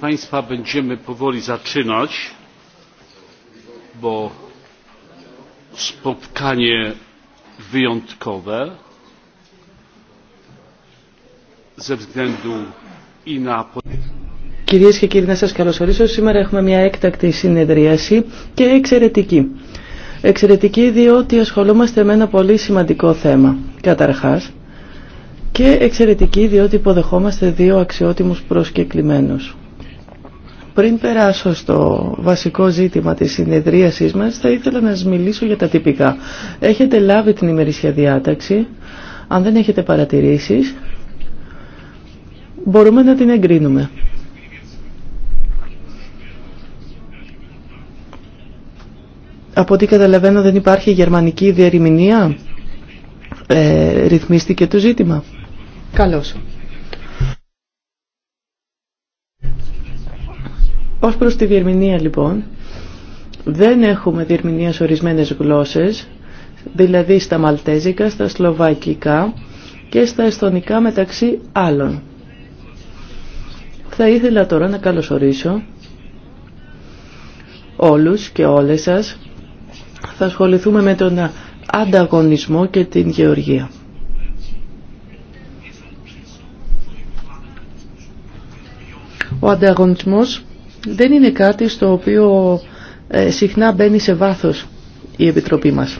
Proszę będziemy powoli zaczynać, bo spotkanie Κυρίες και κύριοι, να σας καλωσορίσω. Σήμερα έχουμε μια έκτακτη συνεδρίαση και εξαιρετική. Εξαιρετική διότι ασχολούμαστε με ένα πολύ σημαντικό θέμα, καταρχάς, και εξαιρετική διότι υποδεχόμαστε δύο αξιότιμους προσκεκλημένους. Πριν περάσω στο βασικό ζήτημα της συνεδρίασής μας, θα ήθελα να σας μιλήσω για τα τυπικά. Έχετε λάβει την ημερήσια διάταξη. Αν δεν έχετε παρατηρήσεις, μπορούμε να την εγκρίνουμε. Από ό,τι καταλαβαίνω δεν υπάρχει γερμανική διαρημηνία. Ε, ρυθμίστηκε το ζήτημα. Καλώς. Ως προς τη διερμηνία λοιπόν, δεν έχουμε διερμηνία σε ορισμένες γλώσσες, δηλαδή στα μαλτέζικα, στα σλοβακικά και στα εσθονικά μεταξύ άλλων. Θα ήθελα τώρα να καλωσορίσω όλους και όλες σας. Θα ασχοληθούμε με τον ανταγωνισμό και την γεωργία. Ο ανταγωνισμός δεν είναι κάτι στο οποίο ε, συχνά μπαίνει σε βάθος η Επιτροπή μας.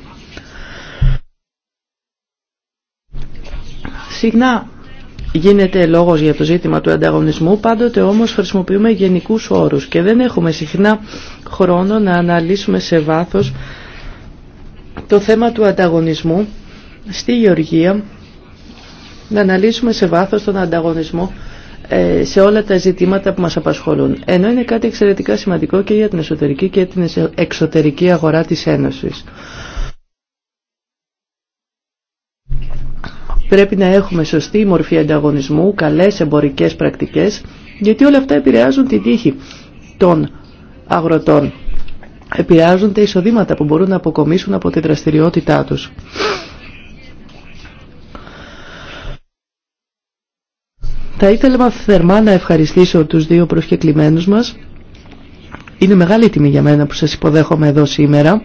Συχνά γίνεται λόγος για το ζήτημα του ανταγωνισμού, πάντοτε όμως χρησιμοποιούμε γενικούς όρους και δεν έχουμε συχνά χρόνο να αναλύσουμε σε βάθος το θέμα του ανταγωνισμού στη Γεωργία, να αναλύσουμε σε βάθος τον ανταγωνισμό ε, σε όλα τα ζητήματα που μας απασχολούν. Ενώ είναι κάτι εξαιρετικά σημαντικό και για την εσωτερική και την εξωτερική αγορά της Ένωσης. Πρέπει να έχουμε σωστή μορφή ανταγωνισμού, καλές εμπορικές πρακτικές, γιατί όλα αυτά επηρεάζουν την τύχη των αγροτών. Επηρεάζουν τα εισοδήματα που μπορούν να αποκομίσουν από τη δραστηριότητά τους. Θα ήθελα θερμά να ευχαριστήσω τους δύο προσκεκλημένους μας. Είναι μεγάλη τιμή για μένα που σας υποδέχομαι εδώ σήμερα.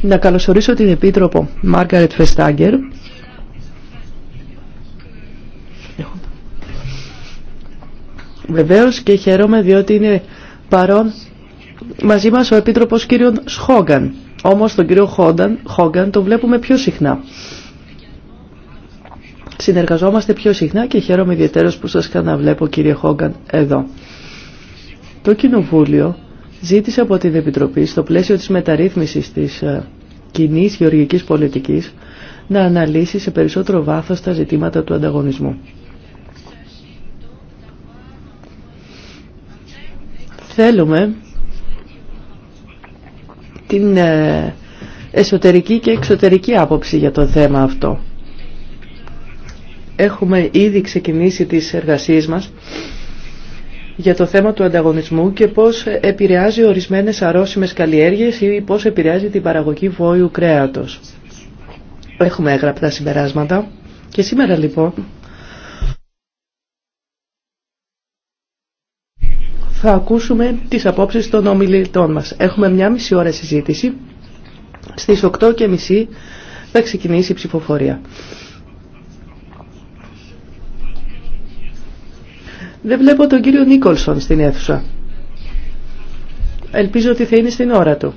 Να καλωσορίσω την Επίτροπο Μάργαρετ Φεστάγκερ Βεβαίως και χαίρομαι διότι είναι παρόν μαζί μας ο Επίτροπος κύριος Σχόγκαν. Όμως τον κύριο Χόγκαν τον βλέπουμε πιο συχνά συνεργαζόμαστε πιο συχνά και χαίρομαι ιδιαίτερως που σας καναβλέπω κύριε Χόγκαν εδώ. Το Κοινοβούλιο ζήτησε από την Επιτροπή στο πλαίσιο της μεταρρύθμισης της ε, κοινή γεωργικής πολιτικής να αναλύσει σε περισσότερο βάθος τα ζητήματα του ανταγωνισμού. Θέλουμε την ε, εσωτερική και εξωτερική άποψη για το θέμα αυτό έχουμε ήδη ξεκινήσει τις εργασίες μας για το θέμα του ανταγωνισμού και πώς επηρεάζει ορισμένες αρρώσιμες καλλιέργειες ή πώς επηρεάζει την παραγωγή βόηου κρέατος. Έχουμε έγραπτα συμπεράσματα και σήμερα λοιπόν θα ακούσουμε τις απόψεις των ομιλητών μας. Έχουμε μια μισή ώρα συζήτηση. Στις 8.30 θα ξεκινήσει η ψηφοφορία. Δεν βλέπω τον κύριο Νίκολσον στην αίθουσα. Ελπίζω ότι θα είναι στην ώρα του.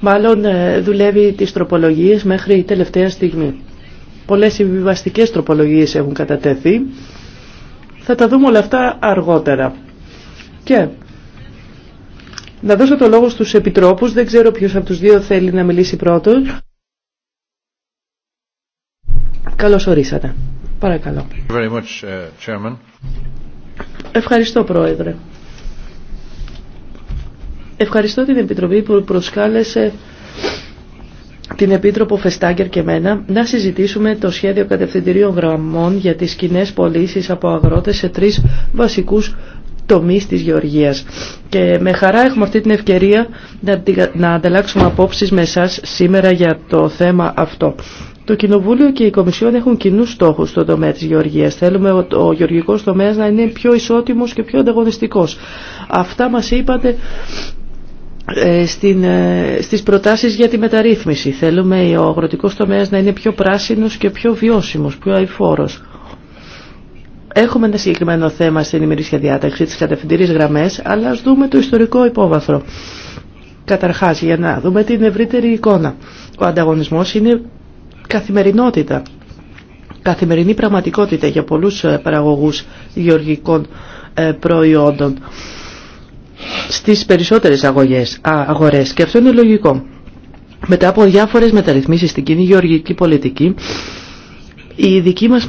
Μάλλον ε, δουλεύει τις τροπολογίες μέχρι η τελευταία στιγμή. Πολλές συμβιβαστικές τροπολογίες έχουν κατατεθεί. Θα τα δούμε όλα αυτά αργότερα. Και να δώσω το λόγο στους επιτρόπους. Δεν ξέρω ποιος από τους δύο θέλει να μιλήσει πρώτος. Καλώς ορίσατε. Παρακαλώ. Uh, Ευχαριστώ Πρόεδρε. Ευχαριστώ την Επιτροπή που προσκάλεσε την Επίτροπο Φεστάγκερ και μένα να συζητήσουμε το σχέδιο κατευθυντηρίων γραμμών για τις κοινέ πωλήσει από αγρότες σε τρεις βασικούς τομείς της γεωργίας. Και με χαρά έχουμε αυτή την ευκαιρία να ανταλλάξουμε απόψεις με εσά σήμερα για το θέμα αυτό. Το Κοινοβούλιο και η Κομισιόν έχουν κοινού στόχου στον τομέα τη γεωργία. Θέλουμε ο, γεωργικό τομέα να είναι πιο ισότιμο και πιο ανταγωνιστικό. Αυτά μα είπατε ε, στην, ε, στις προτάσεις για τη μεταρρύθμιση. Θέλουμε ο αγροτικός τομέας να είναι πιο πράσινος και πιο βιώσιμος, πιο αηφόρος. Έχουμε ένα συγκεκριμένο θέμα στην ημερήσια διάταξη, τις κατευθυντήρης γραμμές, αλλά ας δούμε το ιστορικό υπόβαθρο. Καταρχάς, για να δούμε την ευρύτερη εικόνα. Ο ανταγωνισμός είναι καθημερινότητα, καθημερινή πραγματικότητα για πολλούς ε, παραγωγούς γεωργικών ε, προϊόντων στις περισσότερες αγωγές, α, αγορές και αυτό είναι λογικό. Μετά από διάφορες μεταρρυθμίσεις στην κοινή γεωργική πολιτική η δική μας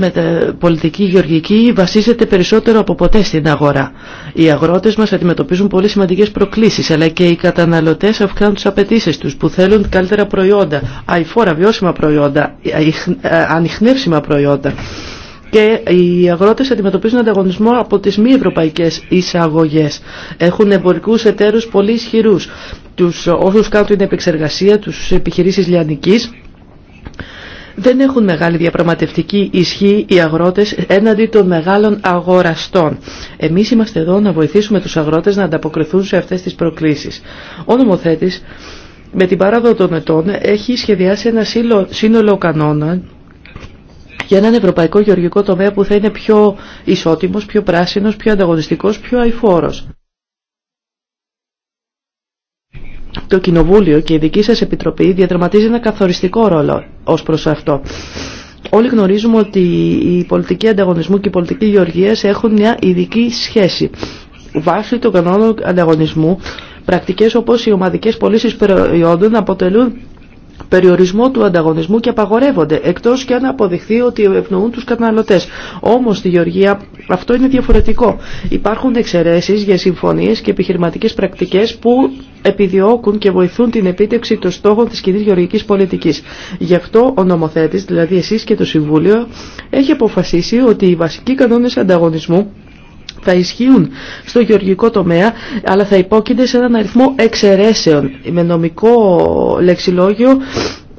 πολιτική γεωργική βασίζεται περισσότερο από ποτέ στην αγορά. Οι αγρότες μας αντιμετωπίζουν πολύ σημαντικές προκλήσεις, αλλά και οι καταναλωτές αυξάνουν τις απαιτήσει τους που θέλουν καλύτερα προϊόντα, αηφόρα βιώσιμα προϊόντα, ε, ανιχνεύσιμα προϊόντα. Και οι αγρότες αντιμετωπίζουν ανταγωνισμό από τις μη ευρωπαϊκές εισαγωγές. Έχουν εμπορικούς εταίρους πολύ ισχυρούς. Τους, όσους κάνουν την επεξεργασία, τους επιχειρήσεις λιανικής, δεν έχουν μεγάλη διαπραγματευτική ισχύ οι αγρότες έναντι των μεγάλων αγοραστών. Εμείς είμαστε εδώ να βοηθήσουμε τους αγρότες να ανταποκριθούν σε αυτές τις προκλήσεις. Ο νομοθέτης με την παράδο των ετών έχει σχεδιάσει ένα σύνολο κανόνων για έναν ευρωπαϊκό γεωργικό τομέα που θα είναι πιο ισότιμος, πιο πράσινος, πιο ανταγωνιστικός, πιο αηφόρος. το Κοινοβούλιο και η δική σας Επιτροπή διαδραματίζει ένα καθοριστικό ρόλο ως προς αυτό. Όλοι γνωρίζουμε ότι η πολιτική ανταγωνισμού και η πολιτική γεωργίας έχουν μια ειδική σχέση. Βάσει των κανόνων ανταγωνισμού, πρακτικές όπως οι ομαδικές πωλήσει προϊόντων αποτελούν περιορισμό του ανταγωνισμού και απαγορεύονται, εκτός και αν αποδειχθεί ότι ευνοούν τους καταναλωτές. Όμως στη Γεωργία αυτό είναι διαφορετικό. Υπάρχουν εξαιρέσεις για συμφωνίες και επιχειρηματικές πρακτικές που επιδιώκουν και βοηθούν την επίτευξη των στόχων της κοινή γεωργικής πολιτικής. Γι' αυτό ο νομοθέτης, δηλαδή εσείς και το Συμβούλιο, έχει αποφασίσει ότι οι βασικοί κανόνες ανταγωνισμού θα ισχύουν στο γεωργικό τομέα, αλλά θα υπόκεινται σε έναν αριθμό εξαιρέσεων. Με νομικό λεξιλόγιο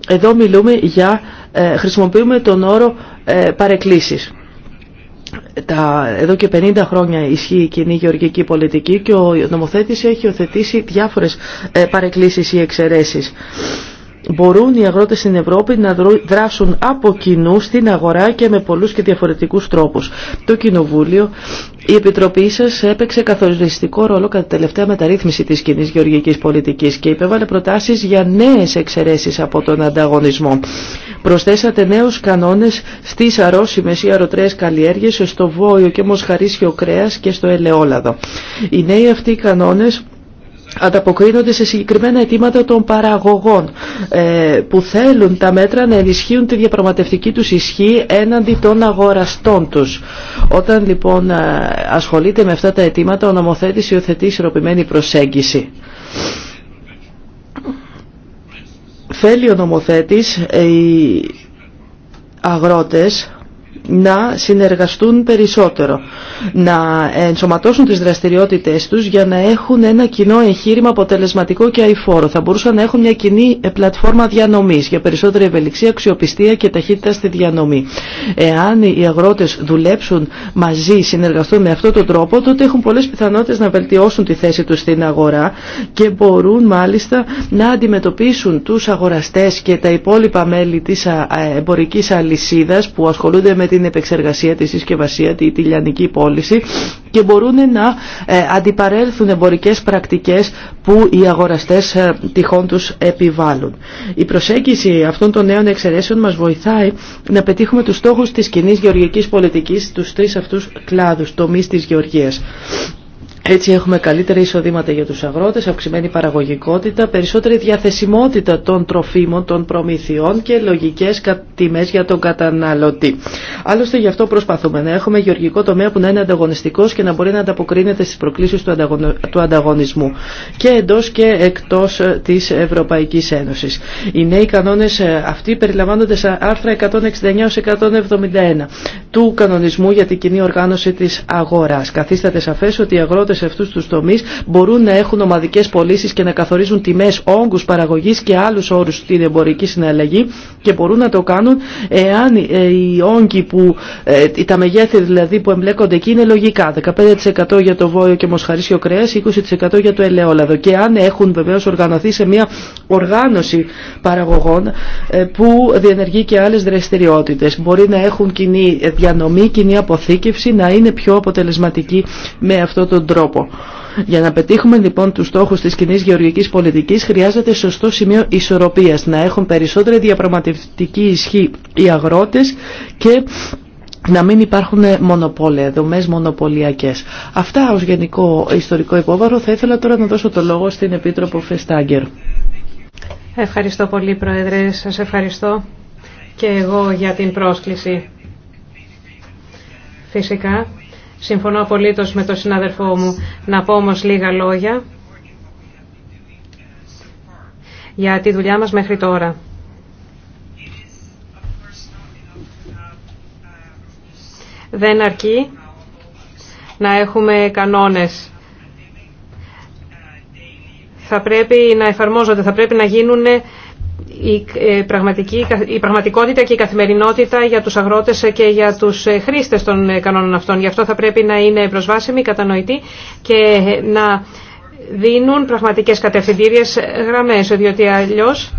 εδώ μιλούμε για, ε, χρησιμοποιούμε τον όρο ε, παρεκκλήσεις. Τα, εδώ και 50 χρόνια ισχύει η κοινή γεωργική πολιτική και ο νομοθέτης έχει οθετήσει διάφορες ε, παρεκκλήσεις ή εξαιρέσεις μπορούν οι αγρότες στην Ευρώπη να δράσουν από κοινού στην αγορά και με πολλούς και διαφορετικούς τρόπους. Το Κοινοβούλιο, η Επιτροπή σας έπαιξε καθοριστικό ρόλο κατά τελευταία μεταρρύθμιση της κοινή γεωργικής πολιτικής και υπέβαλε προτάσεις για νέες εξαιρεσει από τον ανταγωνισμό. Προσθέσατε νέους κανόνες στις αρρώσιμες ή αρωτρέες καλλιέργειες, στο βόιο και μοσχαρίσιο κρέας και στο ελαιόλαδο. Οι νέοι αυτοί οι κανόνες ανταποκρίνονται σε συγκεκριμένα αιτήματα των παραγωγών ε, που θέλουν τα μέτρα να ενισχύουν τη διαπραγματευτική τους ισχύ έναντι των αγοραστών τους. Όταν λοιπόν ε, ασχολείται με αυτά τα αιτήματα ο νομοθέτης υιοθετεί ισορροπημένη προσέγγιση. Θέλει ο νομοθέτης ε, οι αγρότες να συνεργαστούν περισσότερο, να ενσωματώσουν τις δραστηριότητες τους για να έχουν ένα κοινό εγχείρημα αποτελεσματικό και αηφόρο. Θα μπορούσαν να έχουν μια κοινή ε, πλατφόρμα διανομής για περισσότερη ευελιξία, αξιοπιστία και ταχύτητα στη διανομή. Εάν οι αγρότες δουλέψουν μαζί, συνεργαστούν με αυτόν τον τρόπο, τότε έχουν πολλές πιθανότητες να βελτιώσουν τη θέση τους στην αγορά και μπορούν μάλιστα να αντιμετωπίσουν τους αγοραστές και τα υπόλοιπα μέλη της ε, εμπορικής αλυσίδας που ασχολούνται με τη την επεξεργασία, τη συσκευασία, τη, τη λιανική πώληση και μπορούν να ε, αντιπαρέλθουν εμπορικές πρακτικές που οι αγοραστές ε, τυχόν τους επιβάλλουν. Η προσέγγιση αυτών των νέων εξαιρέσεων μας βοηθάει να πετύχουμε τους στόχους της κοινή γεωργικής πολιτικής στους τρεις αυτούς κλάδους, τομείς της γεωργίας. Έτσι έχουμε καλύτερα εισοδήματα για τους αγρότες, αυξημένη παραγωγικότητα, περισσότερη διαθεσιμότητα των τροφίμων, των προμηθειών και λογικές τιμές για τον καταναλωτή. Άλλωστε γι' αυτό προσπαθούμε να έχουμε γεωργικό τομέα που να είναι ανταγωνιστικός και να μπορεί να ανταποκρίνεται στις προκλήσεις του ανταγωνισμού και εντός και εκτός ε, της Ευρωπαϊκής Ένωσης. Οι νέοι κανόνες ε, αυτοί περιλαμβάνονται σε άρθρα 169-171 του κανονισμού για την κοινή οργάνωση της αγοράς. Καθίσταται σαφές ότι οι αγρότες σε αυτού του τομεί μπορούν να έχουν ομαδικέ πωλήσει και να καθορίζουν τιμέ, όγκου παραγωγή και άλλου όρου στην εμπορική συναλλαγή και μπορούν να το κάνουν εάν ε, οι όγκοι που, ε, τα μεγέθη δηλαδή που εμπλέκονται εκεί είναι λογικά. 15% για το βόλιο και μοσχαρίσιο κρέα, 20% για το ελαιόλαδο. Και αν έχουν βεβαίω οργανωθεί σε μια οργάνωση παραγωγών ε, που διενεργεί και άλλε δραστηριότητε. Μπορεί να έχουν κοινή διανομή, κοινή αποθήκευση, να είναι πιο αποτελεσματική με αυτόν τον τρόπο. Για να πετύχουμε λοιπόν τους στόχους της κοινή γεωργικής πολιτικής χρειάζεται σωστό σημείο ισορροπίας, να έχουν περισσότερη διαπραγματευτική ισχύ οι αγρότες και να μην υπάρχουν μονοπόλια, δομές μονοπωλιακέ. Αυτά ως γενικό ιστορικό υπόβαρο θα ήθελα τώρα να δώσω το λόγο στην Επίτροπο Φεστάγκερ. Ευχαριστώ πολύ Πρόεδρε, σας ευχαριστώ και εγώ για την πρόσκληση. Φυσικά Συμφωνώ απολύτως με τον συνάδελφό μου. Να πω όμω λίγα λόγια για τη δουλειά μας μέχρι τώρα. Δεν αρκεί να έχουμε κανόνες. Θα πρέπει να εφαρμόζονται, θα πρέπει να γίνουν η, ε, πραγματική, η πραγματικότητα και η καθημερινότητα για τους αγρότες και για τους ε, χρήστες των ε, κανόνων αυτών. Γι' αυτό θα πρέπει να είναι προσβάσιμοι, κατανοητοί και να δίνουν πραγματικές κατευθυντήριες γραμμές, διότι αλλιώς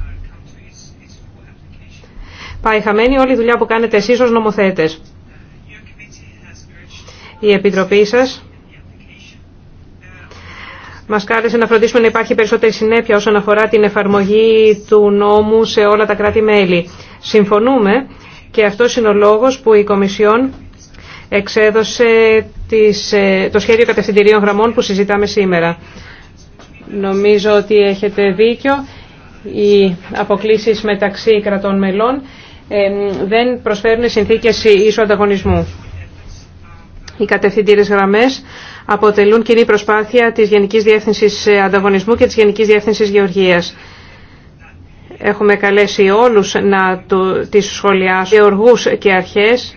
πάει χαμένη όλη η δουλειά που κάνετε εσείς ως νομοθέτες. Η Επιτροπή σας μας κάλεσε να φροντίσουμε να υπάρχει περισσότερη συνέπεια όσον αφορά την εφαρμογή του νόμου σε όλα τα κράτη-μέλη. Συμφωνούμε και αυτό είναι ο λόγος που η Κομισιόν εξέδωσε ε, το σχέδιο κατευθυντηρίων γραμμών που συζητάμε σήμερα. Νομίζω ότι έχετε δίκιο. Οι αποκλήσεις μεταξύ κρατών μελών ε, δεν προσφέρουν συνθήκες ίσου ανταγωνισμού. Οι κατευθυντήρες γραμμές αποτελούν κοινή προσπάθεια της Γενικής Διεύθυνσης Ανταγωνισμού και της Γενικής Διεύθυνσης Γεωργίας. Έχουμε καλέσει όλους να του, τις σχολιάσουν, γεωργούς και αρχές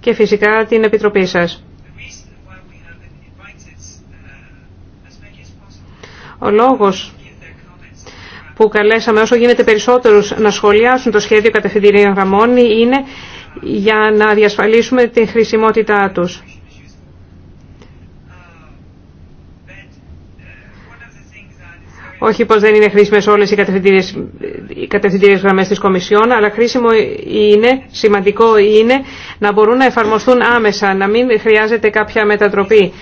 και φυσικά την Επιτροπή σας. Ο λόγος που καλέσαμε όσο γίνεται περισσότερους να σχολιάσουν το σχέδιο κατευθυντηρίων γραμμών είναι για να διασφαλίσουμε την χρησιμότητά τους. Όχι πως δεν είναι χρήσιμες όλες οι κατευθυντήριες, γραμμέ κατευθυντήριες γραμμές της Κομισιόν, αλλά χρήσιμο είναι, σημαντικό είναι να μπορούν να εφαρμοστούν άμεσα, να μην χρειάζεται κάποια μετατροπή.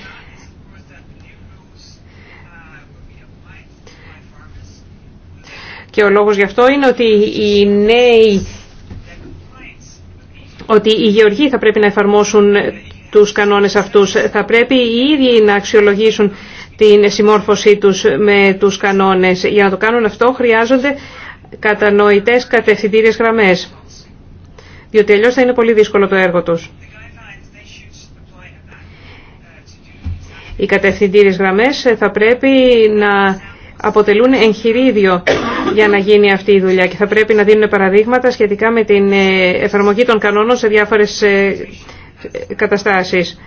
Και ο λόγος γι' αυτό είναι ότι οι νέοι ότι οι γεωργοί θα πρέπει να εφαρμόσουν τους κανόνες αυτούς. Θα πρέπει οι ίδιοι να αξιολογήσουν την συμμόρφωσή τους με τους κανόνες. Για να το κάνουν αυτό χρειάζονται κατανοητές κατευθυντήριες γραμμές. Διότι αλλιώς θα είναι πολύ δύσκολο το έργο τους. Οι κατευθυντήριες γραμμές θα πρέπει να αποτελούν εγχειρίδιο για να γίνει αυτή η δουλειά και θα πρέπει να δίνουν παραδείγματα σχετικά με την ε, εφαρμογή των κανόνων σε διάφορες ε, καταστάσεις.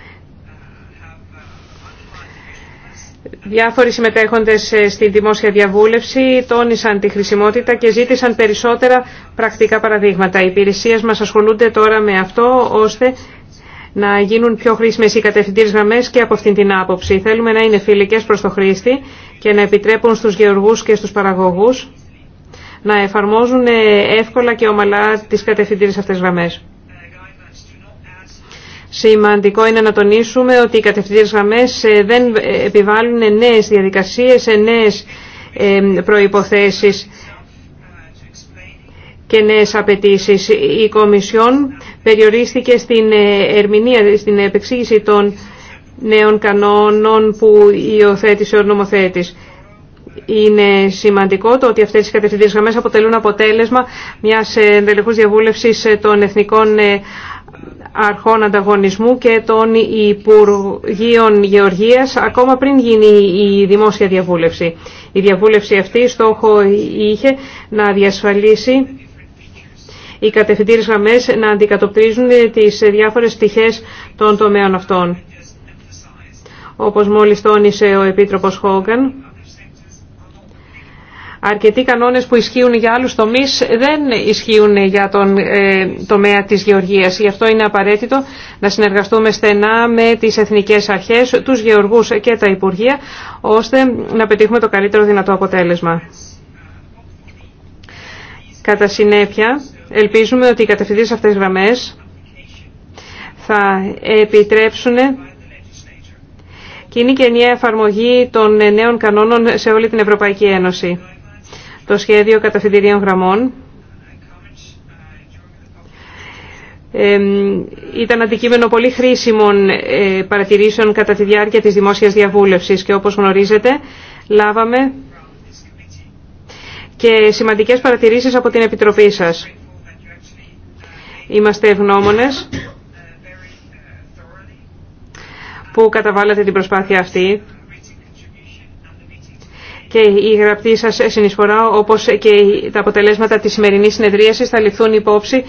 Διάφοροι συμμετέχοντες ε, στη δημόσια διαβούλευση τόνισαν τη χρησιμότητα και ζήτησαν περισσότερα πρακτικά παραδείγματα. Οι υπηρεσίες μας ασχολούνται τώρα με αυτό ώστε να γίνουν πιο χρήσιμες οι κατευθυντήρε γραμμές και από αυτήν την άποψη. Θέλουμε να είναι φιλικές προς το χρήστη και να επιτρέπουν στους γεωργούς και στους παραγωγούς να εφαρμόζουν ε, εύκολα και ομαλά τις κατευθυντήρε αυτές γραμμές. Σημαντικό είναι να τονίσουμε ότι οι κατευθυντήρε γραμμές ε, δεν ε, επιβάλλουν νέε διαδικασίε, νέε προϋποθέσεις και νέες απαιτήσεις. Η Κομισιόν περιορίστηκε στην ε, ερμηνεία, στην επεξήγηση των νέων κανόνων που υιοθέτησε ο νομοθέτης. Είναι σημαντικό το ότι αυτές οι κατευθυντήρες γραμμές αποτελούν αποτέλεσμα μιας εντελεχούς διαβούλευσης των εθνικών ε, αρχών ανταγωνισμού και των Υπουργείων Γεωργίας ακόμα πριν γίνει η δημόσια διαβούλευση. Η διαβούλευση αυτή στόχο είχε να διασφαλίσει οι κατευθυντήρες γραμμές να αντικατοπτρίζουν ε, τις ε, διάφορες πτυχές των τομέων αυτών. Όπως μόλις τόνισε ο Επίτροπος Χόγκαν, αρκετοί κανόνες που ισχύουν για άλλους τομείς δεν ισχύουν για τον ε, τομέα της γεωργίας. Γι' αυτό είναι απαραίτητο να συνεργαστούμε στενά με τις εθνικές αρχές, τους γεωργούς και τα Υπουργεία, ώστε να πετύχουμε το καλύτερο δυνατό αποτέλεσμα. Κατά συνέπεια, Ελπίζουμε ότι οι κατευθυντές αυτές γραμμές θα επιτρέψουν κοινή και ενιαία εφαρμογή των νέων κανόνων σε όλη την Ευρωπαϊκή Ένωση. Το σχέδιο κατευθυντηρίων γραμμών ήταν αντικείμενο πολύ χρήσιμων ε, παρατηρήσεων κατά τη διάρκεια της δημόσιας διαβούλευσης και όπως γνωρίζετε λάβαμε και σημαντικές παρατηρήσεις από την Επιτροπή σας. Είμαστε ευγνώμονες που καταβάλατε την προσπάθεια αυτή και η γραπτή σας συνεισφορά όπως και τα αποτελέσματα της σημερινής συνεδρίασης θα ληφθούν υπόψη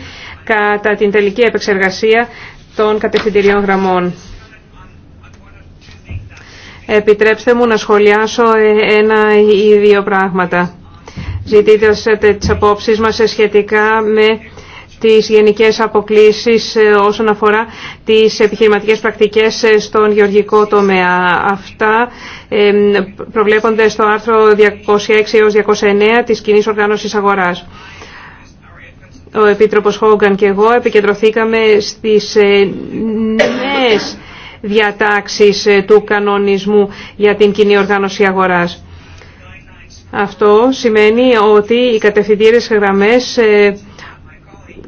κατά την τελική επεξεργασία των κατευθυντηριών γραμμών. Επιτρέψτε μου να σχολιάσω ένα ή δύο πράγματα. Ζητήσατε τις απόψεις μας σχετικά με τις γενικές αποκλίσεις ε, όσον αφορά τις επιχειρηματικές πρακτικές ε, στον γεωργικό τομέα. Αυτά προβλέπονται στο άρθρο 206 έως 209 της κοινή οργάνωσης αγοράς. Ο Επίτροπος Χόγκαν και εγώ επικεντρωθήκαμε στις ε, νέες διατάξεις του κανονισμού για την κοινή οργάνωση αγοράς. Αυτό σημαίνει ότι οι κατευθυντήρες γραμμές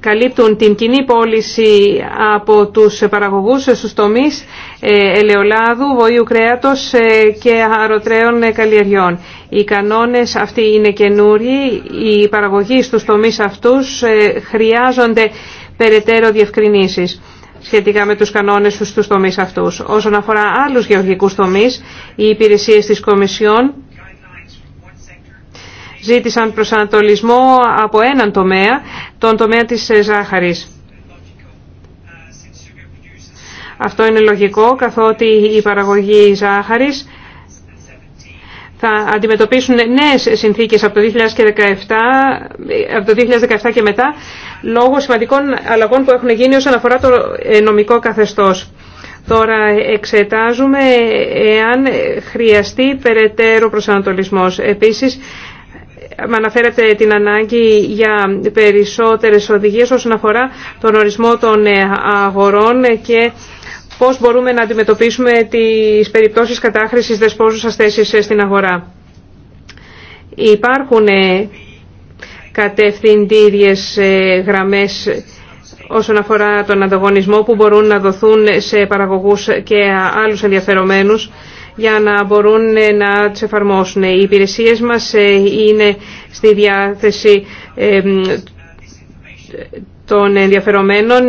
καλύπτουν την κοινή πώληση από τους παραγωγούς στους τομείς ε, ελαιολάδου, βοήου κρέατος ε, και αρωτρέων ε, καλλιεργιών. Οι κανόνες αυτοί είναι καινούριοι. Οι παραγωγοί στους τομείς αυτούς χρειάζονται περαιτέρω διευκρινήσεις σχετικά με τους κανόνες στους τομείς αυτούς. Όσον αφορά άλλους γεωργικούς τομείς, οι υπηρεσίες της Κομισιόν ζήτησαν προσανατολισμό από έναν τομέα, τον τομέα της ε, ζάχαρης. Αυτό είναι λογικό καθότι η παραγωγή ζάχαρης θα αντιμετωπίσουν νέες συνθήκες από το 2017, ε, από το 2017 και μετά λόγω σημαντικών αλλαγών που έχουν γίνει όσον αφορά το ε, νομικό καθεστώς. Τώρα εξετάζουμε εάν χρειαστεί περαιτέρω προσανατολισμός. Επίσης αναφέρατε την ανάγκη για περισσότερες οδηγίες όσον αφορά τον ορισμό των ε, αγορών και πώς μπορούμε να αντιμετωπίσουμε τις περιπτώσεις κατάχρησης δεσπόζουσας θέσης ε, στην αγορά. Υπάρχουν ε, κατευθυντήριες γραμμές όσον αφορά τον ανταγωνισμό που μπορούν να δοθούν σε παραγωγούς και άλλους ενδιαφερομένους για να μπορούν ε, να τι εφαρμόσουν. Οι υπηρεσίες μας ε, είναι στη διάθεση ε, των ενδιαφερομένων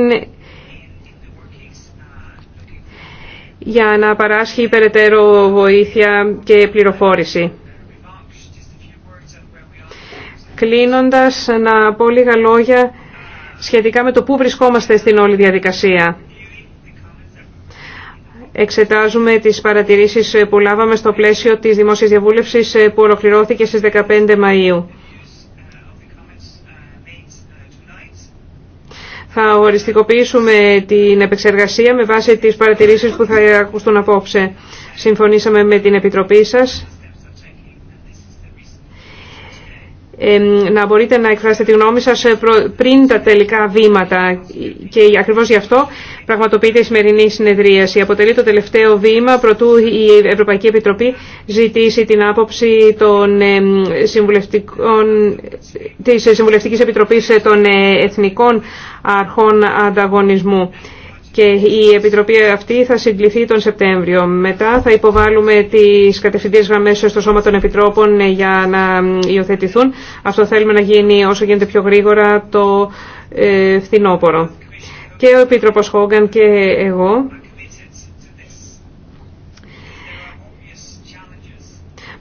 για να παράσχει περαιτέρω βοήθεια και πληροφόρηση. Κλείνοντας, να πω λίγα λόγια σχετικά με το πού βρισκόμαστε στην όλη διαδικασία εξετάζουμε τις παρατηρήσεις που λάβαμε στο πλαίσιο της δημόσιας διαβούλευσης που ολοκληρώθηκε στις 15 Μαΐου. Θα οριστικοποιήσουμε την επεξεργασία με βάση τις παρατηρήσεις που θα ακούσουν απόψε. Συμφωνήσαμε με την Επιτροπή σας να μπορείτε να εκφράσετε τη γνώμη σας ε, πριν τα τελικά βήματα και ακριβώς γι' αυτό πραγματοποιείται η σημερινή συνεδρίαση. Αποτελεί το τελευταίο βήμα προτού η Ευρωπαϊκή Επιτροπή ζητήσει την άποψη των συμβουλευτικών, της Συμβουλευτικής Επιτροπής ε, των ε, Εθνικών Αρχών Ανταγωνισμού και η Επιτροπή αυτή θα συγκληθεί τον Σεπτέμβριο. Μετά θα υποβάλουμε τις κατευθυντήρες γραμμές στο Σώμα των Επιτρόπων για να υιοθετηθούν. Αυτό θέλουμε να γίνει όσο γίνεται πιο γρήγορα το ε, φθινόπωρο. Και ο Επίτροπος Χόγκαν και εγώ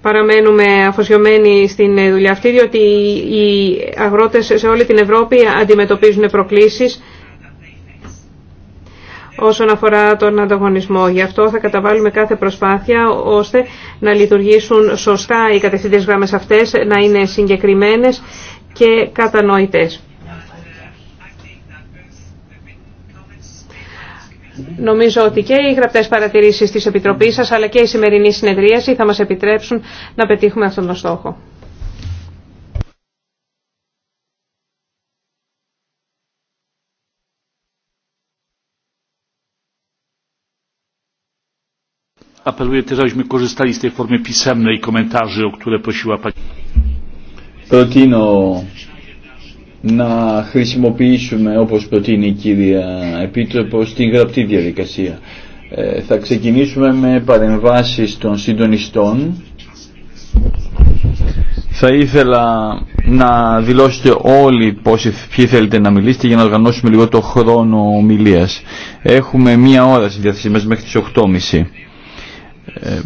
παραμένουμε αφοσιωμένοι στην δουλειά αυτή, διότι οι αγρότες σε όλη την Ευρώπη αντιμετωπίζουν προκλήσεις όσον αφορά τον ανταγωνισμό. Γι' αυτό θα καταβάλουμε κάθε προσπάθεια ώστε να λειτουργήσουν σωστά οι κατευθυντές γράμμες αυτές, να είναι συγκεκριμένες και κατανοητές. Νομίζω ότι και οι γραπτές παρατηρήσεις της Επιτροπής σας αλλά και η σημερινή συνεδρίαση θα μας επιτρέψουν να πετύχουμε αυτόν τον στόχο. Apeluję też, abyśmy korzystali z tej formy pisemnej komentarzy, o Προτείνω να χρησιμοποιήσουμε, όπως προτείνει η κυρία Επίτροπο στην γραπτή διαδικασία. θα ξεκινήσουμε με παρεμβάσεις των συντονιστών. Θα ήθελα να δηλώσετε όλοι πόσοι, ποιοι θέλετε να μιλήσετε για να οργανώσουμε λίγο το χρόνο ομιλίας. Έχουμε μία ώρα στη διάθεσή μέχρι τις 8.30. Ε,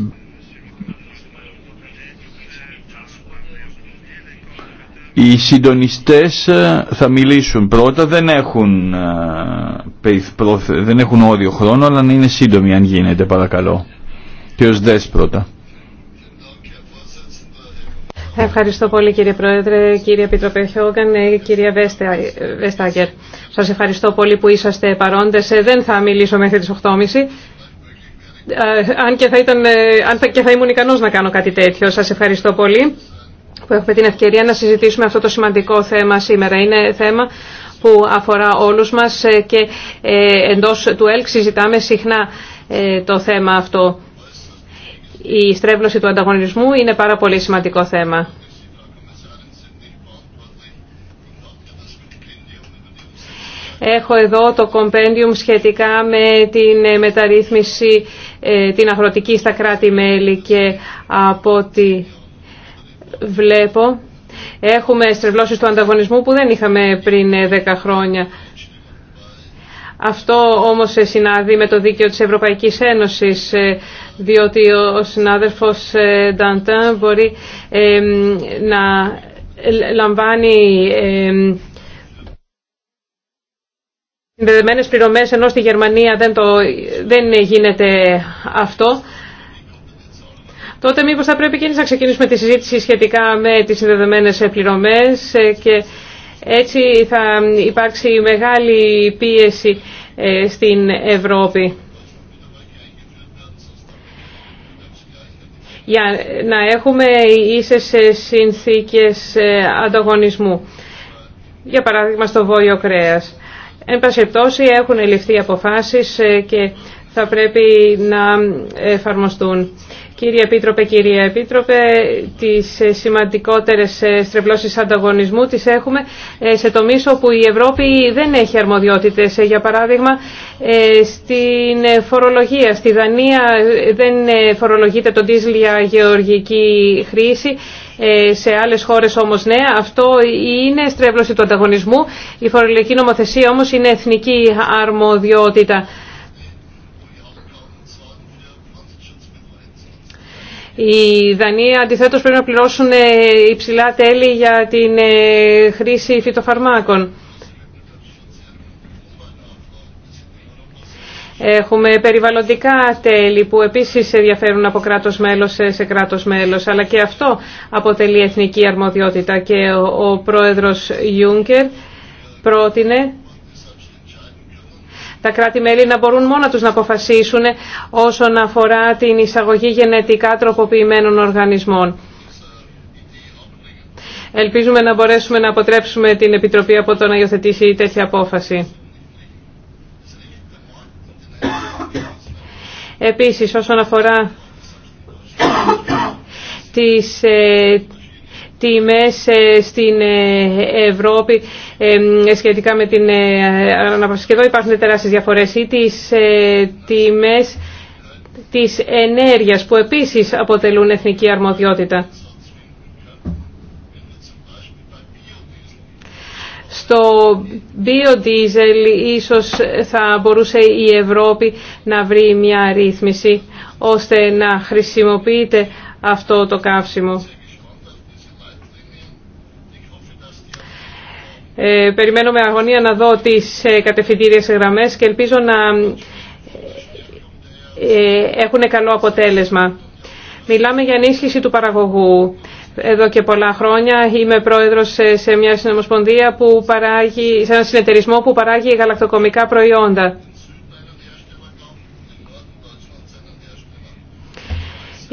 οι συντονιστές ε, θα μιλήσουν πρώτα, δεν έχουν, ε, δεν έχουν όριο χρόνο, αλλά να είναι σύντομοι αν γίνεται παρακαλώ. Και ως δες πρώτα. Ευχαριστώ πολύ κύριε Πρόεδρε, κύριε Επιτροπέ Χιόγκαν, βέστα Βέσταγκερ. Σας ευχαριστώ πολύ που είσαστε παρόντες. Δεν θα μιλήσω μέχρι τις 8.30. Ε, αν και θα, ήταν, ε, αν και θα ήμουν ικανός να κάνω κάτι τέτοιο. Σας ευχαριστώ πολύ που έχουμε την ευκαιρία να συζητήσουμε αυτό το σημαντικό θέμα σήμερα. Είναι θέμα που αφορά όλους μας ε, και εντός του ΕΛΚ συζητάμε συχνά το θέμα αυτό. Η στρέβλωση του ανταγωνισμού είναι πάρα πολύ σημαντικό θέμα. Έχω εδώ το κομπέντιουμ σχετικά με την ε, μεταρρύθμιση ε, την αγροτική στα κράτη-μέλη και από ό,τι βλέπω έχουμε στρεβλώσεις του ανταγωνισμού που δεν είχαμε πριν 10 ε, χρόνια. Αυτό όμως συνάδει με το δίκαιο της Ευρωπαϊκής Ένωσης, διότι ο συνάδελφος Νταντάν μπορεί να λαμβάνει συνδεδεμένε πληρωμέ, ενώ στη Γερμανία δεν, το, δεν γίνεται αυτό. Τότε μήπω θα πρέπει και να ξεκινήσουμε τη συζήτηση σχετικά με τι συνδεδεμένε πληρωμέ ε, και έτσι θα υπάρξει μεγάλη πίεση ε, στην Ευρώπη. για να έχουμε ίσες ε, συνθήκες ανταγωνισμού. Για παράδειγμα στο βόλιο Κρέας. Εν πάση έχουν ληφθεί αποφάσεις ε, και θα πρέπει να εφαρμοστούν. Κύριε Επίτροπε, κύριε Επίτροπε, τις σημαντικότερες ε, στρεβλώσεις ανταγωνισμού τις έχουμε ε, σε τομείς όπου η Ευρώπη δεν έχει αρμοδιότητες. Ε, για παράδειγμα, στην φορολογία. Στη Δανία δεν φορολογείται το ντίζλ για γεωργική χρήση. Σε άλλες χώρες όμως ναι, αυτό είναι στρέβλωση του ανταγωνισμού. Η φορολογική νομοθεσία όμως είναι εθνική αρμοδιότητα. Οι Δανία αντιθέτως πρέπει να πληρώσουν ε, υψηλά τέλη για την ε, χρήση φυτοφαρμάκων. Έχουμε περιβαλλοντικά τέλη που επίσης ενδιαφέρουν από κράτος μέλος σε κράτος μέλος, αλλά και αυτό αποτελεί εθνική αρμοδιότητα και ο πρόεδρος Γιούγκερ πρότεινε τα κράτη-μέλη να μπορούν μόνα τους να αποφασίσουν όσον αφορά την εισαγωγή γενετικά τροποποιημένων οργανισμών. Ελπίζουμε να μπορέσουμε να αποτρέψουμε την Επιτροπή από το να υιοθετήσει τέτοια απόφαση. Επίσης, όσον αφορά τις ε, τιμές ε, στην ε, Ευρώπη ε, σχετικά με την αναπαυσία. Και εδώ υπάρχουν τεράστιες διαφορές ή τις τιμές της ενέργειας που επίσης αποτελούν εθνική αρμοδιότητα. Στο biodiesel ίσως θα μπορούσε η Ευρώπη να βρει μια ρύθμιση ώστε να χρησιμοποιείται αυτό το καύσιμο. Ε, περιμένω με αγωνία να δω τις ε, κατευθυντήριες γραμμές και ελπίζω να ε, έχουν καλό αποτέλεσμα. Μιλάμε για ενίσχυση του παραγωγού. Εδώ και πολλά χρόνια είμαι πρόεδρος σε, μια συνομοσπονδία που παράγει, σε ένα συνεταιρισμό που παράγει γαλακτοκομικά προϊόντα.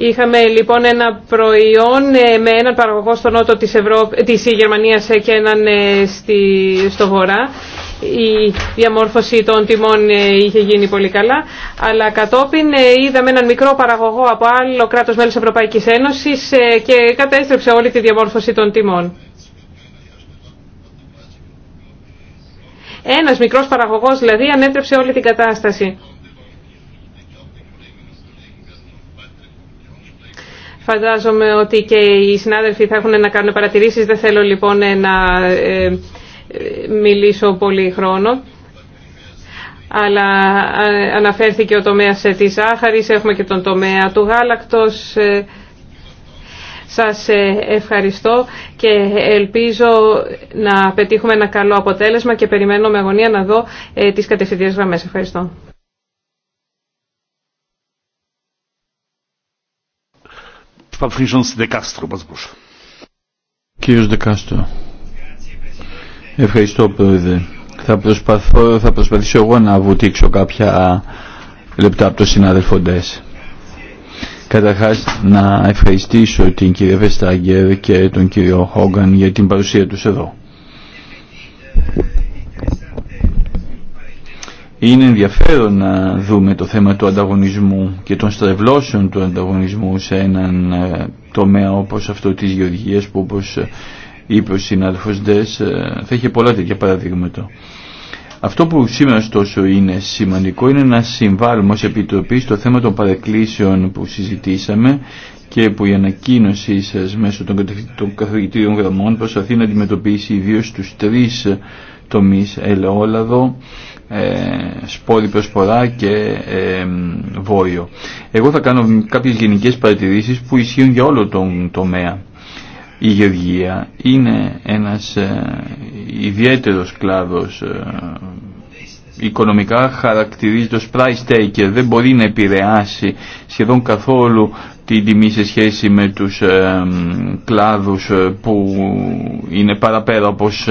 Είχαμε λοιπόν ένα προϊόν ε, με έναν παραγωγό στο νότο της, Ευρώπη, της Γερμανίας και έναν ε, στη, στο βορρά. Η διαμόρφωση των τιμών ε, είχε γίνει πολύ καλά, αλλά κατόπιν είδαμε έναν μικρό παραγωγό από άλλο κράτος μέλος Ευρωπαϊκής Ένωσης και κατέστρεψε όλη τη διαμόρφωση των τιμών. Ένας μικρός παραγωγός δηλαδή ανέτρεψε όλη την κατάσταση. Φαντάζομαι ότι και οι συνάδελφοι θα έχουν να κάνουν παρατηρήσεις. Δεν θέλω λοιπόν ε, να ε, μιλήσω πολύ χρόνο. Αλλά ε, αναφέρθηκε ο τομέας της ζάχαρης, έχουμε και τον τομέα του γάλακτος. Σας ευχαριστώ και ελπίζω να πετύχουμε ένα καλό αποτέλεσμα και περιμένω με αγωνία να δω τις κατευθυντές γραμμές. Ευχαριστώ. Κύριος Δεκάστρο, ευχαριστώ πρόεδρε. Θα, προσπαθώ, θα προσπαθήσω εγώ να βουτήξω κάποια λεπτά από το συνάδελφο Ντές. Καταρχάς να ευχαριστήσω την κυρία Βεστάγκερ και τον κύριο Χόγκαν για την παρουσία τους εδώ. Είναι ενδιαφέρον να δούμε το θέμα του ανταγωνισμού και των στρεβλώσεων του ανταγωνισμού σε έναν ε, τομέα όπως αυτό της γεωργίας που όπως ε, είπε ο συνάδελφος Ντες ε, θα είχε πολλά τέτοια παραδείγματα. Αυτό που σήμερα ωστόσο είναι σημαντικό είναι να συμβάλλουμε ως Επιτροπή στο θέμα των παρεκκλήσεων που συζητήσαμε και που η ανακοίνωσή σας μέσω των καθοδητήριων γραμμών προσπαθεί να αντιμετωπίσει ιδίω τους τρεις τομείς, ελαιόλαδο, ε, σπόδι προσφορά και ε, βόλιο. Εγώ θα κάνω κάποιες γενικές παρατηρήσεις που ισχύουν για όλο τον τομέα. Η γεωργία είναι ένας ε, ιδιαίτερος κλάδος οικονομικά χαρακτηρίζεται ως price taker, δεν μπορεί να επηρεάσει σχεδόν καθόλου την τιμή σε σχέση με τους κλάδους που είναι παραπέρα όπως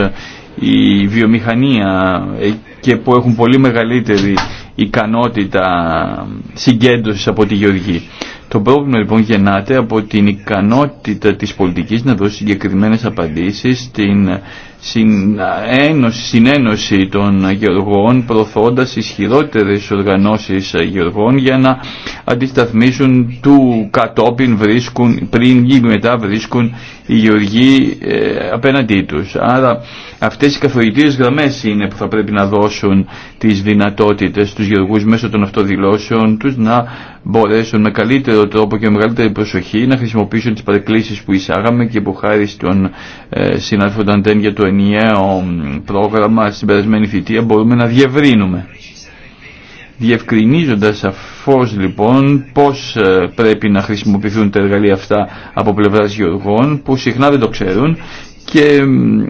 η βιομηχανία ε, και που έχουν πολύ μεγαλύτερη ικανότητα συγκέντρωσης από τη γεωργή. Το πρόβλημα λοιπόν γεννάται από την ικανότητα της πολιτικής να δώσει συγκεκριμένες απαντήσεις στην συνένωση, συνένωση των γεωργών προθώντας ισχυρότερες οργανώσεις γεωργών για να αντισταθμίσουν του κατόπιν βρίσκουν, πριν ή μετά βρίσκουν οι γεωργοί ε, απέναντί τους. Άρα αυτές οι καθοητήρες γραμμές είναι που θα πρέπει να δώσουν τις δυνατότητες στους γεωργούς μέσω των αυτοδηλώσεων τους να μπορέσουν με καλύτερο τρόπο και με μεγαλύτερη προσοχή να χρησιμοποιήσουν τις παρεκκλήσεις που εισάγαμε και που χάρη στον ε, συνάδελφο για το ενιαίο πρόγραμμα στην περασμένη θητεία μπορούμε να διευρύνουμε. Διευκρινίζοντας σαφώς λοιπόν πώς ε, πρέπει να χρησιμοποιηθούν τα εργαλεία αυτά από πλευράς γεωργών που συχνά δεν το ξέρουν και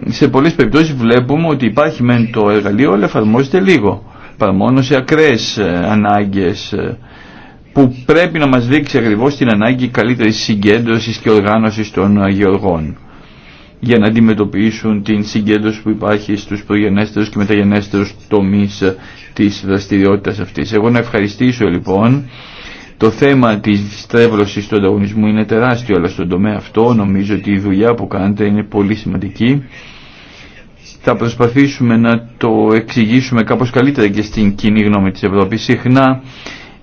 σε πολλές περιπτώσεις βλέπουμε ότι υπάρχει μεν το εργαλείο αλλά εφαρμόζεται λίγο παρά μόνο σε ακραίες ε, ανάγκες ε, που πρέπει να μας δείξει ακριβώς την ανάγκη καλύτερης συγκέντρωσης και οργάνωσης των γεωργών για να αντιμετωπίσουν την συγκέντρωση που υπάρχει στους προγενέστερους και μεταγενέστερους τομείς της δραστηριότητας αυτής. Εγώ να ευχαριστήσω λοιπόν. Το θέμα της στρέβλωσης του ανταγωνισμού είναι τεράστιο, αλλά στον τομέα αυτό νομίζω ότι η δουλειά που κάνετε είναι πολύ σημαντική. Θα προσπαθήσουμε να το εξηγήσουμε κάπως καλύτερα και στην κοινή γνώμη της Ευρώπης. Συχνά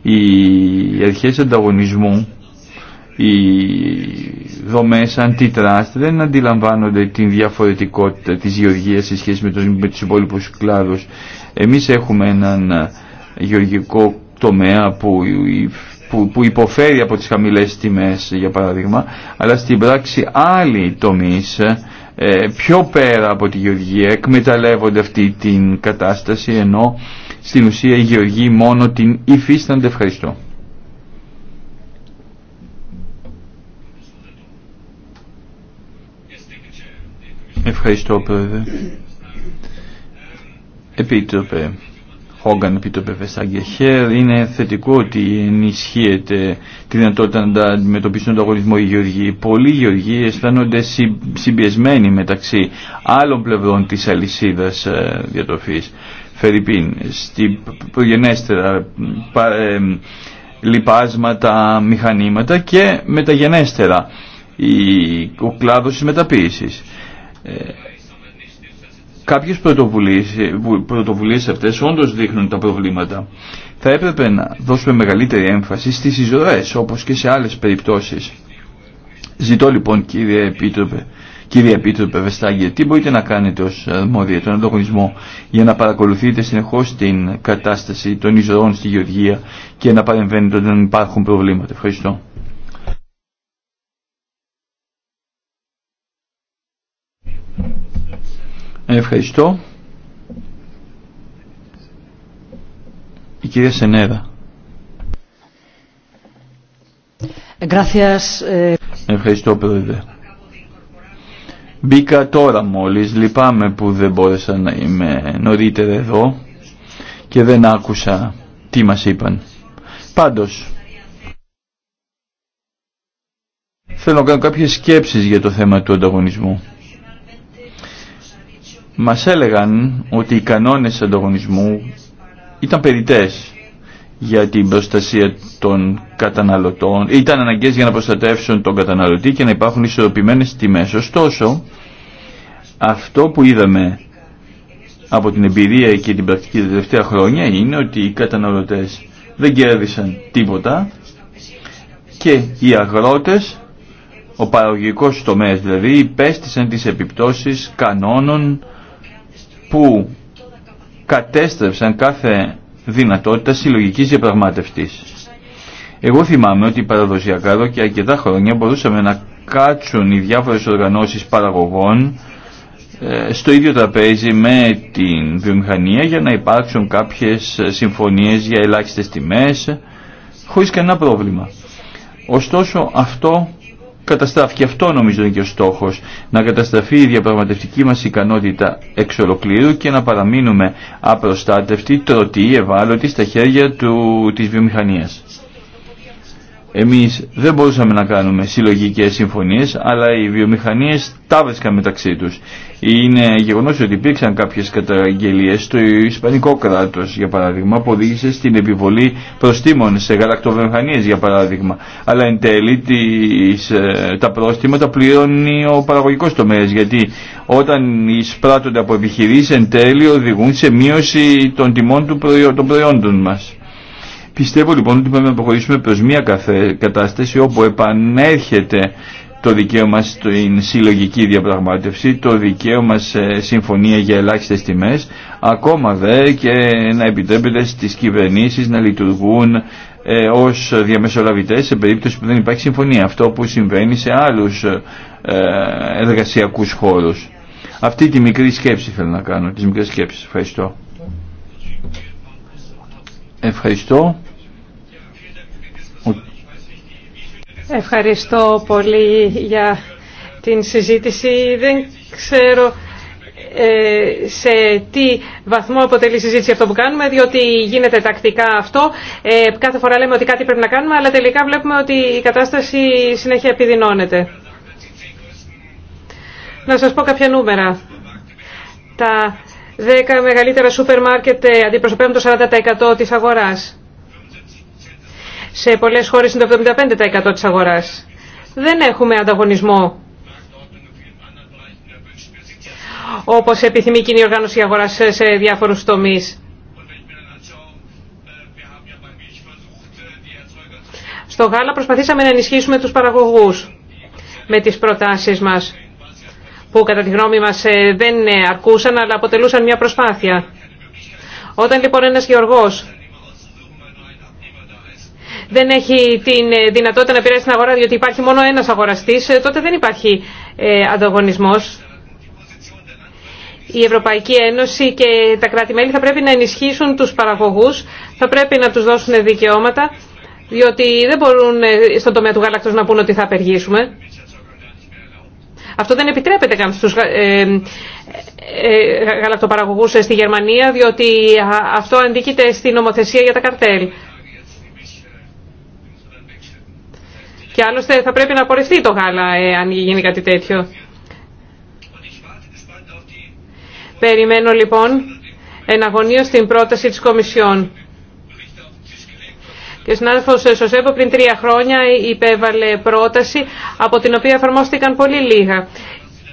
οι αρχές ανταγωνισμού οι δομές αντιτράστ δεν αντιλαμβάνονται την διαφορετικότητα της γεωργίας σε σχέση με, τους, με τους υπόλοιπους κλάδους. Εμείς έχουμε έναν ε, γεωργικό τομέα που, που, υποφέρει από τις χαμηλές τιμές για παράδειγμα, αλλά στην πράξη άλλοι τομείς ε, πιο πέρα από τη γεωργία εκμεταλλεύονται αυτή την κατάσταση ενώ στην ουσία η γεωργία μόνο την υφίστανται ευχαριστώ. Ευχαριστώ πρόεδρε. Επίτροπε Χόγκαν, επίτροπε Βεσάγκια Χέρ, είναι θετικό ότι ενισχύεται τη δυνατότητα να αντιμετωπίσουν τον αγωνισμό οι γεωργοί. Πολλοί γεωργοί αισθάνονται συμπιεσμένοι μεταξύ άλλων πλευρών της αλυσίδας ε, διατροφής. Φερρυπίν, στη προγενέστερα ε, λιπάσματα, μηχανήματα και μεταγενέστερα ο κλάδος της μεταποίησης. Ε, κάποιες πρωτοβουλίες, αυτέ ε, αυτές όντως δείχνουν τα προβλήματα. Θα έπρεπε να δώσουμε μεγαλύτερη έμφαση στις ζωέ, όπως και σε άλλες περιπτώσεις. Ζητώ λοιπόν κύριε Επίτροπε, κύριε Επίτροπε τι μπορείτε να κάνετε ως αρμόδια τον ανταγωνισμό για να παρακολουθείτε συνεχώς την κατάσταση των εισρωών στη Γεωργία και να παρεμβαίνετε όταν υπάρχουν προβλήματα. Ευχαριστώ. Ευχαριστώ. Η κυρία Σενέρα. Ε, Ευχαριστώ πρόεδρε. Μπήκα τώρα μόλις, λυπάμαι που δεν μπόρεσα να είμαι νωρίτερα εδώ και δεν άκουσα τι μας είπαν. Πάντως, θέλω να κάνω κάποιες σκέψεις για το θέμα του ανταγωνισμού μας έλεγαν ότι οι κανόνες ανταγωνισμού ήταν περιτές για την προστασία των καταναλωτών, ήταν αναγκαίες για να προστατεύσουν τον καταναλωτή και να υπάρχουν ισορροπημένες τιμές. Ωστόσο, αυτό που είδαμε από την εμπειρία και την πρακτική τα τελευταία χρόνια είναι ότι οι καταναλωτές δεν κέρδισαν τίποτα και οι αγρότες, ο παραγωγικός τομέας δηλαδή, υπέστησαν τις επιπτώσεις κανόνων που κατέστρεψαν κάθε δυνατότητα συλλογικής διαπραγμάτευτης. Εγώ θυμάμαι ότι παραδοσιακά εδώ και αρκετά χρόνια μπορούσαμε να κάτσουν οι διάφορες οργανώσεις παραγωγών ε, στο ίδιο τραπέζι με την βιομηχανία για να υπάρξουν κάποιες συμφωνίες για ελάχιστες τιμές χωρίς κανένα πρόβλημα. Ωστόσο αυτό και Αυτό νομίζω είναι και ο στόχος, να καταστραφεί η διαπραγματευτική μας ικανότητα εξ ολοκλήρου και να παραμείνουμε απροστάτευτοι, τροτοί, ευάλωτοι στα χέρια του, της βιομηχανίας. Εμείς δεν μπορούσαμε να κάνουμε συλλογικές συμφωνίες, αλλά οι βιομηχανίες τα μεταξύ τους. Είναι γεγονός ότι υπήρξαν κάποιες καταγγελίες στο Ισπανικό κράτος, για παράδειγμα, που οδήγησε στην επιβολή προστήμων σε γαλακτοβιομηχανίες, για παράδειγμα. Αλλά εν τέλει ε, τα πρόστιμα τα πληρώνει ο παραγωγικός τομέας, γιατί όταν εισπράττονται από επιχειρήσεις, εν τέλει οδηγούν σε μείωση των τιμών των προϊόντων μας. Πιστεύω λοιπόν ότι πρέπει να προχωρήσουμε προ μια κατάσταση όπου επανέρχεται το δικαίωμα στην συλλογική διαπραγμάτευση, το δικαίωμα σε συμφωνία για ελάχιστες τιμέ, ακόμα δε και να επιτρέπεται στι κυβερνήσει να λειτουργούν ε, ως διαμεσολαβητές σε περίπτωση που δεν υπάρχει συμφωνία. Αυτό που συμβαίνει σε άλλου ε, εργασιακούς χώρους. Αυτή τη μικρή σκέψη θέλω να κάνω, τις μικρές σκέψεις. Ευχαριστώ. Ευχαριστώ. Ευχαριστώ πολύ για την συζήτηση. Δεν ξέρω ε, σε τι βαθμό αποτελεί συζήτηση αυτό που κάνουμε, διότι γίνεται τακτικά αυτό. Ε, κάθε φορά λέμε ότι κάτι πρέπει να κάνουμε, αλλά τελικά βλέπουμε ότι η κατάσταση συνέχεια επιδεινώνεται. Να σας πω κάποια νούμερα. Τα 10 μεγαλύτερα σούπερ μάρκετ ε, αντιπροσωπεύουν το 40% της αγοράς. Σε πολλές χώρες είναι το 75% της αγοράς. Δεν έχουμε ανταγωνισμό. Όπως επιθυμεί η κοινή οργάνωση αγοράς σε διάφορους τομείς. Στο γάλα προσπαθήσαμε να ενισχύσουμε τους παραγωγούς με τις προτάσεις μας που κατά τη γνώμη μας ε, δεν αρκούσαν αλλά αποτελούσαν μια προσπάθεια. Όταν λοιπόν ένας γεωργός δεν έχει τη ε, δυνατότητα να πειράσει την αγορά διότι υπάρχει μόνο ένας αγοραστής, ε, τότε δεν υπάρχει ε, ανταγωνισμός. Η Ευρωπαϊκή Ένωση και τα κράτη-μέλη θα πρέπει να ενισχύσουν τους παραγωγούς, θα πρέπει να τους δώσουν δικαιώματα, διότι δεν μπορούν στον τομέα του γάλακτος να πούν ότι θα απεργήσουμε. Αυτό δεν επιτρέπεται καν στους γαλακτοπαραγωγού στη Γερμανία, διότι αυτό αντίκειται στην νομοθεσία για τα καρτέλ. Και άλλωστε θα πρέπει να απορρευτεί το γάλα ε, αν γίνει κάτι τέτοιο. Περιμένω λοιπόν εναγωνίως την πρόταση της Κομισιόν. Και συνάδελφος συνάδελφο πριν τρία χρόνια υπέβαλε πρόταση από την οποία εφαρμόστηκαν πολύ λίγα.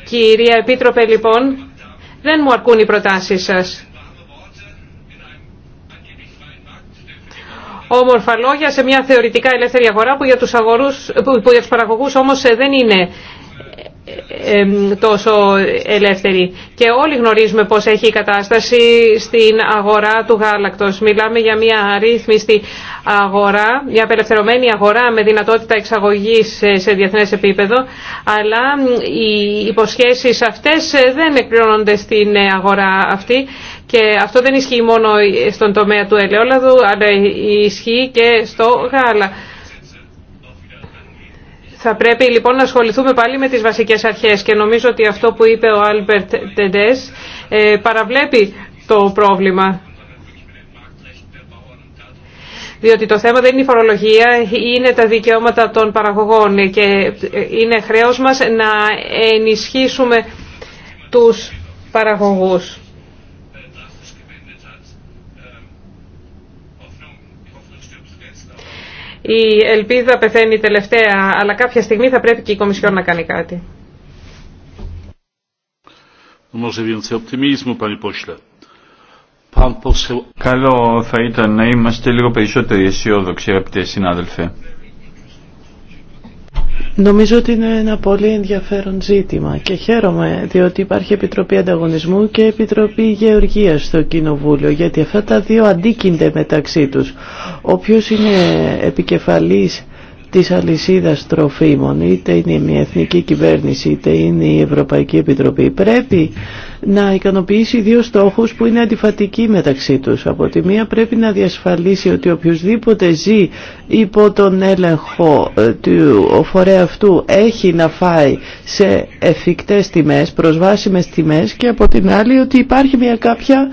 Κυρία Επίτροπε, λοιπόν, δεν μου αρκούν οι προτάσεις σας. όμορφα λόγια σε μια θεωρητικά ελεύθερη αγορά που για τους, αγορούς, που για τους παραγωγούς όμως ε, δεν είναι ε, ε, τόσο ελεύθερη. Και όλοι γνωρίζουμε πώς έχει η κατάσταση στην αγορά του γάλακτος. Μιλάμε για μια αρρύθμιστη αγορά, μια απελευθερωμένη αγορά με δυνατότητα εξαγωγής σε διεθνές επίπεδο, αλλά οι υποσχέσεις αυτές δεν εκπληρώνονται στην αγορά αυτή και αυτό δεν ισχύει μόνο στον τομέα του ελαιόλαδου, αλλά ισχύει και στο γάλα. Θα πρέπει λοιπόν να ασχοληθούμε πάλι με τις βασικές αρχές και νομίζω ότι αυτό που είπε ο Άλμπερτ Τεντές ε, παραβλέπει το πρόβλημα. Διότι το θέμα δεν είναι η φορολογία, είναι τα δικαιώματα των παραγωγών και είναι χρέος μας να ενισχύσουμε τους παραγωγούς. Η ελπίδα πεθαίνει τελευταία, αλλά κάποια στιγμή θα πρέπει και η Κομισιόν να κάνει κάτι. Καλό θα ήταν να είμαστε λίγο περισσότερο αισιόδοξοι, αγαπητέ συνάδελφε. Νομίζω ότι είναι ένα πολύ ενδιαφέρον ζήτημα και χαίρομαι διότι υπάρχει Επιτροπή Ανταγωνισμού και Επιτροπή Γεωργίας στο Κοινοβούλιο γιατί αυτά τα δύο αντίκυνται μεταξύ τους. Όποιος είναι επικεφαλής της αλυσίδας τροφίμων, είτε είναι μια εθνική κυβέρνηση, είτε είναι η Ευρωπαϊκή Επιτροπή, πρέπει να ικανοποιήσει δύο στόχους που είναι αντιφατικοί μεταξύ τους. Από τη μία πρέπει να διασφαλίσει ότι οποιοδήποτε ζει υπό τον έλεγχο ε, του φορέα αυτού έχει να φάει σε εφικτές τιμές, προσβάσιμες τιμές και από την άλλη ότι υπάρχει μια κάποια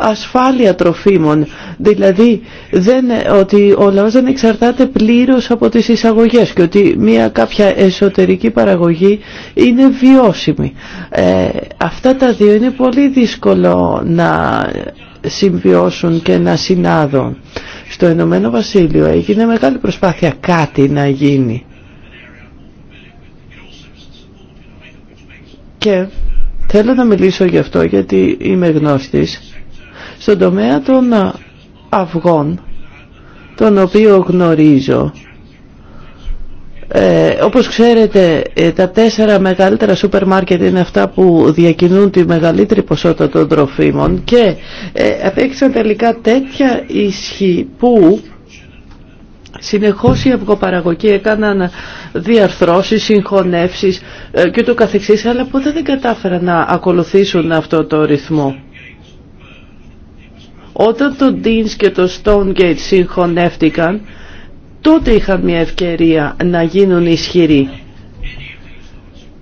ασφάλεια τροφίμων. Δηλαδή δεν, ότι ο λαός δεν εξαρτάται πλήρως από τις εισαγωγές και ότι μια κάποια εσωτερική παραγωγή είναι βιώσιμη. Ε, αυτά τα δύο είναι πολύ δύσκολο να συμβιώσουν και να συνάδουν. Στο Ενωμένο Βασίλειο έγινε μεγάλη προσπάθεια κάτι να γίνει. Και θέλω να μιλήσω γι' αυτό γιατί είμαι γνώστης στον τομέα των ε, αυγών, τον οποίο γνωρίζω, ε, όπως ξέρετε ε, τα τέσσερα μεγαλύτερα σούπερ μάρκετ είναι αυτά που διακινούν τη μεγαλύτερη ποσότητα των τροφίμων και ε, απέκτησαν τελικά τέτοια ισχύ που συνεχώς οι αυγοπαραγωγοί έκαναν διαρθρώσεις, συγχωνεύσεις ε, και το καθεξής αλλά ποτέ δεν κατάφεραν να ακολουθήσουν αυτό το ρυθμό. Όταν το Deans και το Stonegate συγχωνεύτηκαν, τότε είχαν μια ευκαιρία να γίνουν ισχυροί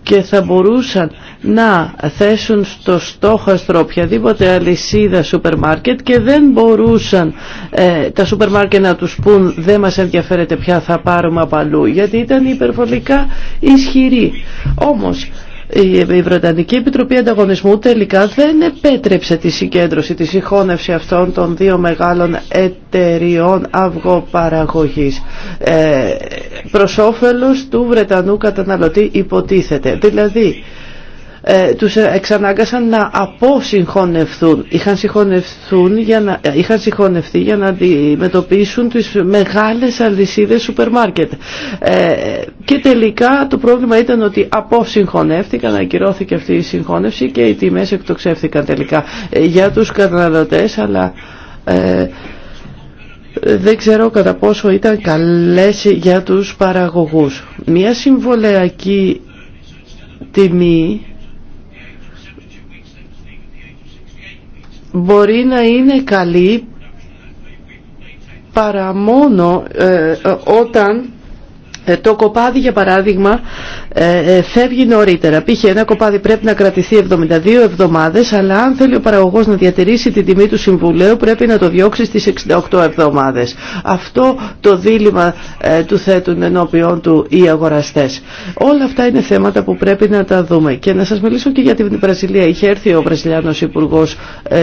και θα μπορούσαν να θέσουν στο στόχαστρο οποιαδήποτε αλυσίδα σούπερ μάρκετ και δεν μπορούσαν ε, τα σούπερ μάρκετ να τους πούν δεν μας ενδιαφέρεται πια θα πάρουμε απαλού γιατί ήταν υπερβολικά ισχυροί. Όμως η Βρετανική Επιτροπή Ανταγωνισμού τελικά δεν επέτρεψε τη συγκέντρωση, τη συγχώνευση αυτών των δύο μεγάλων εταιριών αυγοπαραγωγής ε, προς του Βρετανού καταναλωτή υποτίθεται. Δηλαδή ε, τους εξανάγκασαν να αποσυγχωνευθούν. Είχαν, συγχωνευθούν για να, ε, είχαν συγχωνευτεί για να αντιμετωπίσουν τις μεγάλες αλυσίδες σούπερ μάρκετ. Ε, και τελικά το πρόβλημα ήταν ότι αποσυγχωνεύτηκαν, ακυρώθηκε αυτή η συγχώνευση και οι τιμές εκτοξεύθηκαν τελικά ε, για τους καταναλωτές, αλλά... Ε, δεν ξέρω κατά πόσο ήταν καλές για τους παραγωγούς. Μια συμβολεακή τιμή μπορεί να είναι καλή παρά μόνο ε, ε, όταν ε, το κοπάδι για παράδειγμα ε, ε, φεύγει νωρίτερα. Π.χ. ένα κοπάδι πρέπει να κρατηθεί 72 εβδομάδες αλλά αν θέλει ο παραγωγός να διατηρήσει την τιμή του συμβουλέου πρέπει να το διώξει στις 68 εβδομάδες. Αυτό το δίλημα του θέτουν ενώπιον του οι αγοραστές. Όλα αυτά είναι θέματα που πρέπει να τα δούμε. Και να σας μιλήσω και για την Βραζιλία. Είχε έρθει ο Βραζιλιάνος Υπουργό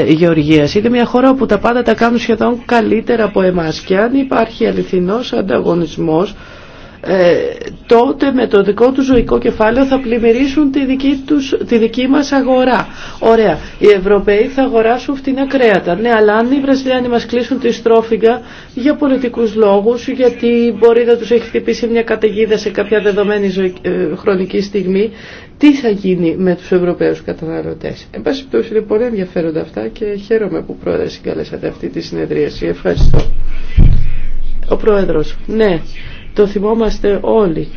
Γεωργίας. Είναι μια χώρα που τα πάντα τα κάνουν σχεδόν καλύτερα από εμάς. Και αν υπάρχει αληθινός ανταγωνισμός ε, τότε με το δικό του ζωικό κεφάλαιο θα πλημμυρίσουν τη δική, τους, τη δική μας αγορά. Ωραία, οι Ευρωπαίοι θα αγοράσουν φτηνά κρέατα. Ναι, αλλά αν οι Βραζιλιάνοι μας κλείσουν τη στρόφιγγα για πολιτικούς λόγους, γιατί μπορεί να τους έχει χτυπήσει μια καταιγίδα σε κάποια δεδομένη ε, χρονική στιγμή, τι θα γίνει με τους Ευρωπαίους καταναλωτές. Εν πάση πτώση είναι λοιπόν, πολύ ενδιαφέροντα αυτά και χαίρομαι που πρόεδρε συγκαλέσατε αυτή τη συνεδρίαση. Ευχαριστώ. Ο Πρόεδρος, ναι. Το θυμόμαστε όλοι.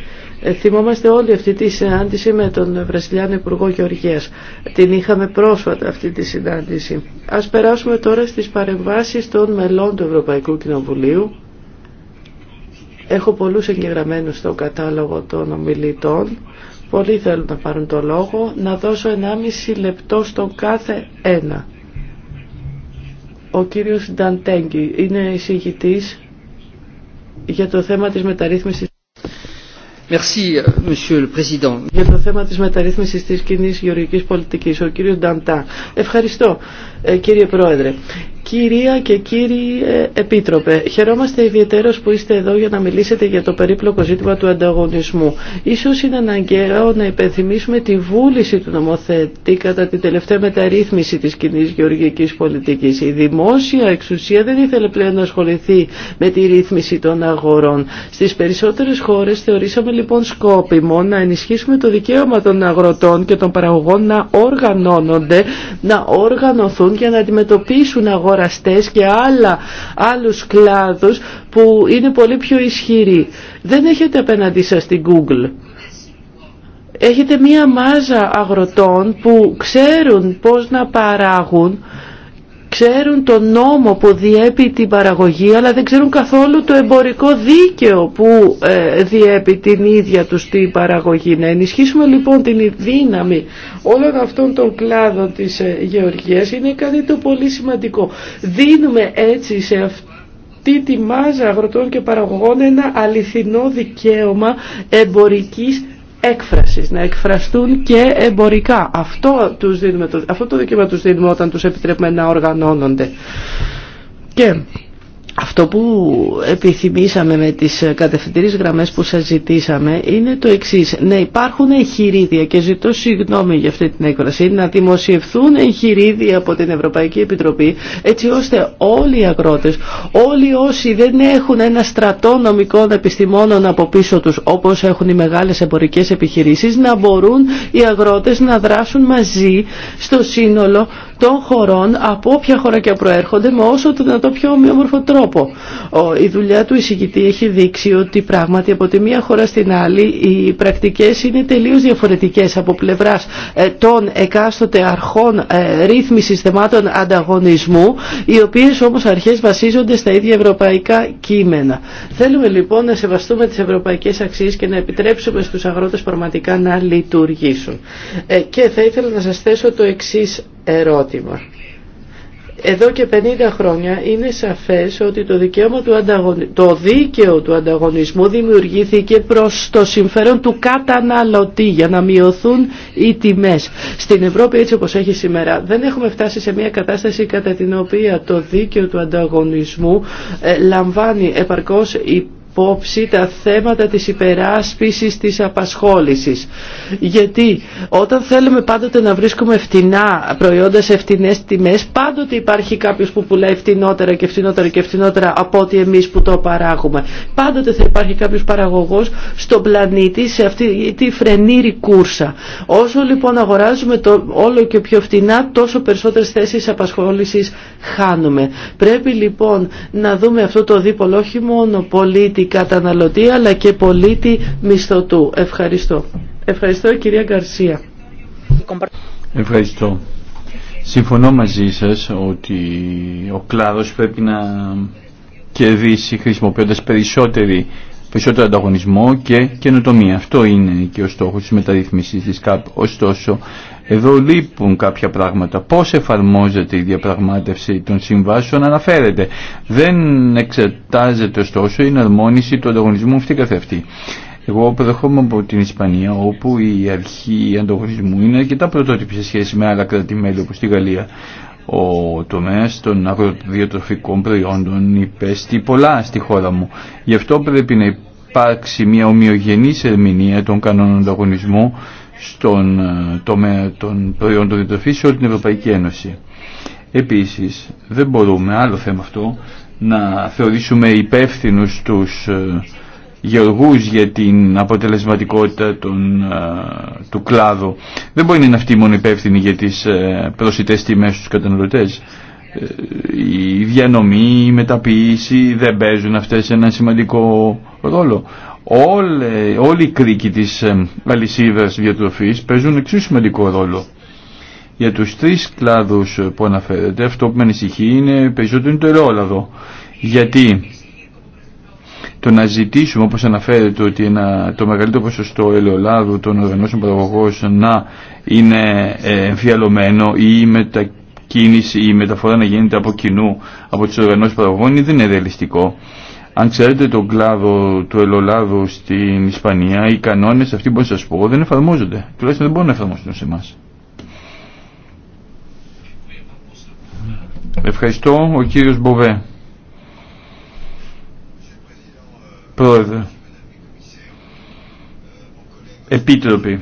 Ε, θυμόμαστε όλοι αυτή τη συνάντηση με τον Βραζιλιάνο Υπουργό Γεωργίας. Την είχαμε πρόσφατα αυτή τη συνάντηση. Ας περάσουμε τώρα στις παρεμβάσεις των μελών του Ευρωπαϊκού Κοινοβουλίου. Έχω πολλούς εγγεγραμμένους στο κατάλογο των ομιλητών. Πολλοί θέλουν να πάρουν το λόγο. Να δώσω 1,5 λεπτό στον κάθε ένα. Ο κύριος Νταντέγκη είναι εισηγητής για το θέμα της μεταρρύθμισης Merci, euh, Monsieur le Président. Για το θέμα της μεταρρύθμισης της κοινή γεωργικής πολιτικής, ο κύριος Νταντά. Ευχαριστώ. Ε, κύριε Πρόεδρε. Κυρία και κύριοι ε, Επίτροπε, χαιρόμαστε ιδιαίτερως που είστε εδώ για να μιλήσετε για το περίπλοκο ζήτημα του ανταγωνισμού. Ίσως είναι αναγκαίο να υπενθυμίσουμε τη βούληση του νομοθετή κατά την τελευταία μεταρρύθμιση της κοινή γεωργικής πολιτικής. Η δημόσια εξουσία δεν ήθελε πλέον να ασχοληθεί με τη ρύθμιση των αγορών. Στις περισσότερες χώρες θεωρήσαμε λοιπόν σκόπιμο να ενισχύσουμε το δικαίωμα των αγροτών και των παραγωγών να οργανώνονται, να οργανωθούν μπορούν για να αντιμετωπίσουν αγοραστές και άλλα, άλλους κλάδους που είναι πολύ πιο ισχυροί. Δεν έχετε απέναντί σας την Google. Έχετε μία μάζα αγροτών που ξέρουν πώς να παράγουν ξέρουν τον νόμο που διέπει την παραγωγή αλλά δεν ξέρουν καθόλου το εμπορικό δίκαιο που ε, διέπει την ίδια τους την παραγωγή. Να ενισχύσουμε λοιπόν την δύναμη όλων αυτών των κλάδων της ε, γεωργίας είναι κάτι το πολύ σημαντικό. Δίνουμε έτσι σε αυτή τη μάζα αγροτών και παραγωγών ένα αληθινό δικαίωμα εμπορικής έκφρασης, να εκφραστούν και εμπορικά. Αυτό, τους δίνουμε, αυτό το δικαίωμα τους δίνουμε όταν τους επιτρέπουμε να οργανώνονται αυτό που επιθυμήσαμε με τις κατευθυντήριες γραμμές που σας ζητήσαμε είναι το εξής. Να υπάρχουν εγχειρίδια και ζητώ συγγνώμη για αυτή την έκφραση, να δημοσιευθούν εγχειρίδια από την Ευρωπαϊκή Επιτροπή έτσι ώστε όλοι οι αγρότες, όλοι όσοι δεν έχουν ένα στρατό νομικών επιστημόνων από πίσω τους όπως έχουν οι μεγάλες εμπορικές επιχειρήσεις να μπορούν οι αγρότες να δράσουν μαζί στο σύνολο των χωρών από όποια χώρα και προέρχονται με όσο το δυνατό πιο ομοιόμορφο τρόπο. Η δουλειά του εισηγητή έχει δείξει ότι πράγματι από τη μία χώρα στην άλλη οι πρακτικές είναι τελείως διαφορετικές από πλευράς ε, των εκάστοτε αρχών ε, ρύθμισης θεμάτων ανταγωνισμού οι οποίες όμως αρχές βασίζονται στα ίδια ευρωπαϊκά κείμενα. Θέλουμε λοιπόν να σεβαστούμε τις ευρωπαϊκές αξίες και να επιτρέψουμε στους αγρότες πραγματικά να λειτουργήσουν. Ε, και θα ήθελα να σα θέσω το εξή ερώτημα. Εδώ και 50 χρόνια είναι σαφές ότι το, δίκαιο του ανταγωνισμού δημιουργήθηκε προς το συμφέρον του καταναλωτή για να μειωθούν οι τιμές. Στην Ευρώπη έτσι όπως έχει σήμερα δεν έχουμε φτάσει σε μια κατάσταση κατά την οποία το δίκαιο του ανταγωνισμού ε, λαμβάνει επαρκώς υπόλοιπη υπόψη τα θέματα της υπεράσπισης της απασχόλησης. Γιατί όταν θέλουμε πάντοτε να βρίσκουμε φτηνά προϊόντα σε φτηνές τιμές, πάντοτε υπάρχει κάποιος που πουλάει φτηνότερα και φτηνότερα και φτηνότερα από ότι εμείς που το παράγουμε. Πάντοτε θα υπάρχει κάποιος παραγωγός στον πλανήτη σε αυτή τη φρενήρη κούρσα. Όσο λοιπόν αγοράζουμε το όλο και πιο φτηνά, τόσο περισσότερες θέσεις απασχόλησης χάνουμε. Πρέπει λοιπόν να δούμε αυτό το δίπολο όχι μόνο πολίτη πολίτη καταναλωτή αλλά και πολίτη μισθωτού. Ευχαριστώ. Ευχαριστώ κυρία Γκαρσία. Ευχαριστώ. Συμφωνώ μαζί σας ότι ο κλάδος πρέπει να κερδίσει χρησιμοποιώντας περισσότερη, περισσότερο ανταγωνισμό και καινοτομία. Αυτό είναι και ο στόχος της μεταρρύθμισης της ΚΑΠ. Ωστόσο, εδώ λείπουν κάποια πράγματα. Πώς εφαρμόζεται η διαπραγμάτευση των συμβάσεων αναφέρεται. Δεν εξετάζεται ωστόσο η εναρμόνιση του ανταγωνισμού αυτή καθ' αυτή. Εγώ προερχόμαι από την Ισπανία όπου η αρχή ανταγωνισμού είναι αρκετά πρωτότυπη σε σχέση με άλλα κράτη-μέλη όπως τη Γαλλία. Ο τομέα των αγροδιοτροφικών προϊόντων υπέστη πολλά στη χώρα μου. Γι' αυτό πρέπει να υπάρξει μια ομοιογενή ερμηνεία των κανόνων ανταγωνισμού στον ε, τομέα των προϊόντων διατροφής σε όλη την Ευρωπαϊκή Ένωση. Επίσης, δεν μπορούμε, άλλο θέμα αυτό, να θεωρήσουμε υπεύθυνου τους ε, γεωργούς για την αποτελεσματικότητα των, ε, του κλάδου. Δεν μπορεί να είναι αυτοί μόνο υπεύθυνοι για τις προσιτές τιμές στους καταναλωτές. Η διανομή, η μεταποίηση δεν παίζουν αυτές ένα σημαντικό ρόλο όλοι οι κρίκοι της ε, αλυσίδας διατροφής παίζουν εξίσου σημαντικό ρόλο. Για τους τρεις κλάδους που αναφέρεται, αυτό που με ανησυχεί είναι περισσότερο είναι το ελαιόλαδο. Γιατί το να ζητήσουμε, όπως αναφέρεται, ότι ένα, το μεγαλύτερο ποσοστό ελαιολάδου των οργανώσεων παραγωγών να είναι ε, εμφιαλωμένο ή μετακίνηση ή μεταφορά να γίνεται από κοινού από τις οργανώσεις παραγωγών δεν είναι ρεαλιστικό. Αν ξέρετε τον κλάδο του ελαιολάδου στην Ισπανία, οι κανόνες αυτοί που σα πω δεν εφαρμόζονται. Τουλάχιστον δεν μπορούν να εφαρμοστούν σε εμά. Ευχαριστώ. Ο κύριος Μποβέ. Πρόεδρε. Επίτροποι.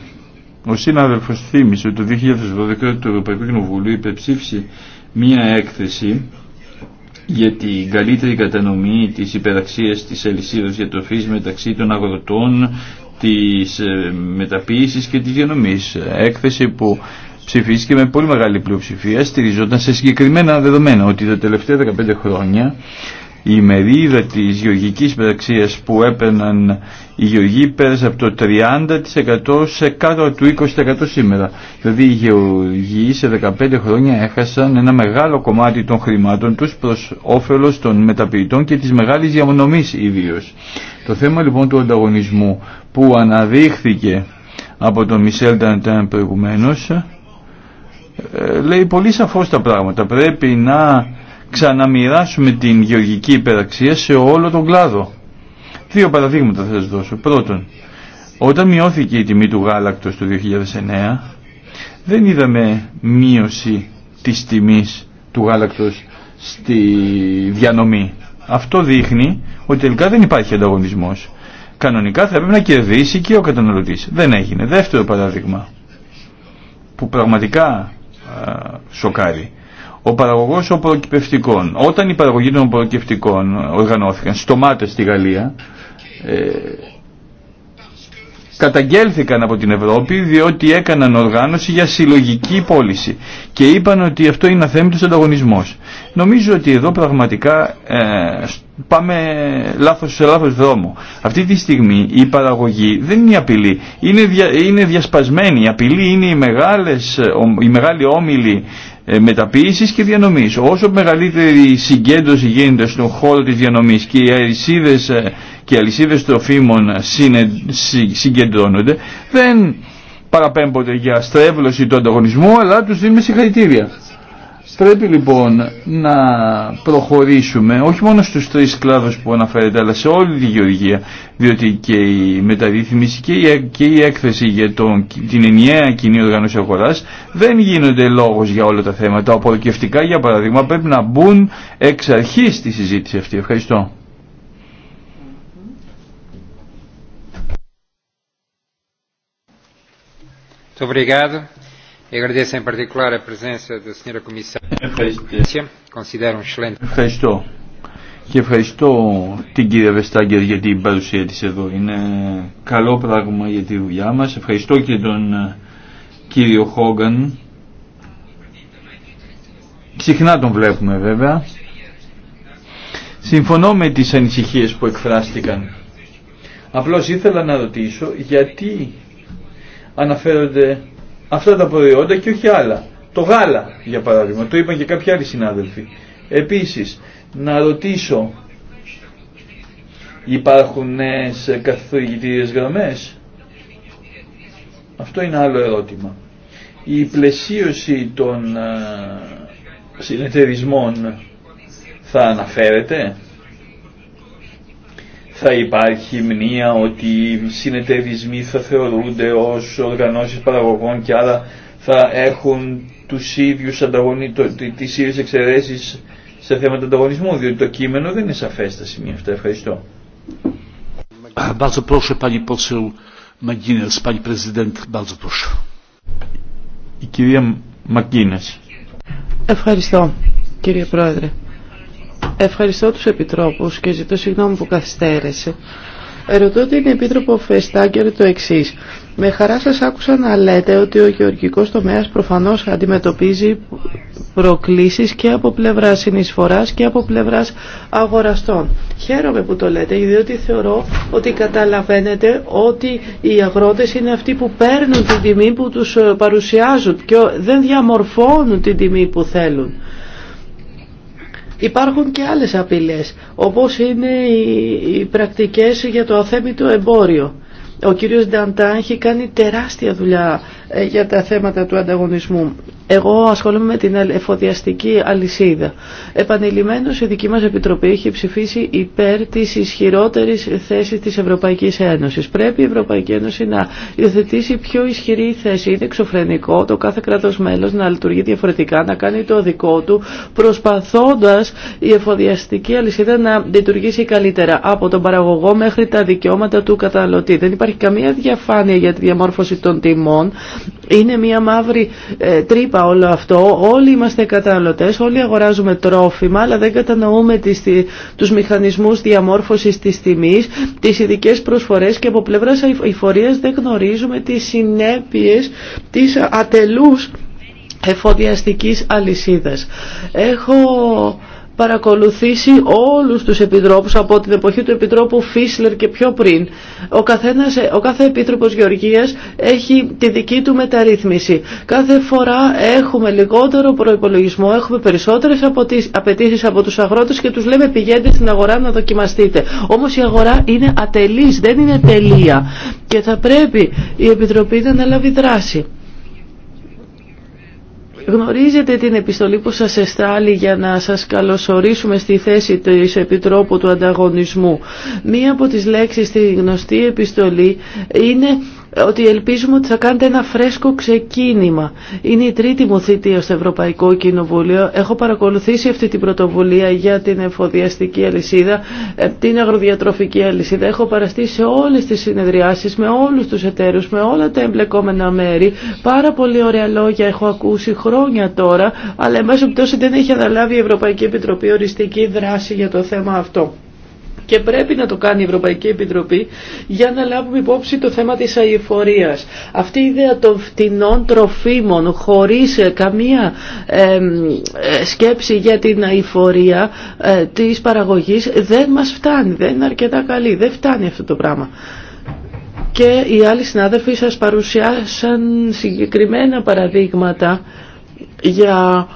Ο συνάδελφος θύμισε ότι το 2012 το Ευρωπαϊκό Κοινοβούλιο υπεψήφισε μία έκθεση για την καλύτερη κατανομή της υπεραξίας της αλυσίδας διατροφής μεταξύ των αγροτών, της ε, μεταποίησης και της διανομής. Έκθεση που ψηφίστηκε με πολύ μεγάλη πλειοψηφία στηριζόταν σε συγκεκριμένα δεδομένα ότι τα τελευταία 15 χρόνια η μερίδα της γεωργικής πραξίας που έπαιρναν οι γεωργοί πέρασε από το 30% σε κάτω του 20% σήμερα. Δηλαδή οι γεωργοί σε 15 χρόνια έχασαν ένα μεγάλο κομμάτι των χρημάτων τους προς όφελος των μεταποιητών και της μεγάλης διαμονομής ιδίω. Το θέμα λοιπόν του ανταγωνισμού που αναδείχθηκε από τον Μισελ Νταντάν προηγουμένως ε, λέει πολύ σαφώς τα πράγματα. Πρέπει να ξαναμοιράσουμε την γεωργική υπεραξία σε όλο τον κλάδο. Δύο παραδείγματα θα σας δώσω. Πρώτον, όταν μειώθηκε η τιμή του γάλακτος το 2009, δεν είδαμε μείωση της τιμής του γάλακτος στη διανομή. Αυτό δείχνει ότι τελικά δεν υπάρχει ανταγωνισμός. Κανονικά θα έπρεπε να κερδίσει και ο καταναλωτής. Δεν έγινε. Δεύτερο παράδειγμα που πραγματικά σοκάρει ο παραγωγός οπροκυπευτικών. Όταν οι παραγωγοί των οπροκυπευτικών οργανώθηκαν, ΜΑΤΕ στη Γαλλία, ε, καταγγέλθηκαν από την Ευρώπη διότι έκαναν οργάνωση για συλλογική πώληση και είπαν ότι αυτό είναι αθέμητος ανταγωνισμός. Νομίζω ότι εδώ πραγματικά ε, πάμε λάθος, σε λάθος δρόμο. Αυτή τη στιγμή η παραγωγή δεν είναι η απειλή, είναι, είναι διασπασμένη. Η απειλή είναι οι, μεγάλες, ε, οι μεγάλοι όμιλοι ε, Μεταποίηση και διανομής. Όσο μεγαλύτερη συγκέντρωση γίνεται στον χώρο της διανομής και οι αλυσίδες, ε, και οι αλυσίδες τροφίμων ε, συγκεντρώνονται, δεν παραπέμπονται για στρέβλωση του ανταγωνισμού, αλλά τους δίνουμε συγχαρητήρια. Πρέπει λοιπόν να προχωρήσουμε όχι μόνο στους τρεις κλάδους που αναφέρεται αλλά σε όλη τη γεωργία διότι και η μεταρρύθμιση και η, έκθεση για τον, την ενιαία κοινή οργάνωση αγοράς δεν γίνονται λόγος για όλα τα θέματα. Τα για παράδειγμα πρέπει να μπουν εξ αρχής στη συζήτηση αυτή. Ευχαριστώ. Ευχαριστώ. Και ευχαριστώ την κυρία Βεστάγκερ για την παρουσία της εδώ. Είναι καλό πράγμα για τη δουλειά μας. Ευχαριστώ και τον ε, κύριο Χόγκαν. Συχνά τον βλέπουμε βέβαια. Συμφωνώ με τις ανησυχίες που εκφράστηκαν. Απλώς ήθελα να ρωτήσω γιατί αναφέρονται αυτά τα προϊόντα και όχι άλλα. Το γάλα, για παράδειγμα, το είπαν και κάποιοι άλλοι συνάδελφοι. Επίσης, να ρωτήσω, υπάρχουν νέες καθοδηγητήριες γραμμές. Αυτό είναι άλλο ερώτημα. Η πλαισίωση των ε, συνεταιρισμών θα αναφέρεται θα υπάρχει μνήμα ότι οι συνεταιρισμοί θα θεωρούνται ως οργανώσεις παραγωγών και άλλα θα έχουν τους ίδιους ανταγωνι... το... τις ίδιες εξαιρέσεις σε θέματα ανταγωνισμού, διότι το κείμενο δεν είναι σαφές στα σημεία αυτά. Ευχαριστώ. Η κυρία Ευχαριστώ κύριε Πρόεδρε. Ευχαριστώ τους Επιτρόπους και ζητώ συγγνώμη που καθυστέρεσε. Ρωτώ την Επίτροπο Φεστάγκερ το εξή. Με χαρά σας άκουσα να λέτε ότι ο γεωργικός τομέας προφανώς αντιμετωπίζει προκλήσεις και από πλευρά συνεισφοράς και από πλευρά αγοραστών. Χαίρομαι που το λέτε, διότι θεωρώ ότι καταλαβαίνετε ότι οι αγρότες είναι αυτοί που παίρνουν την τιμή που τους παρουσιάζουν και δεν διαμορφώνουν την τιμή που θέλουν. Υπάρχουν και άλλες απειλές, όπως είναι οι πρακτικές για το αθέμητο εμπόριο. Ο κύριος Νταντά έχει κάνει τεράστια δουλειά ε, για τα θέματα του ανταγωνισμού εγώ ασχολούμαι με την εφοδιαστική αλυσίδα. Επανειλημμένως η δική μας Επιτροπή έχει ψηφίσει υπέρ της ισχυρότερης θέσης της Ευρωπαϊκής Ένωσης. Πρέπει η Ευρωπαϊκή Ένωση να υιοθετήσει πιο ισχυρή θέση. Είναι εξωφρενικό το κάθε κράτος μέλος να λειτουργεί διαφορετικά, να κάνει το δικό του, προσπαθώντας η εφοδιαστική αλυσίδα να λειτουργήσει καλύτερα από τον παραγωγό μέχρι τα δικαιώματα του καταναλωτή. Δεν υπάρχει καμία διαφάνεια για τη διαμόρφωση των τιμών. Είναι μια μαύρη ε, όλο αυτό. Όλοι είμαστε καταναλωτές, όλοι αγοράζουμε τρόφιμα, αλλά δεν κατανοούμε τις, τους μηχανισμούς διαμόρφωσης της τιμής, τις ειδικέ προσφορές και από πλευράς αηφορίας δεν γνωρίζουμε τις συνέπειες της ατελούς εφοδιαστικής αλυσίδας. Έχω παρακολουθήσει όλους τους επιτρόπους από την εποχή του επιτρόπου Φίσλερ και πιο πριν. Ο, καθένας, ο κάθε επίτροπος Γεωργίας έχει τη δική του μεταρρύθμιση. Κάθε φορά έχουμε λιγότερο προϋπολογισμό, έχουμε περισσότερες απαιτήσει από τους αγρότες και τους λέμε πηγαίνετε στην αγορά να δοκιμαστείτε. Όμως η αγορά είναι ατελής, δεν είναι τελεία και θα πρέπει η Επιτροπή να αναλάβει δράση. Γνωρίζετε την επιστολή που σας εστάλει για να σας καλωσορίσουμε στη θέση της Επιτρόπου του Ανταγωνισμού. Μία από τις λέξεις στη γνωστή επιστολή είναι ότι ελπίζουμε ότι θα κάνετε ένα φρέσκο ξεκίνημα. Είναι η τρίτη μου θητεία στο Ευρωπαϊκό Κοινοβούλιο. Έχω παρακολουθήσει αυτή την πρωτοβουλία για την εφοδιαστική αλυσίδα, ε, την αγροδιατροφική αλυσίδα. Έχω παραστεί σε όλες τις συνεδριάσεις, με όλους τους εταίρους, με όλα τα εμπλεκόμενα μέρη. Πάρα πολύ ωραία λόγια έχω ακούσει χρόνια τώρα, αλλά εν πάση δεν έχει αναλάβει η Ευρωπαϊκή Επιτροπή οριστική δράση για το θέμα αυτό και πρέπει να το κάνει η Ευρωπαϊκή Επιτροπή για να λάβουμε υπόψη το θέμα της αηφορίας. Αυτή η ιδέα των φτηνών τροφίμων χωρίς ε, καμία ε, σκέψη για την αηφορία ε, της παραγωγής δεν μας φτάνει, δεν είναι αρκετά καλή, δεν φτάνει αυτό το πράγμα και οι άλλοι συνάδελφοι σας παρουσιάσαν συγκεκριμένα παραδείγματα για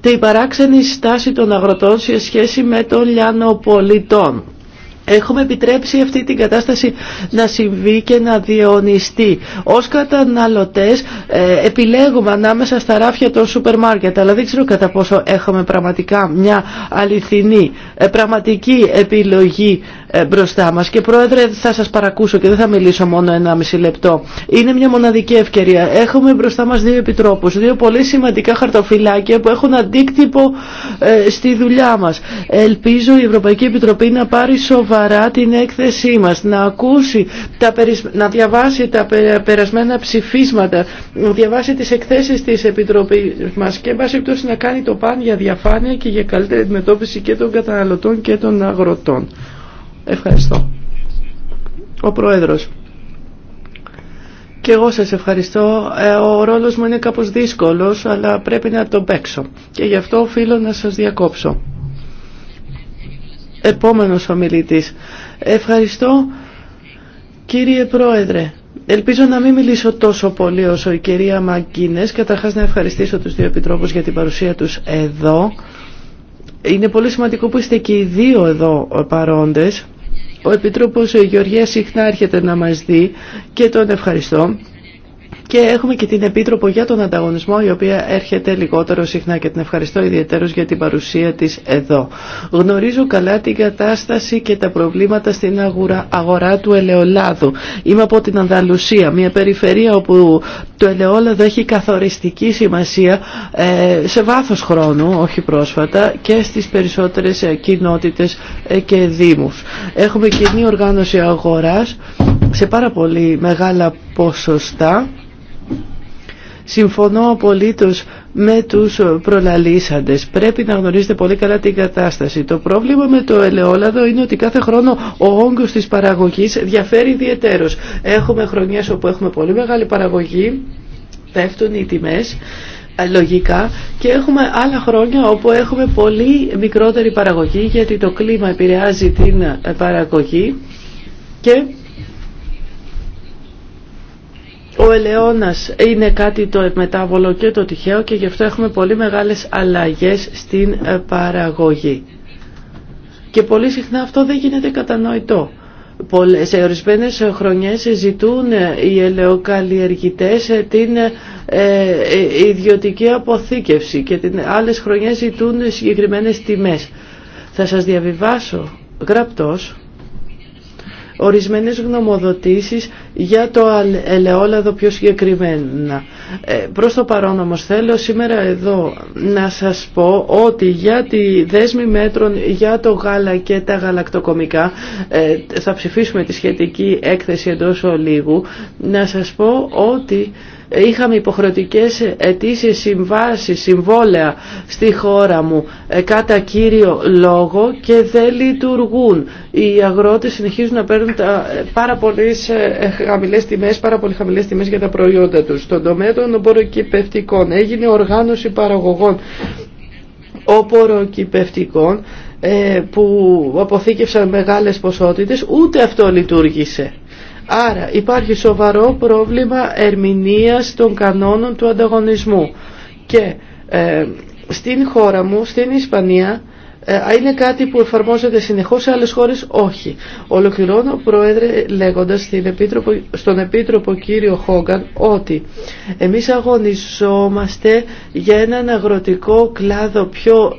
την παράξενη στάση των αγροτών σε σχέση με τον λιανοπολιτών. Έχουμε επιτρέψει αυτή την κατάσταση να συμβεί και να διαιωνιστεί. Ως καταναλωτές ε, επιλέγουμε ανάμεσα στα ράφια των σούπερ μάρκετ, αλλά δεν ξέρω κατά πόσο έχουμε πραγματικά μια αληθινή, ε, πραγματική επιλογή ε, μπροστά μας και πρόεδρε θα σας παρακούσω και δεν θα μιλήσω μόνο ένα μισή λεπτό. Είναι μια μοναδική ευκαιρία. Έχουμε μπροστά μας δύο επιτρόπους, δύο πολύ σημαντικά χαρτοφυλάκια που έχουν αντίκτυπο ε, στη δουλειά μας. Ελπίζω η Ευρωπαϊκή Επιτροπή να πάρει σοβαρά την έκθεσή μας, να ακούσει, να διαβάσει τα περασμένα ψηφίσματα, να διαβάσει τις εκθέσεις της Επιτροπής μας και βάσει να κάνει το παν για διαφάνεια και για καλύτερη αντιμετώπιση και των καταναλωτών και των αγροτών. Ευχαριστώ. Ο Πρόεδρος. Και εγώ σας ευχαριστώ. Ε, ο ρόλος μου είναι κάπως δύσκολος, αλλά πρέπει να τον παίξω. Και γι' αυτό οφείλω να σας διακόψω. Επόμενος ομιλητής. Ευχαριστώ κύριε Πρόεδρε. Ελπίζω να μην μιλήσω τόσο πολύ όσο η κυρία Μαγκίνες. Καταρχάς να ευχαριστήσω τους δύο επιτρόπους για την παρουσία τους εδώ. Είναι πολύ σημαντικό που είστε και οι δύο εδώ παρόντες ο Επιτρόπος ε, Γεωργία συχνά έρχεται να μας δει και τον ευχαριστώ και έχουμε και την Επίτροπο για τον Ανταγωνισμό, η οποία έρχεται λιγότερο συχνά και την ευχαριστώ ιδιαίτερω για την παρουσία της εδώ. Γνωρίζω καλά την κατάσταση και τα προβλήματα στην αγορά, αγορά του ελαιολάδου. Είμαι από την Ανδαλουσία, μια περιφερεια όπου το ελαιόλαδο έχει καθοριστική σημασία ε, σε βάθο χρόνου, όχι πρόσφατα, και στις περισσότερες ε, κοινότητες ε, και Δήμου. Έχουμε κοινή οργάνωση αγορα σε πάρα πολύ μεγάλα ποσοστά Συμφωνώ απολύτως με τους προλαλήσαντες. Πρέπει να γνωρίζετε πολύ καλά την κατάσταση. Το πρόβλημα με το ελαιόλαδο είναι ότι κάθε χρόνο ο όγκος της παραγωγής διαφέρει ιδιαιτέρως. Έχουμε χρονιές όπου έχουμε πολύ μεγάλη παραγωγή, πέφτουν οι τιμές ε, λογικά και έχουμε άλλα χρόνια όπου έχουμε πολύ μικρότερη παραγωγή γιατί το κλίμα επηρεάζει την παραγωγή και ο ελαιώνας είναι κάτι το μετάβολο και το τυχαίο και γι' αυτό έχουμε πολύ μεγάλες αλλαγές στην ε, παραγωγή. Και πολύ συχνά αυτό δεν γίνεται κατανοητό. Σε ορισμένες χρονιές ζητούν ε, οι ελαιοκαλλιεργητές ε, την ιδιωτική αποθήκευση και την άλλες χρονιές ζητούν συγκεκριμένες τιμές. Θα σας διαβιβάσω γραπτός ορισμένες γνωμοδοτήσεις για το ελαιόλαδο πιο συγκεκριμένα. Ε, προς το παρόν όμως θέλω σήμερα εδώ να σας πω ότι για τη δέσμη μέτρων για το γάλα και τα γαλακτοκομικά ε, θα ψηφίσουμε τη σχετική έκθεση εντός ολίγου. Να σας πω ότι είχαμε υποχρεωτικές αιτήσει συμβάσεις, συμβόλαια στη χώρα μου ε, κατά κύριο λόγο και δεν λειτουργούν. Οι αγρότες συνεχίζουν να παίρνουν τα ε, πάρα πολλές ε, χαμηλές τιμές, πάρα πολύ χαμηλές τιμές για τα προϊόντα τους. Στον τομέα των οποροκυπευτικών έγινε οργάνωση παραγωγών οποροκυπευτικών που αποθήκευσαν μεγάλες ποσότητες, ούτε αυτό λειτουργήσε. Άρα υπάρχει σοβαρό πρόβλημα ερμηνείας των κανόνων του ανταγωνισμού και ε, στην χώρα μου, στην Ισπανία, ε, είναι κάτι που εφαρμόζεται συνεχώς σε άλλες χώρες όχι. Ολοκληρώνω Πρόεδρε λέγοντας στην Επίτροπο, στον Επίτροπο κύριο Χόγκαν ότι εμείς αγωνιζόμαστε για έναν αγροτικό κλάδο πιο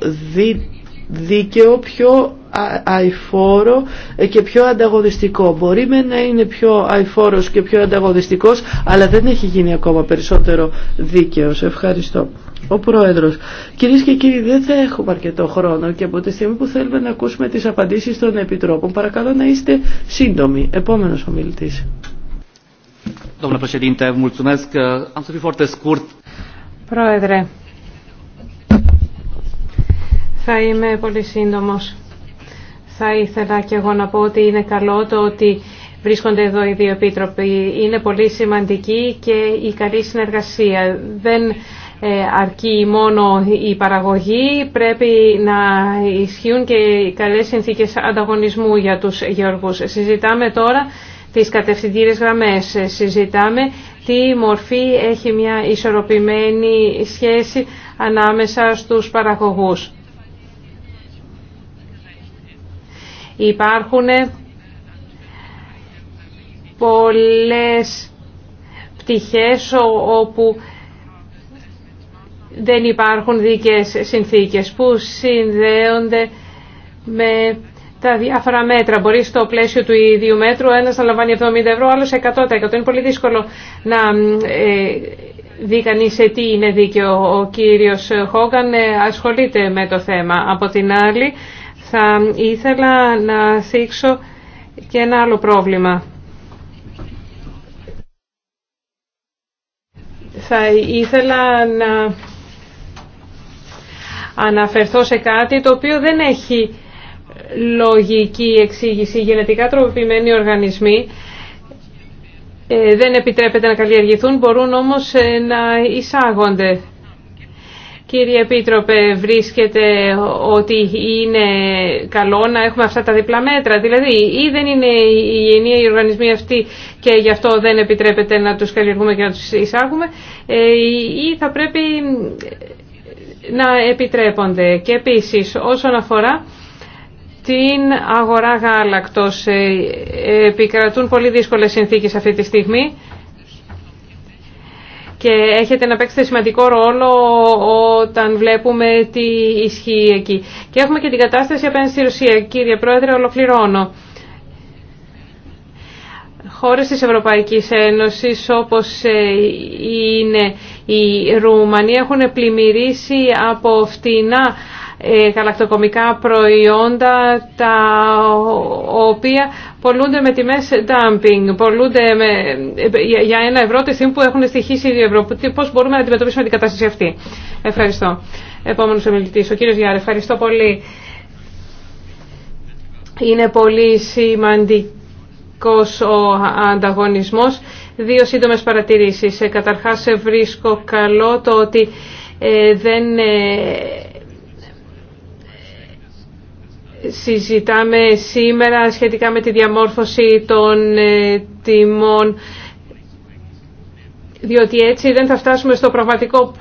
δίκαιο, πιο αηφόρο και πιο ανταγωνιστικό. Μπορεί με να είναι πιο αηφόρος και πιο ανταγωνιστικός, αλλά δεν έχει γίνει ακόμα περισσότερο δίκαιος. Ευχαριστώ. Ο Πρόεδρος. Κυρίε και κύριοι, δεν θα έχουμε αρκετό χρόνο και από τη στιγμή που θέλουμε να ακούσουμε τις απαντήσεις των Επιτρόπων, παρακαλώ να είστε σύντομοι. Επόμενος ομιλητής. Πρόεδρε, θα είμαι πολύ σύντομος. Θα ήθελα και εγώ να πω ότι είναι καλό το ότι βρίσκονται εδώ οι δύο επίτροποι. Είναι πολύ σημαντική και η καλή συνεργασία. Δεν ε, αρκεί μόνο η παραγωγή, πρέπει να ισχύουν και οι καλές συνθήκες ανταγωνισμού για τους γεωργούς. Συζητάμε τώρα τις κατευθυντήρες γραμμές. Συζητάμε τι μορφή έχει μια ισορροπημένη σχέση ανάμεσα στους παραγωγούς. Υπάρχουν πολλές πτυχές όπου δεν υπάρχουν δίκαιες συνθήκες που συνδέονται με τα διάφορα μέτρα. Μπορεί στο πλαίσιο του ίδιου μέτρου ένας να λαμβάνει 70 ευρώ, άλλος 100%. Είναι πολύ δύσκολο να ε, δει κανεί σε τι είναι δίκαιο. Ο κύριος Χόγκαν ε, ασχολείται με το θέμα. Από την άλλη, θα ήθελα να θίξω και ένα άλλο πρόβλημα. Θα ήθελα να αναφερθώ σε κάτι το οποίο δεν έχει λογική εξήγηση. Γενετικά τροποποιημένοι οργανισμοί ε, δεν επιτρέπεται να καλλιεργηθούν, μπορούν όμως ε, να εισάγονται. Κύριε Επίτροπε, βρίσκεται ότι είναι καλό να έχουμε αυτά τα διπλά μέτρα. Δηλαδή, ή δεν είναι ενια οι οργανισμοί αυτοί και γι' αυτό δεν επιτρέπεται να τους καλλιεργούμε και να τους εισάγουμε, ε, ή θα πρέπει να επιτρέπονται. Και επίσης, όσον αφορά την αγορά γάλακτος, ε, επικρατούν πολύ δύσκολες συνθήκες αυτή τη στιγμή και έχετε να παίξετε σημαντικό ρόλο όταν βλέπουμε τι ισχύει εκεί. Και έχουμε και την κατάσταση απέναντι στη Ρωσία. Κύριε Πρόεδρε, ολοκληρώνω. Χώρες της Ευρωπαϊκής Ένωσης όπως ε, είναι η Ρουμανία έχουν πλημμυρίσει από φτηνά ε, γαλακτοκομικά προϊόντα τα οποία πολλούνται με τιμές dumping, πολλούνται με, ε, για ένα ευρώ τη στιγμή που έχουν στοιχήσει δύο ευρώ. Πώς μπορούμε να αντιμετωπίσουμε την κατάσταση αυτή. Ευχαριστώ. Επόμενος ομιλητής, ο κύριος Γιάρε. Ευχαριστώ πολύ. Είναι πολύ σημαντικός ο ανταγωνισμός. Δύο σύντομες παρατηρήσεις. Ε, καταρχάς βρίσκω καλό το ότι δεν συζητάμε σήμερα σχετικά με τη διαμόρφωση των ε, τιμών διότι έτσι δεν θα φτάσουμε στο πραγματικό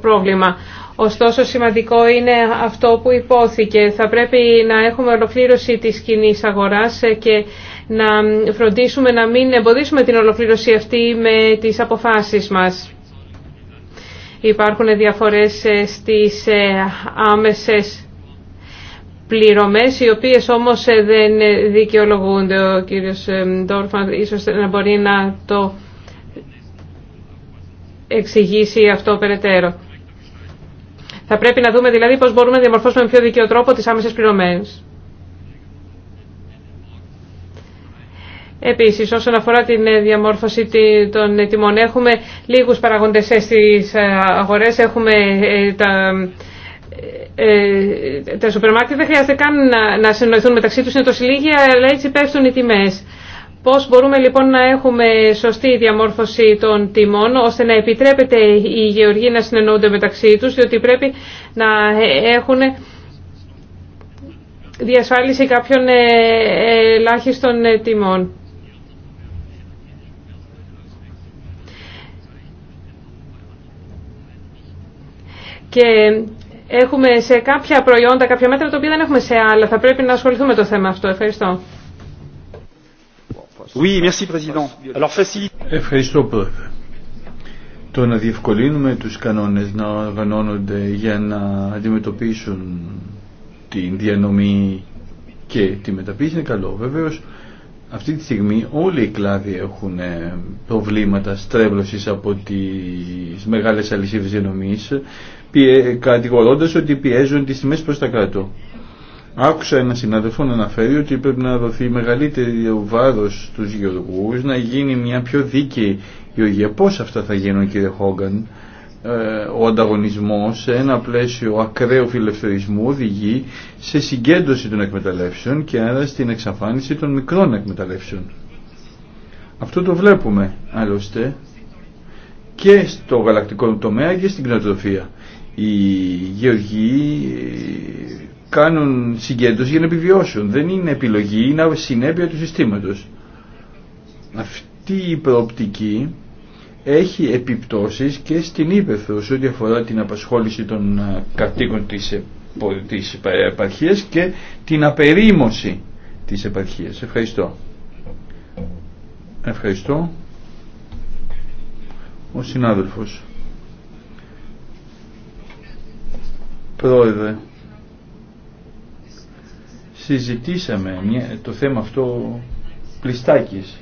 πρόβλημα. Ωστόσο σημαντικό είναι αυτό που υπόθηκε. Θα πρέπει να έχουμε ολοκλήρωση της κοινή αγοράς ε, και να φροντίσουμε να μην εμποδίσουμε την ολοκλήρωση αυτή με τις αποφάσεις μας. Υπάρχουν διαφορές ε, στις άμεσες πληρωμές οι οποίες όμως ε, δεν ε, δικαιολογούνται. Ο κύριος ε, Ντόρφαν ίσως να μπορεί να το εξηγήσει αυτό περαιτέρω. Θα πρέπει να δούμε δηλαδή πώς μπορούμε να διαμορφώσουμε με πιο δικαίο τρόπο τις άμεσες πληρωμένες. Επίσης, όσον αφορά την διαμόρφωση των τιμών, έχουμε λίγους παραγοντές στις αγορές, έχουμε τα ε, τα σούπερ μάρκετ δεν χρειάζεται καν να, να συνοηθούν μεταξύ τους, είναι τόσο λίγοι, αλλά έτσι πέφτουν οι τιμές. Πώς μπορούμε λοιπόν να έχουμε σωστή διαμόρφωση των τιμών, ώστε να επιτρέπεται οι γεωργοί να συνεννοούνται μεταξύ τους, διότι πρέπει να έχουν διασφάλιση κάποιων ε, ελάχιστων ε, τιμών. Και έχουμε σε κάποια προϊόντα, κάποια μέτρα τα οποία δεν έχουμε σε άλλα. Θα πρέπει να ασχοληθούμε το θέμα αυτό. Ευχαριστώ. Oui, merci, Alors, Ευχαριστώ, Πρόεδρε. Το να διευκολύνουμε τους κανόνες να οργανώνονται για να αντιμετωπίσουν την διανομή και τη μεταποίηση είναι καλό. Βεβαίως, αυτή τη στιγμή όλοι οι κλάδοι έχουν ε, προβλήματα στρέβλωσης από τις μεγάλες αλυσίδες διανομής κατηγορώντας ότι πιέζουν τις τιμές προς τα κάτω. Άκουσα ένα συνάδελφο να αναφέρει ότι πρέπει να δοθεί μεγαλύτερο βάρος στους γεωργούς, να γίνει μια πιο δίκαιη γεωργία. Πώς αυτά θα γίνουν κύριε Χόγκαν, ε, ο ανταγωνισμός σε ένα πλαίσιο ακραίου φιλευθερισμού οδηγεί σε συγκέντρωση των εκμεταλλεύσεων και άρα στην εξαφάνιση των μικρών εκμεταλλεύσεων. Αυτό το βλέπουμε άλλωστε και στο γαλακτικό τομέα και στην κοινοτροφία. Οι γεωργοί ε, κάνουν συγκέντρωση για να επιβιώσουν. Δεν είναι επιλογή, είναι συνέπεια του συστήματος. Αυτή η προοπτική έχει επιπτώσεις και στην ύπεθρο σε ό,τι αφορά την απασχόληση των ε, κατοίκων της, της επαρχίας και την απερίμωση της επαρχίας. Ευχαριστώ. Ευχαριστώ. Ο συνάδελφος. Πρόεδρε. Συζητήσαμε το θέμα αυτό πλιστάκης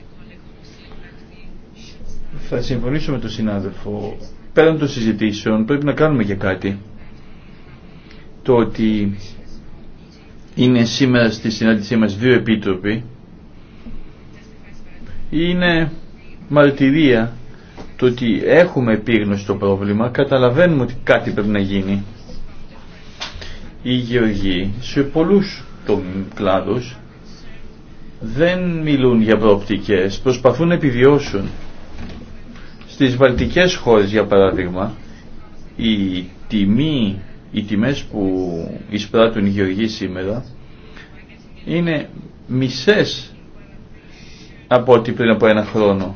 θα συμφωνήσω με τον συνάδελφο. Πέραν των συζητήσεων πρέπει να κάνουμε και κάτι. Το ότι είναι σήμερα στη συνάντησή μας δύο επίτροποι είναι μαρτυρία το ότι έχουμε επίγνωση το πρόβλημα, καταλαβαίνουμε ότι κάτι πρέπει να γίνει. Οι γεωργοί σε πολλούς κλάδους δεν μιλούν για προοπτικές, προσπαθούν να επιβιώσουν. Στις βαλτικές χώρες για παράδειγμα η τιμή, οι τιμές που εισπράττουν οι γεωργοί σήμερα είναι μισές από ό,τι πριν από ένα χρόνο.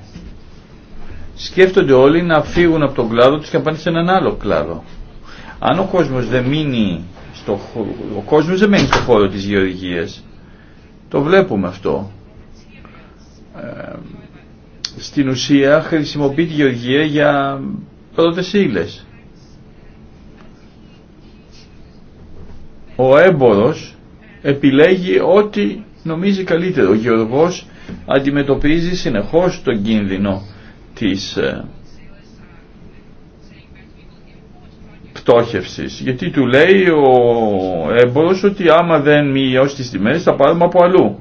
Σκέφτονται όλοι να φύγουν από τον κλάδο τους και να πάνε σε έναν άλλο κλάδο. Αν ο κόσμος δεν μείνει στο ο κόσμος δεν μένει στο χώρο της γεωργίας, το βλέπουμε αυτό. Ε, στην ουσία χρησιμοποιεί τη γεωργία για πρώτες Ο έμπορος επιλέγει ό,τι νομίζει καλύτερο. Ο γεωργός αντιμετωπίζει συνεχώς τον κίνδυνο της ε, πτώχευσης. Γιατί του λέει ο έμπορος ότι άμα δεν μειώσει τις τιμές θα πάρουμε από αλλού.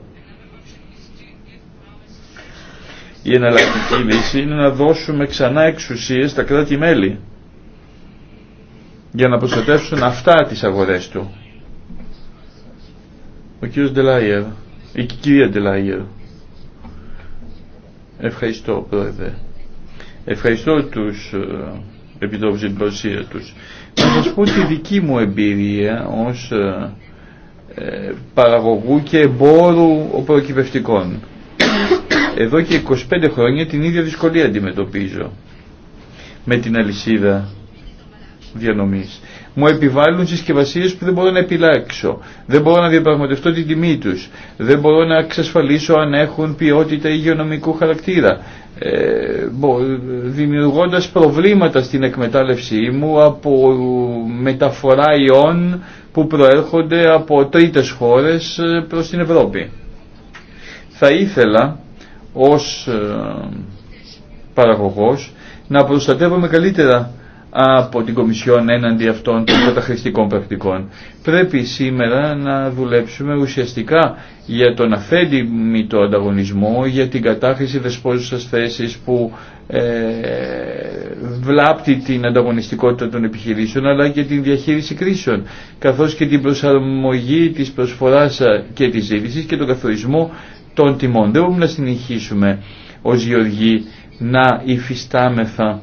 η εναλλακτική λύση είναι να δώσουμε ξανά εξουσίες στα κράτη-μέλη για να προστατεύσουν αυτά τις αγορές του. Ο κύριος Ντελάιερ, η κυρία Ντελάιερ. Ευχαριστώ πρόεδρε. Ευχαριστώ τους ε, επιτρόπους την προσία τους. Να σας πω τη δική μου εμπειρία ως ε, ε, παραγωγού και εμπόρου προκυπευτικών. Εδώ και 25 χρόνια την ίδια δυσκολία αντιμετωπίζω με την αλυσίδα διανομής. Μου επιβάλλουν συσκευασίε που δεν μπορώ να επιλάξω. Δεν μπορώ να διαπραγματευτώ την τιμή του. Δεν μπορώ να εξασφαλίσω αν έχουν ποιότητα υγειονομικού χαρακτήρα. Ε, Δημιουργώντα προβλήματα στην εκμετάλλευσή μου από μεταφορά ιών που προέρχονται από τρίτες χώρες ε, προς την Ευρώπη. Θα ήθελα ως ε, παραγωγός να προστατεύουμε καλύτερα από την Κομισιόν έναντι αυτών των καταχρηστικών πρακτικών. Πρέπει σήμερα να δουλέψουμε ουσιαστικά για τον το ανταγωνισμό, για την κατάχρηση δεσπόζουσας θέσης που ε, βλάπτει την ανταγωνιστικότητα των επιχειρήσεων αλλά και την διαχείριση κρίσεων καθώς και την προσαρμογή της προσφοράς και της ζήτησης και τον καθορισμό των τιμών. Δεν μπορούμε να συνεχίσουμε ως γεωργοί να υφιστάμεθα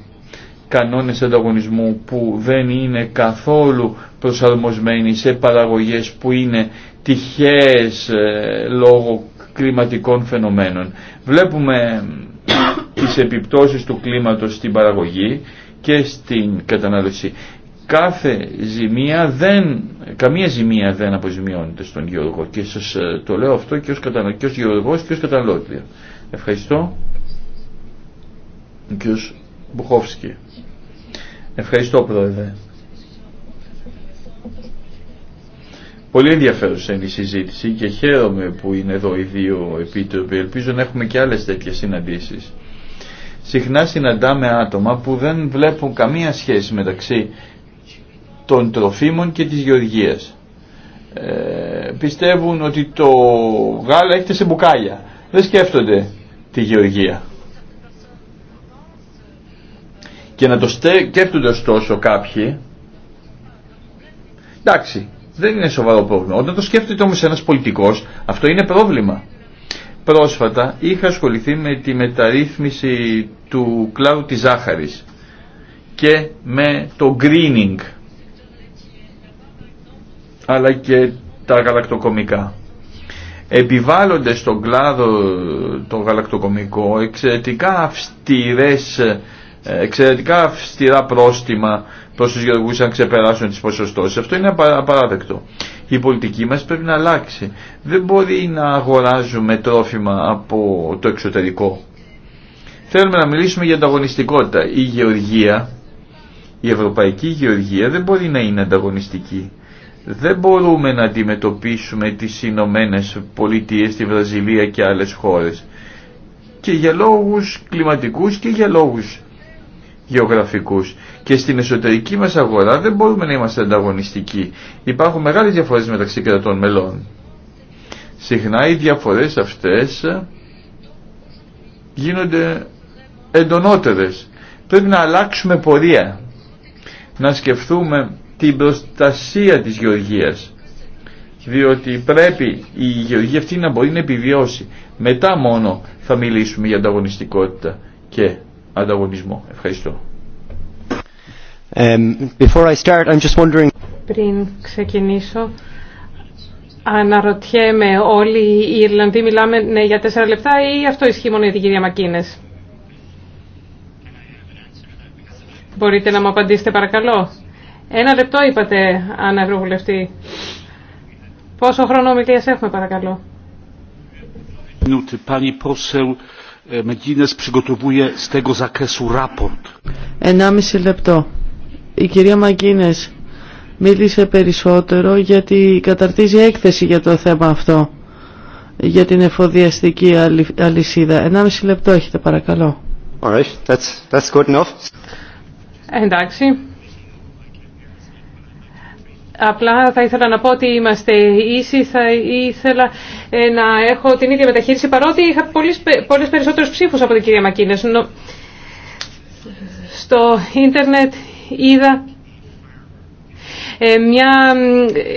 κανόνες ανταγωνισμού που δεν είναι καθόλου προσαρμοσμένοι σε παραγωγές που είναι τυχαίες ε, λόγω κλιματικών φαινομένων. Βλέπουμε τις επιπτώσεις του κλίματος στην παραγωγή και στην κατανάλωση κάθε ζημία δεν, καμία ζημία δεν αποζημιώνεται στον γεωργό και σας ε, το λέω αυτό και ως, κατα... και ως γεωργός και ως καταναλώτρια. Ευχαριστώ. Ο κ. Ευχαριστώ πρόεδρε. Πολύ ενδιαφέρουσα είναι η συζήτηση και χαίρομαι που είναι εδώ οι δύο επίτροποι. Ελπίζω να έχουμε και άλλες τέτοιες συναντήσεις. Συχνά συναντάμε άτομα που δεν βλέπουν καμία σχέση μεταξύ των τροφίμων και της γεωργίας. Ε, πιστεύουν ότι το γάλα έχετε σε μπουκάλια. Δεν σκέφτονται τη γεωργία. Και να το σκέφτονται ωστόσο κάποιοι, εντάξει, δεν είναι σοβαρό πρόβλημα. Όταν το σκέφτεται όμως ένας πολιτικός, αυτό είναι πρόβλημα. Πρόσφατα είχα ασχοληθεί με τη μεταρρύθμιση του κλάδου της ζάχαρης και με το greening αλλά και τα γαλακτοκομικά. Επιβάλλονται στον κλάδο το γαλακτοκομικό εξαιρετικά αυστηρές εξαιρετικά αυστηρά πρόστιμα προς τους γεωργούς αν ξεπεράσουν τις ποσοστώσεις. Αυτό είναι απαράδεκτο. Η πολιτική μας πρέπει να αλλάξει. Δεν μπορεί να αγοράζουμε τρόφιμα από το εξωτερικό. Θέλουμε να μιλήσουμε για ανταγωνιστικότητα. Η γεωργία, η ευρωπαϊκή γεωργία δεν μπορεί να είναι ανταγωνιστική δεν μπορούμε να αντιμετωπίσουμε τις Ηνωμένε Πολιτείες, τη Βραζιλία και άλλες χώρες και για λόγους κλιματικούς και για λόγους γεωγραφικούς και στην εσωτερική μας αγορά δεν μπορούμε να είμαστε ανταγωνιστικοί υπάρχουν μεγάλες διαφορές μεταξύ κρατών μελών συχνά οι διαφορές αυτές γίνονται εντονότερες πρέπει να αλλάξουμε πορεία να σκεφτούμε την προστασία της γεωργίας διότι πρέπει η γεωργία αυτή να μπορεί να επιβιώσει. Μετά μόνο θα μιλήσουμε για ανταγωνιστικότητα και ανταγωνισμό. Ευχαριστώ. Um, I start, I'm just wondering... Πριν ξεκινήσω, αναρωτιέμαι όλοι οι Ιρλανδοί μιλάμε ναι, για τέσσερα λεπτά ή αυτό ισχύει μόνο για την κυρία Μακίνες. Μπορείτε να μου απαντήσετε παρακαλώ. Ένα λεπτό είπατε, Άννα Ευρωβουλευτή. Πόσο χρόνο ομιλίας έχουμε, παρακαλώ. Ε, Ενάμιση λεπτό. Η κυρία Μαγκίνες μίλησε περισσότερο γιατί καταρτίζει έκθεση για το θέμα αυτό για την εφοδιαστική αλυσίδα. Ενάμιση λεπτό έχετε παρακαλώ. That's, that's good enough. Εντάξει, Απλά θα ήθελα να πω ότι είμαστε ίσοι, θα ήθελα ε, να έχω την ίδια μεταχείριση παρότι είχα πολλές, πολλές περισσότερους ψήφους από την κυρία Μακίνες. Στο ίντερνετ είδα ε, μια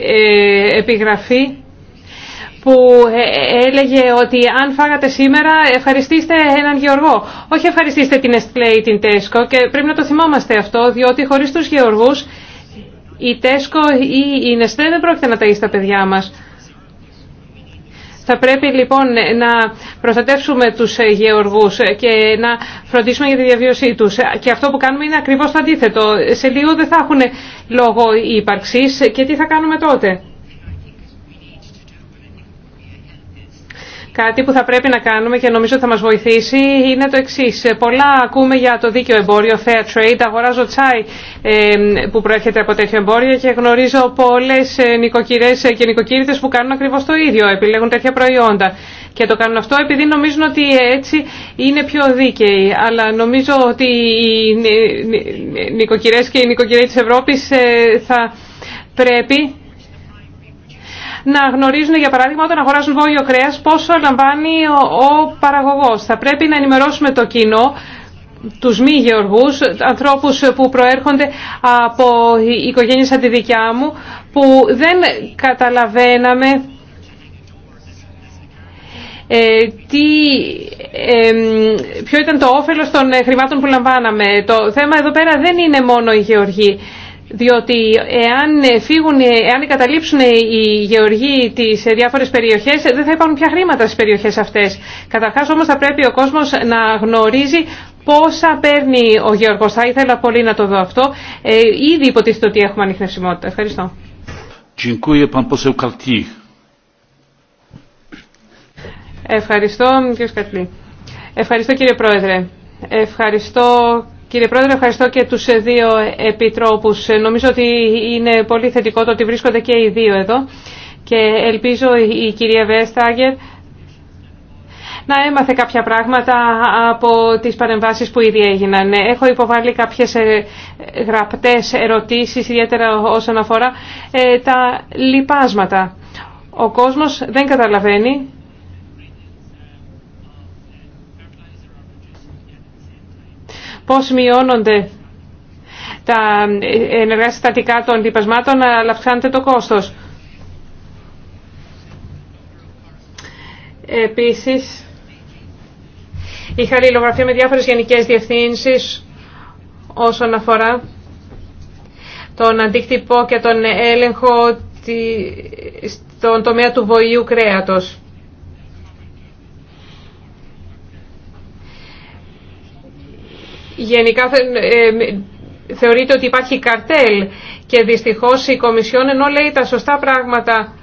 ε, επιγραφή που έλεγε ότι αν φάγατε σήμερα ευχαριστήστε έναν γεωργό. Όχι ευχαριστήστε την Εστλέη ή την Τέσκο και πρέπει να το θυμόμαστε αυτό διότι χωρίς τους γεωργούς η Τέσκο ή η Νεστέ δεν πρόκειται να ταΐσει τα παιδιά μας. Θα πρέπει λοιπόν να προστατεύσουμε τους ε, γεωργούς και να φροντίσουμε για τη διαβίωσή τους. Και αυτό που κάνουμε είναι ακριβώς το αντίθετο. Σε λίγο δεν θα έχουν λόγο ύπαρξης και τι θα κάνουμε τότε. Κάτι που θα πρέπει να κάνουμε και νομίζω θα μας βοηθήσει είναι το εξής. Πολλά ακούμε για το δίκαιο εμπόριο, fair trade, αγοράζω τσάι ε, που προέρχεται από τέτοιο εμπόριο και γνωρίζω πολλές ε, νοικοκυρές ε, και νοικοκυριτέ που κάνουν ακριβώς το ίδιο, επιλέγουν τέτοια προϊόντα. Και το κάνουν αυτό επειδή νομίζουν ότι έτσι είναι πιο δίκαιοι. Αλλά νομίζω ότι οι νοικοκυρές και οι νοικοκυρές της Ευρώπης θα πρέπει να γνωρίζουν, για παράδειγμα, όταν αγοράζουν βόλιο κρέα πόσο λαμβάνει ο, ο παραγωγός. Θα πρέπει να ενημερώσουμε το κοινό τους μη γεωργού, ανθρώπους που προέρχονται από οικογένειε σαν τη δικιά μου, που δεν καταλαβαίναμε ε, τι, ε, ποιο ήταν το όφελος των χρημάτων που λαμβάναμε. Το θέμα εδώ πέρα δεν είναι μόνο η γεωργή. Διότι εάν, φύγουν, εάν καταλήψουν οι γεωργοί τις διάφορες περιοχές, δεν θα υπάρχουν πια χρήματα στι περιοχές αυτές. Καταρχά όμω θα πρέπει ο κόσμος να γνωρίζει πόσα παίρνει ο γεωργός. Θα ήθελα πολύ να το δω αυτό. Ε, ήδη υποτίθεται ότι έχουμε ανιχνευσιμότητα. Ευχαριστώ. Ευχαριστώ, κύριε Σκατλή. Ευχαριστώ, κύριε Πρόεδρε. Ευχαριστώ, Κύριε Πρόεδρε, ευχαριστώ και τους ε, δύο επιτρόπους. Ε, νομίζω ότι είναι πολύ θετικό το ότι βρίσκονται και οι δύο εδώ και ελπίζω η κυρία Βέσταγκερ να έμαθε κάποια πράγματα από τις παρεμβάσεις που ήδη έγιναν. Έχω υποβάλει κάποιες ε, γραπτές ερωτήσεις, ιδιαίτερα όσον αφορά τα λοιπάσματα. Ο κόσμο δεν καταλαβαίνει πώς μειώνονται τα ε, ενεργά συστατικά των διπασμάτων, αλλά αυξάνεται το κόστος. Επίσης, είχα χαλιλογραφία με διάφορες γενικές διευθύνσεις όσον αφορά τον αντίκτυπο και τον έλεγχο στον τομέα του βοηού κρέατος. γενικά ε, θεωρείται ότι υπάρχει καρτέλ και δυστυχώς η Κομισιόν ενώ λέει τα σωστά πράγματα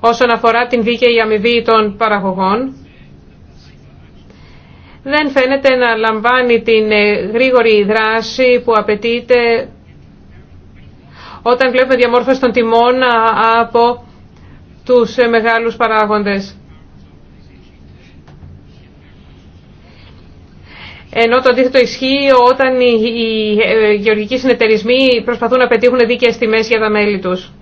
όσον αφορά την δίκαιη αμοιβή των παραγωγών δεν φαίνεται να λαμβάνει την ε, γρήγορη δράση που απαιτείται όταν βλέπουμε διαμόρφωση των τιμών από τους ε, μεγάλους παράγοντες. ενώ το αντίθετο ισχύει όταν οι ε, γεωργικοί συνεταιρισμοί προσπαθούν να πετύχουν δίκαιες τιμές για τα μέλη τους.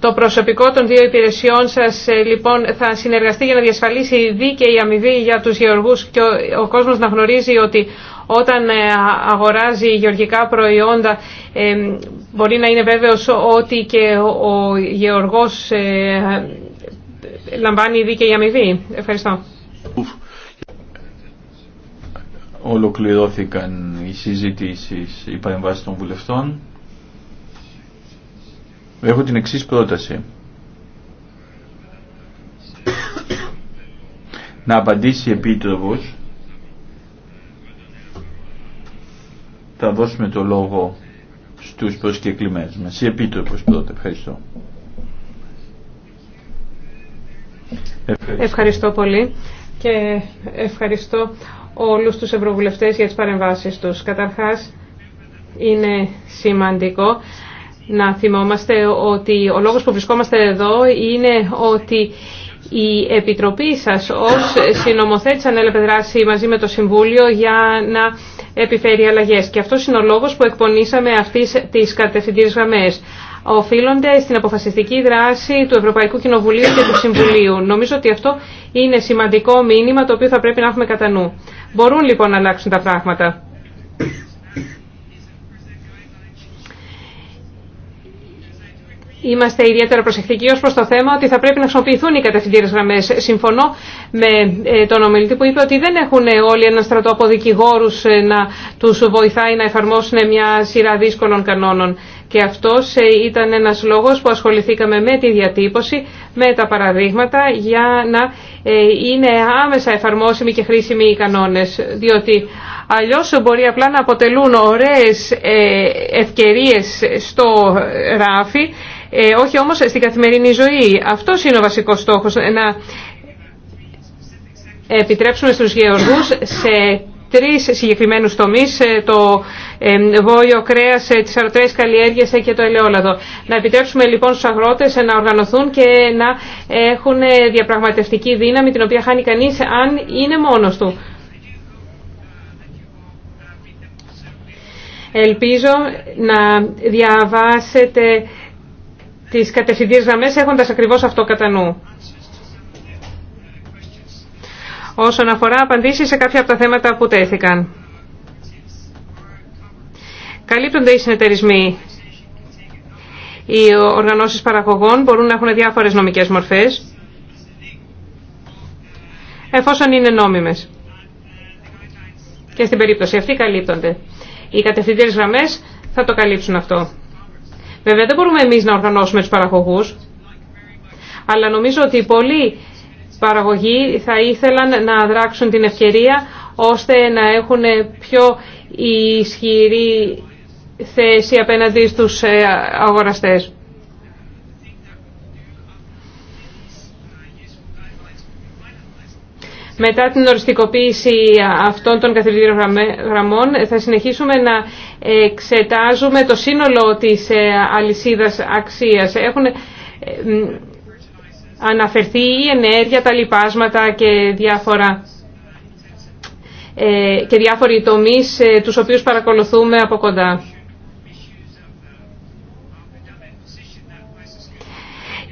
Το προσωπικό των δύο υπηρεσιών σας ε, λοιπόν θα συνεργαστεί για να διασφαλίσει δίκαιη αμοιβή για τους γεωργούς και ο, ο κόσμος να γνωρίζει ότι όταν ε, αγοράζει γεωργικά προϊόντα μπορεί να είναι βέβαιος ότι και ο γεωργός λαμβάνει δίκαιη αμοιβή. Ευχαριστώ. Ολοκληρώθηκαν οι συζητήσεις, οι παρεμβάσεις των βουλευτών. Έχω την εξής πρόταση. να απαντήσει η Επίτροπος θα δώσουμε το λόγο στους προσκεκλημένους μας. Η Επίτροπος πρώτα. Ευχαριστώ. Ευχαριστώ. πολύ και ευχαριστώ όλους τους ευρωβουλευτές για τις παρεμβάσεις τους. Καταρχάς, είναι σημαντικό να θυμόμαστε ότι ο λόγος που βρισκόμαστε εδώ είναι ότι η Επιτροπή σας ως συνομοθέτης ανέλαβε δράση μαζί με το Συμβούλιο για να επιφέρει αλλαγές. Και αυτό είναι ο λόγος που εκπονήσαμε αυτής τις κατευθυντήρες γραμμές οφείλονται στην αποφασιστική δράση του Ευρωπαϊκού Κοινοβουλίου και του Συμβουλίου. Νομίζω ότι αυτό είναι σημαντικό μήνυμα το οποίο θα πρέπει να έχουμε κατά νου. Μπορούν λοιπόν να αλλάξουν τα πράγματα. Είμαστε ιδιαίτερα προσεκτικοί ω προς το θέμα ότι θα πρέπει να χρησιμοποιηθούν οι κατευθυντήρε γραμμέ. Συμφωνώ με ε, τον ομιλητή που είπε ότι δεν έχουν ε, όλοι ένα στρατό από δικηγόρου ε, να του βοηθάει να εφαρμόσουν μια σειρά δύσκολων κανόνων. Και αυτός ε, ήταν ένας λόγος που ασχοληθήκαμε με τη διατύπωση, με τα παραδείγματα για να ε, είναι άμεσα εφαρμόσιμοι και χρήσιμοι οι κανόνες. Διότι αλλιώς μπορεί απλά να αποτελούν ωραίες ε, ευκαιρίες στο ράφι, όχι όμως στην καθημερινή ζωή. Αυτός είναι ο βασικός στόχος, να επιτρέψουμε στους γεωργούς σε τρεις συγκεκριμένους τομείς, ε, το βόλιο κρέας, ε, τις αρωτέ καλλιέργειες ε, και το ελαιόλαδο. Να επιτρέψουμε λοιπόν στους αγρότες να οργανωθούν και να έχουν διαπραγματευτική δύναμη την οποία χάνει κανείς αν είναι μόνος του. Ελπίζω να διαβάσετε τις κατευθυντήρες γραμμές έχοντας ακριβώς αυτό κατά νου όσον αφορά απαντήσεις σε κάποια από τα θέματα που τέθηκαν. Καλύπτονται οι συνεταιρισμοί. Οι οργανώσεις παραγωγών μπορούν να έχουν διάφορες νομικές μορφές, εφόσον είναι νόμιμες. Και στην περίπτωση αυτή καλύπτονται. Οι κατευθυντήρες γραμμές θα το καλύψουν αυτό. Βέβαια δεν μπορούμε εμείς να οργανώσουμε τους παραγωγούς, αλλά νομίζω ότι πολλοί Παραγωγή θα ήθελαν να δράξουν την ευκαιρία ώστε να έχουν πιο ισχυρή θέση απέναντι στους ε, αγοραστές. Μετά την οριστικοποίηση αυτών των καθηγητήρων γραμμών θα συνεχίσουμε να εξετάζουμε το σύνολο της ε, αλυσίδας αξίας. Έχουν ε, αναφερθεί η ενέργεια, τα λοιπάσματα και διάφορα ε, και διάφοροι τομείς ε, τους οποίους παρακολουθούμε από κοντά.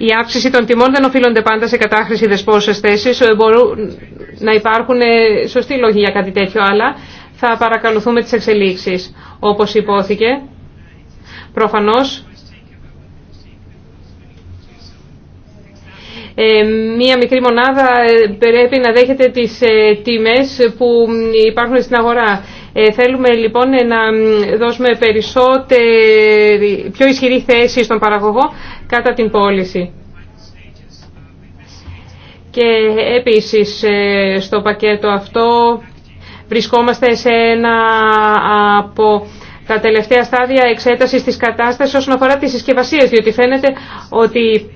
Η αύξηση των τιμών δεν οφείλονται πάντα σε κατάχρηση δεσπόσες θέσεις. Ε, μπορούν να υπάρχουν σωστοί λόγοι για κάτι τέτοιο, αλλά θα παρακολουθούμε τις εξελίξεις. Όπως υπόθηκε, προφανώς Ε, μία μικρή μονάδα ε, πρέπει να δέχεται τις ε, τιμές που υπάρχουν στην αγορά. Θέλουμε λοιπόν να δώσουμε περισσότερη, πιο ισχυρή θέση στον παραγωγό κατά την πώληση. Και επίσης στο πακέτο αυτό βρισκόμαστε σε ένα από τα τελευταία στάδια εξέτασης της κατάστασης όσον αφορά τις συσκευασίες, διότι φαίνεται ότι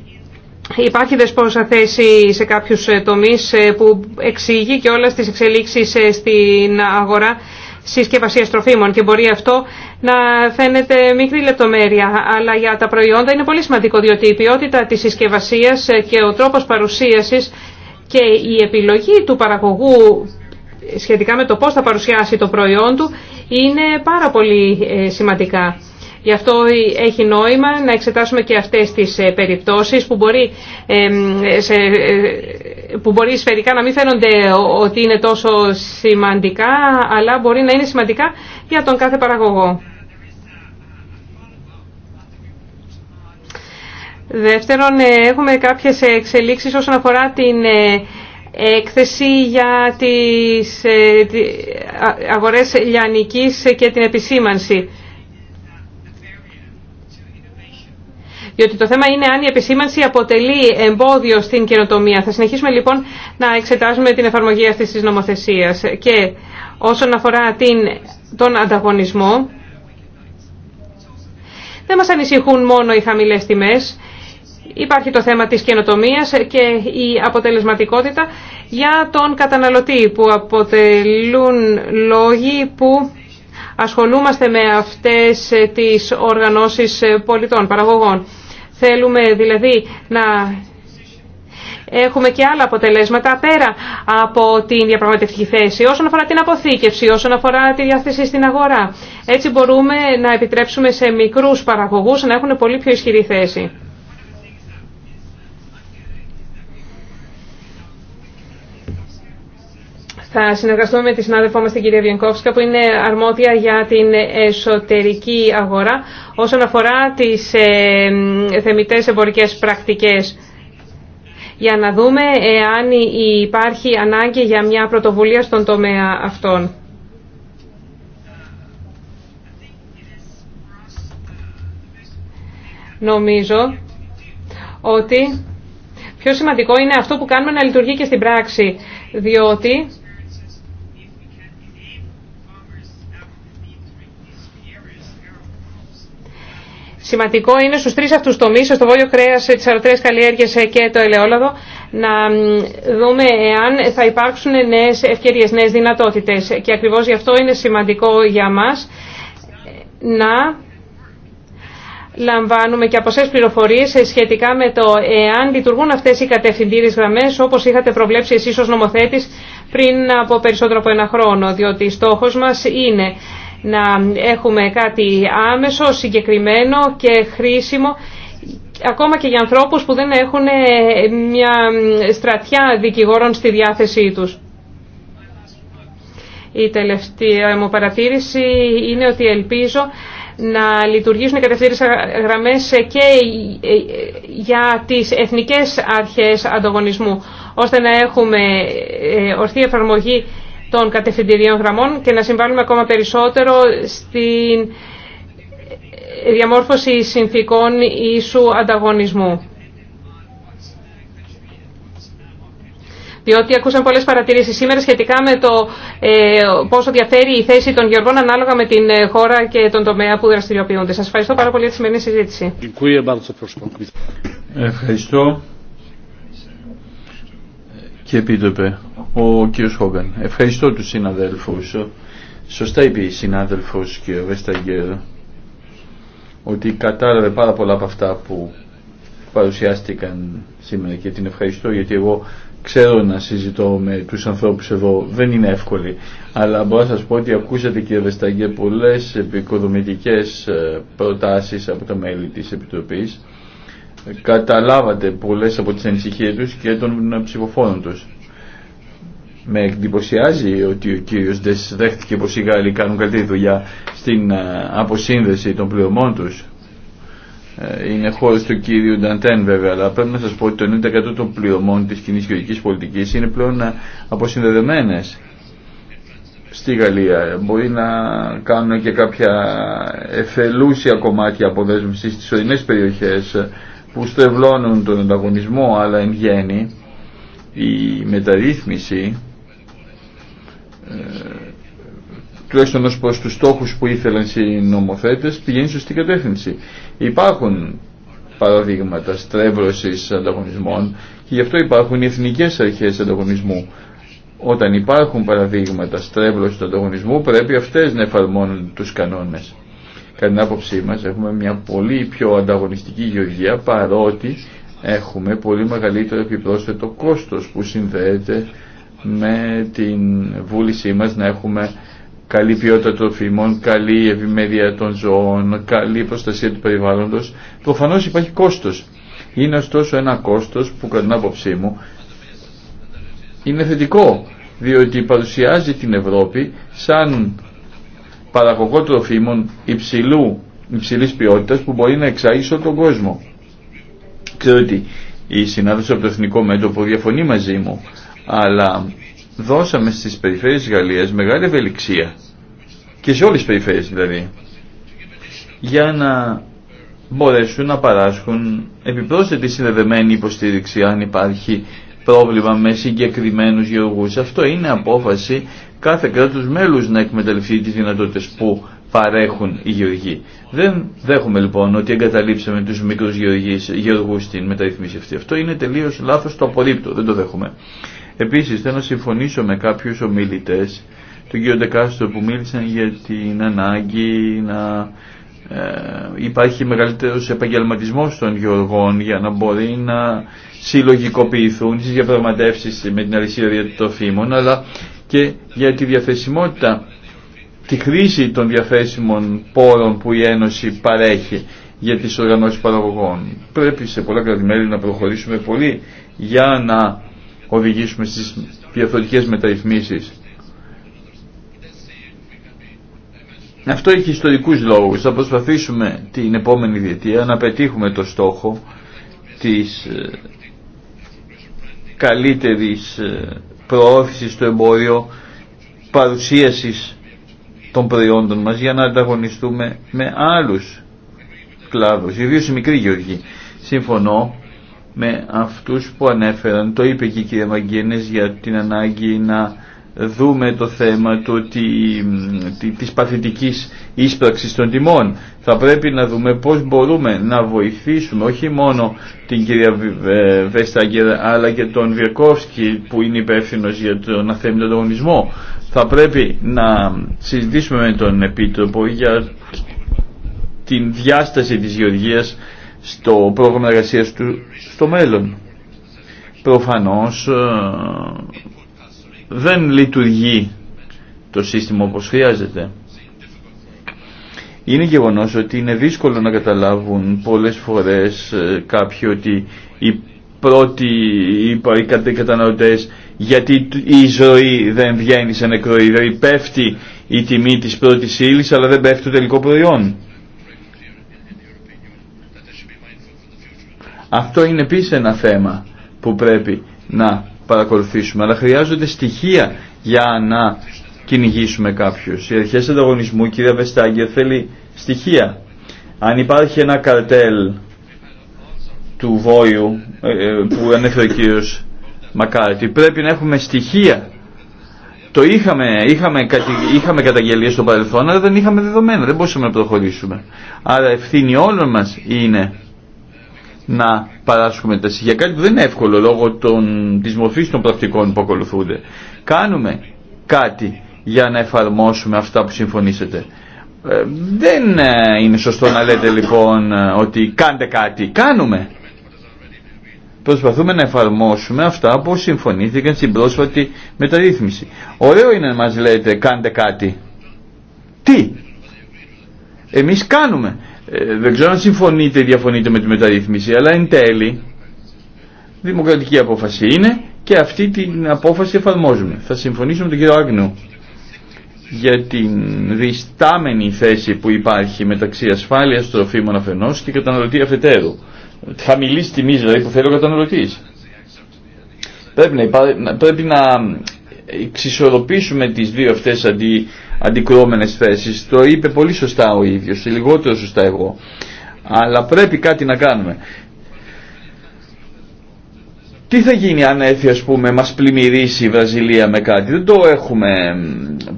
Υπάρχει δεσπόσα θέση σε κάποιους ε, τομείς ε, που εξηγεί και όλες τις εξελίξεις ε, στην αγορά συσκευασία τροφίμων και μπορεί αυτό να φαίνεται μικρή λεπτομέρεια αλλά για τα προϊόντα είναι πολύ σημαντικό διότι η ποιότητα της συσκευασίας και ο τρόπος παρουσίασης και η επιλογή του παραγωγού σχετικά με το πώς θα παρουσιάσει το προϊόν του είναι πάρα πολύ σημαντικά. Γι' αυτό έχει νόημα να εξετάσουμε και αυτές τις ε, περιπτώσεις που μπορεί, σε, ε, που μπορεί σφαιρικά να μην φαίνονται ότι είναι τόσο σημαντικά, αλλά μπορεί να είναι σημαντικά για τον κάθε παραγωγό. Δεύτερον, ε, έχουμε κάποιες εξελίξεις όσον αφορά την έκθεση για τις αγορές λιανικής και την επισήμανση. Διότι το θέμα είναι αν η επισήμανση αποτελεί εμπόδιο στην καινοτομία. Θα συνεχίσουμε λοιπόν να εξετάζουμε την εφαρμογή αυτής της νομοθεσίας. Και όσον αφορά την, τον ανταγωνισμό, δεν μας ανησυχούν μόνο οι χαμηλές τιμές. Υπάρχει το θέμα της καινοτομίας και η αποτελεσματικότητα για τον καταναλωτή που αποτελούν λόγοι που ασχολούμαστε με αυτές τις οργανώσεις πολιτών, παραγωγών. Θέλουμε δηλαδή να έχουμε και άλλα αποτελέσματα πέρα από την διαπραγματευτική θέση όσον αφορά την αποθήκευση, όσον αφορά τη διάθεση στην αγορά. Έτσι μπορούμε να επιτρέψουμε σε μικρούς παραγωγούς να έχουν πολύ πιο ισχυρή θέση. Θα συνεργαστούμε με τη συνάδελφό μας την κυρία Βιενκόφσκα που είναι αρμόδια για την εσωτερική αγορά όσον αφορά τις ε, θεμητές εμπορικές πρακτικές για να δούμε εάν υπάρχει ανάγκη για μια πρωτοβουλία στον τομέα αυτών. Νομίζω ότι πιο σημαντικό είναι αυτό που κάνουμε να λειτουργεί και στην πράξη, διότι Σημαντικό είναι στους τρεις αυτούς τομείς, στο βόλιο κρέας, τις αρωτρές καλλιέργειες και το ελαιόλαδο, να δούμε εάν θα υπάρξουν νέες ευκαιρίες, νέες δυνατότητες. Και ακριβώς γι' αυτό είναι σημαντικό για μας να λαμβάνουμε και από εσές πληροφορίες σχετικά με το εάν λειτουργούν αυτές οι κατευθυντήριες γραμμέ όπως είχατε προβλέψει εσείς ως νομοθέτης πριν από περισσότερο από ένα χρόνο, διότι στόχος μας είναι να έχουμε κάτι άμεσο, συγκεκριμένο και χρήσιμο ακόμα και για ανθρώπους που δεν έχουν ε, μια στρατιά δικηγόρων στη διάθεσή τους. Η τελευταία μου παρατήρηση είναι ότι ελπίζω να λειτουργήσουν οι κατευθύνσεις γραμμές και ε, για τις εθνικές αρχές ανταγωνισμού, ώστε να έχουμε ε, ορθή εφαρμογή των κατευθυντηρίων γραμμών και να συμβάλλουμε ακόμα περισσότερο στη διαμόρφωση συνθήκων ίσου ανταγωνισμού. Διότι ακούσαμε πολλές παρατηρήσεις σήμερα σχετικά με το ε, πόσο διαφέρει η θέση των γεωργών ανάλογα με την ε, χώρα και τον τομέα που δραστηριοποιούνται. Σας ευχαριστώ πάρα πολύ για τη σημερινή συζήτηση και επίτροπε ο κ. Χόγκαν. Ευχαριστώ τους συναδέλφους. Σωστά είπε η συνάδελφος κ. ότι κατάλαβε πάρα πολλά από αυτά που παρουσιάστηκαν σήμερα και την ευχαριστώ γιατί εγώ ξέρω να συζητώ με τους ανθρώπους εδώ, δεν είναι εύκολη, αλλά μπορώ να σας πω ότι ακούσατε κύριε Βεσταγκέ πολλές επικοδομητικές ε, προτάσεις από τα μέλη της Επιτροπής καταλάβατε πολλές από τις ανησυχίες τους και των ψηφοφόρων τους. Με εντυπωσιάζει ότι ο κύριος Δέσ δέχτηκε πως οι Γάλλοι κάνουν καλύτερη δουλειά στην ε, αποσύνδεση των πληρωμών τους. Ε, είναι χώρο του κύριου Νταντέν βέβαια, αλλά πρέπει να σας πω ότι το 90% των πληρωμών της κοινής κοινωνικής πολιτικής είναι πλέον ε, αποσυνδεδεμένες στη Γαλλία. Μπορεί να κάνουν και κάποια εφελούσια κομμάτια αποδέσμευσης στις ορεινές περιοχές που στρεβλώνουν τον ανταγωνισμό αλλά εν γέννη η μεταρρύθμιση ε, τουλάχιστον ως προς τους στόχους που ήθελαν οι νομοθέτες πηγαίνει σωστή κατεύθυνση. Υπάρχουν παραδείγματα στρέβλωσης ανταγωνισμών και γι' αυτό υπάρχουν οι εθνικές αρχές ανταγωνισμού. Όταν υπάρχουν παραδείγματα στρέβλωσης του ανταγωνισμού πρέπει αυτές να εφαρμόνουν τους κανόνες. Κατά την άποψή μας έχουμε μια πολύ πιο ανταγωνιστική γεωργία παρότι έχουμε πολύ μεγαλύτερο επιπρόσθετο κόστος που συνδέεται με την βούλησή μας να έχουμε καλή ποιότητα τροφίμων, καλή ευημερία των ζώων, καλή προστασία του περιβάλλοντος. Προφανώς υπάρχει κόστος. Είναι ωστόσο ένα κόστος που κατά την άποψή μου είναι θετικό διότι παρουσιάζει την Ευρώπη σαν παραγωγό τροφίμων υψηλού, υψηλής ποιότητας που μπορεί να εξάγει σε τον κόσμο. Ξέρω ότι η συνάδελφος από το Εθνικό Μέτωπο διαφωνεί μαζί μου, αλλά δώσαμε στις περιφέρειες της Γαλλίας μεγάλη ευελιξία και σε όλες τις περιφέρειες δηλαδή για να μπορέσουν να παράσχουν επιπρόσθετη συνδεδεμένη υποστήριξη αν υπάρχει πρόβλημα με συγκεκριμένους γεωργούς. Αυτό είναι απόφαση κάθε κράτους μέλους να εκμεταλλευτεί τις δυνατότητες που παρέχουν οι γεωργοί. Δεν δέχομαι λοιπόν ότι εγκαταλείψαμε τους μικρούς γεωργούς στην μεταρρυθμίση αυτή. Αυτό είναι τελείως λάθος, το απορρίπτω, δεν το δέχομαι. Επίσης θέλω να συμφωνήσω με κάποιους ομιλητές, τον κύριο Ντεκάστρο που μίλησαν για την ανάγκη να ε, υπάρχει μεγαλύτερος επαγγελματισμός των γεωργών για να μπορεί να συλλογικοποιηθούν τις διαπραγματεύσεις με την αλυσίδα φήμων αλλά και για τη διαθεσιμότητα τη χρήση των διαθέσιμων πόρων που η Ένωση παρέχει για τις οργανώσεις παραγωγών. Πρέπει σε πολλά κρατημέλη να προχωρήσουμε πολύ για να οδηγήσουμε στις διαφορετικές μεταρρυθμίσεις. Αυτό έχει ιστορικούς λόγους. Θα προσπαθήσουμε την επόμενη διετία να πετύχουμε το στόχο της ε, καλύτερης ε, προώθησης στο εμπόριο, παρουσίασης των προϊόντων μας για να ανταγωνιστούμε με άλλους κλάδους, ιδίως οι μικροί γεωργοί. Συμφωνώ με αυτούς που ανέφεραν, το είπε και η κυρία για την ανάγκη να δούμε το θέμα του, τη, της παθητικής ίσπραξης των τιμών. Θα πρέπει να δούμε πώς μπορούμε να βοηθήσουμε όχι μόνο την κυρία Βεστάγκερ αλλά και τον Βιερκόφσκι που είναι υπεύθυνο για τον αθέμητο ανταγωνισμό. Θα πρέπει να συζητήσουμε με τον Επίτροπο για την διάσταση της γεωργίας στο πρόγραμμα εργασία του στο μέλλον. Προφανώς ε, δεν λειτουργεί το σύστημα όπως χρειάζεται. Είναι γεγονός ότι είναι δύσκολο να καταλάβουν πολλές φορές ε, κάποιοι ότι οι πρώτοι οι καταναλωτές γιατί η ζωή δεν βγαίνει σε νεκρό πέφτει η τιμή της πρώτης ύλη, αλλά δεν πέφτει το τελικό προϊόν. Αυτό είναι επίσης ένα θέμα που πρέπει να παρακολουθήσουμε, αλλά χρειάζονται στοιχεία για να κυνηγήσουμε κάποιου. Οι αρχέ ανταγωνισμού, κυρία Βεστάγκερ, θέλει στοιχεία. Αν υπάρχει ένα καρτέλ του Βόλου ε, ε, που ανέφερε ο κύριο Μακάρτη, πρέπει να έχουμε στοιχεία. Το είχαμε, είχαμε, είχαμε καταγγελίες στο παρελθόν, αλλά δεν είχαμε δεδομένα, δεν μπορούσαμε να προχωρήσουμε. Άρα ευθύνη όλων μας είναι να παράσχουμε τα στοιχεία. Κάτι που δεν είναι εύκολο λόγω των, της μορφής των πρακτικών που ακολουθούνται. Κάνουμε κάτι για να εφαρμόσουμε αυτά που συμφωνήσατε. Ε, δεν ε, είναι σωστό να λέτε λοιπόν ε, ότι κάντε κάτι. Κάνουμε. Προσπαθούμε να εφαρμόσουμε αυτά που συμφωνήθηκαν στην πρόσφατη μεταρρύθμιση. Ωραίο είναι να μας λέτε κάντε κάτι. Τι. Εμείς κάνουμε. Ε, δεν ξέρω αν συμφωνείτε ή διαφωνείτε με τη μεταρρύθμιση, αλλά εν τέλει δημοκρατική απόφαση είναι και αυτή την απόφαση εφαρμόζουμε. Θα συμφωνήσω με τον κύριο Άγνου για την διστάμενη θέση που υπάρχει μεταξύ ασφάλειας τροφίμων αφενός και καταναλωτή αφετέρου. Χαμηλή τιμή δηλαδή που θέλει ο καταναλωτής. Πρέπει να, να εξισορροπήσουμε τις δύο αυτές αντί αντικρώμενες θέσεις. Το είπε πολύ σωστά ο ίδιος, λιγότερο σωστά εγώ. Αλλά πρέπει κάτι να κάνουμε. Τι θα γίνει αν έρθει ας πούμε μας πλημμυρίσει η Βραζιλία με κάτι. Δεν το έχουμε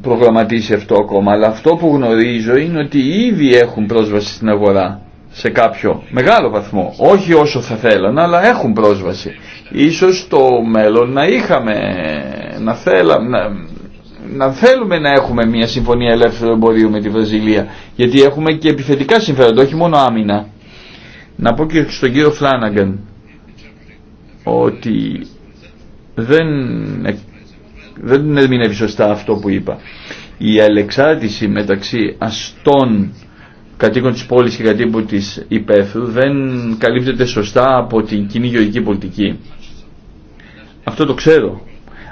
προγραμματίσει αυτό ακόμα αλλά αυτό που γνωρίζω είναι ότι ήδη έχουν πρόσβαση στην αγορά σε κάποιο μεγάλο βαθμό. Όχι όσο θα θέλανε αλλά έχουν πρόσβαση. Ίσως στο μέλλον να είχαμε, να θέλαμε, να θέλουμε να έχουμε μια συμφωνία ελεύθερου εμπορίου με τη Βραζιλία γιατί έχουμε και επιθετικά συμφέροντα όχι μόνο άμυνα να πω και στον κύριο Φλάναγκαν ότι δεν, ε, δεν ερμηνεύει σωστά αυτό που είπα η αλεξάρτηση μεταξύ αστών κατοίκων της πόλης και κατοίκων της υπαίθρου δεν καλύπτεται σωστά από την κοινή γεωργική πολιτική αυτό το ξέρω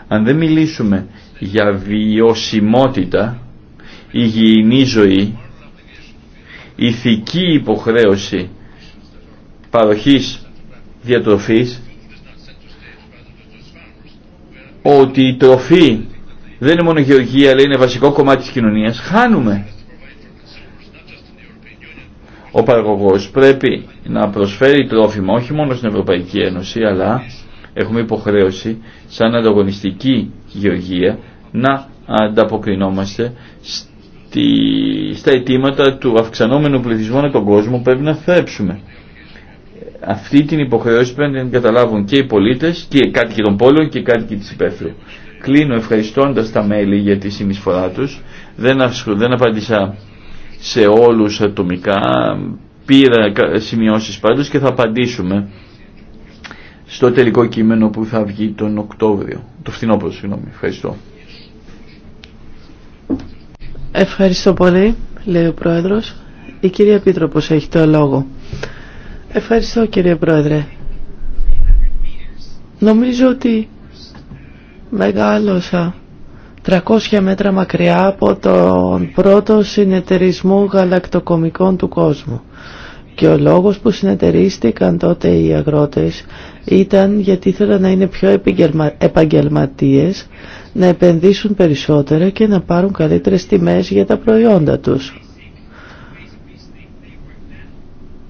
αν δεν μιλήσουμε για βιωσιμότητα, υγιεινή ζωή, ηθική υποχρέωση παροχής διατροφής, ότι η τροφή δεν είναι μόνο γεωργία αλλά είναι βασικό κομμάτι της κοινωνίας, χάνουμε. Ο παραγωγός πρέπει να προσφέρει τρόφιμα όχι μόνο στην Ευρωπαϊκή Ένωση αλλά έχουμε υποχρέωση σαν ανταγωνιστική γεωργία να ανταποκρινόμαστε στη, στα αιτήματα του αυξανόμενου πληθυσμού ανά τον κόσμο πρέπει να θρέψουμε. Αυτή την υποχρεώση πρέπει να την καταλάβουν και οι πολίτες και οι κάτοικοι των πόλεων και οι κάτοικοι της υπαίθρου. Κλείνω ευχαριστώντας τα μέλη για τη συνεισφορά τους. Δεν, δεν απάντησα σε όλους ατομικά, πήρα σημειώσεις πάντως και θα απαντήσουμε στο τελικό κείμενο που θα βγει τον Οκτώβριο, το φθινόπωρο, συγγνώμη. Ευχαριστώ. Ευχαριστώ πολύ, λέει ο Πρόεδρος. Η κυρία Πίτροπος έχει το λόγο. Ευχαριστώ κύριε Πρόεδρε. Νομίζω ότι μεγάλωσα 300 μέτρα μακριά από τον πρώτο συνεταιρισμό γαλακτοκομικών του κόσμου. Και ο λόγος που συνεταιρίστηκαν τότε οι αγρότες ήταν γιατί ήθελαν να είναι πιο επαγγελματίες, να επενδύσουν περισσότερα και να πάρουν καλύτερες τιμές για τα προϊόντα τους.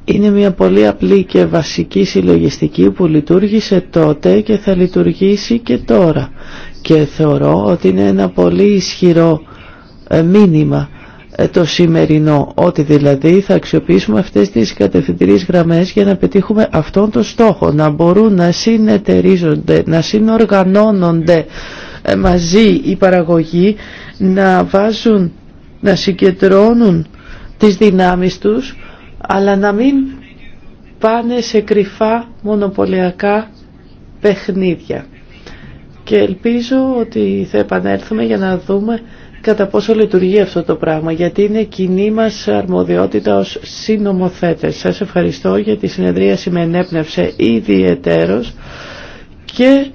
Είναι μια πολύ απλή και βασική συλλογιστική που λειτουργήσε τότε και θα λειτουργήσει και τώρα. Και θεωρώ ότι είναι ένα πολύ ισχυρό ε, μήνυμα ε, το σημερινό, ότι δηλαδή θα αξιοποιήσουμε αυτές τις κατευθυντηρίες γραμμές για να πετύχουμε αυτόν τον στόχο, να μπορούν να συνεταιρίζονται, να συνοργανώνονται ε, μαζί οι παραγωγοί να βάζουν, να συγκεντρώνουν τις δυνάμεις τους αλλά να μην πάνε σε κρυφά μονοπωλιακά παιχνίδια. Και ελπίζω ότι θα επανέλθουμε για να δούμε κατά πόσο λειτουργεί αυτό το πράγμα, γιατί είναι κοινή μας αρμοδιότητα ως συνομοθέτες. Σας ευχαριστώ για τη συνεδρίαση με ενέπνευσε ήδη και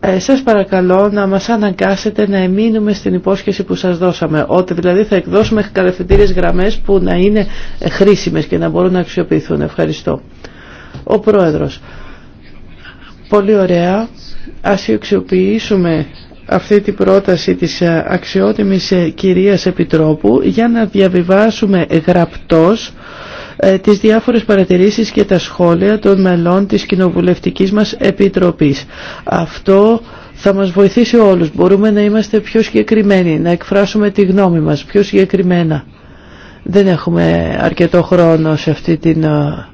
ε, σας παρακαλώ να μας αναγκάσετε να εμείνουμε στην υπόσχεση που σας δώσαμε ότι δηλαδή θα εκδώσουμε κατευθυντήριες γραμμές που να είναι ε, χρήσιμες και να μπορούν να αξιοποιηθούν. Ευχαριστώ. Ο Πρόεδρος. Πολύ ωραία. Ας αξιοποιήσουμε αυτή την πρόταση της ε, αξιότιμης ε, κυρίας Επιτρόπου για να διαβιβάσουμε γραπτός ε, τις διάφορες παρατηρήσεις και τα σχόλια των μελών της κοινοβουλευτικής μας επιτροπής. Αυτό θα μας βοηθήσει όλους. Μπορούμε να είμαστε πιο συγκεκριμένοι, να εκφράσουμε τη γνώμη μας πιο συγκεκριμένα. Δεν έχουμε αρκετό χρόνο σε αυτή την ε,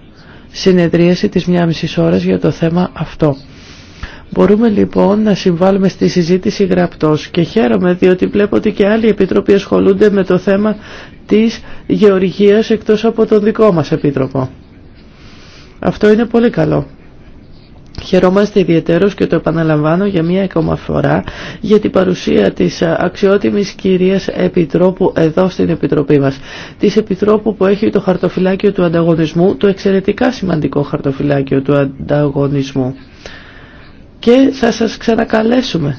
συνεδρίαση της μιάμισης ώρας για το θέμα αυτό. Μπορούμε λοιπόν να συμβάλλουμε στη συζήτηση γραπτός και χαίρομαι διότι βλέπω ότι και άλλοι επίτροποι ασχολούνται με το θέμα της γεωργίας εκτός από τον δικό μας επίτροπο. Αυτό είναι πολύ καλό. Χαιρόμαστε ιδιαίτερο και το επαναλαμβάνω για μία ακόμα φορά για την παρουσία της αξιότιμης κυρίας Επιτρόπου εδώ στην Επιτροπή μας. Της Επιτρόπου που έχει το χαρτοφυλάκιο του ανταγωνισμού, το εξαιρετικά σημαντικό χαρτοφυλάκιο του ανταγωνισμού και θα σας ξανακαλέσουμε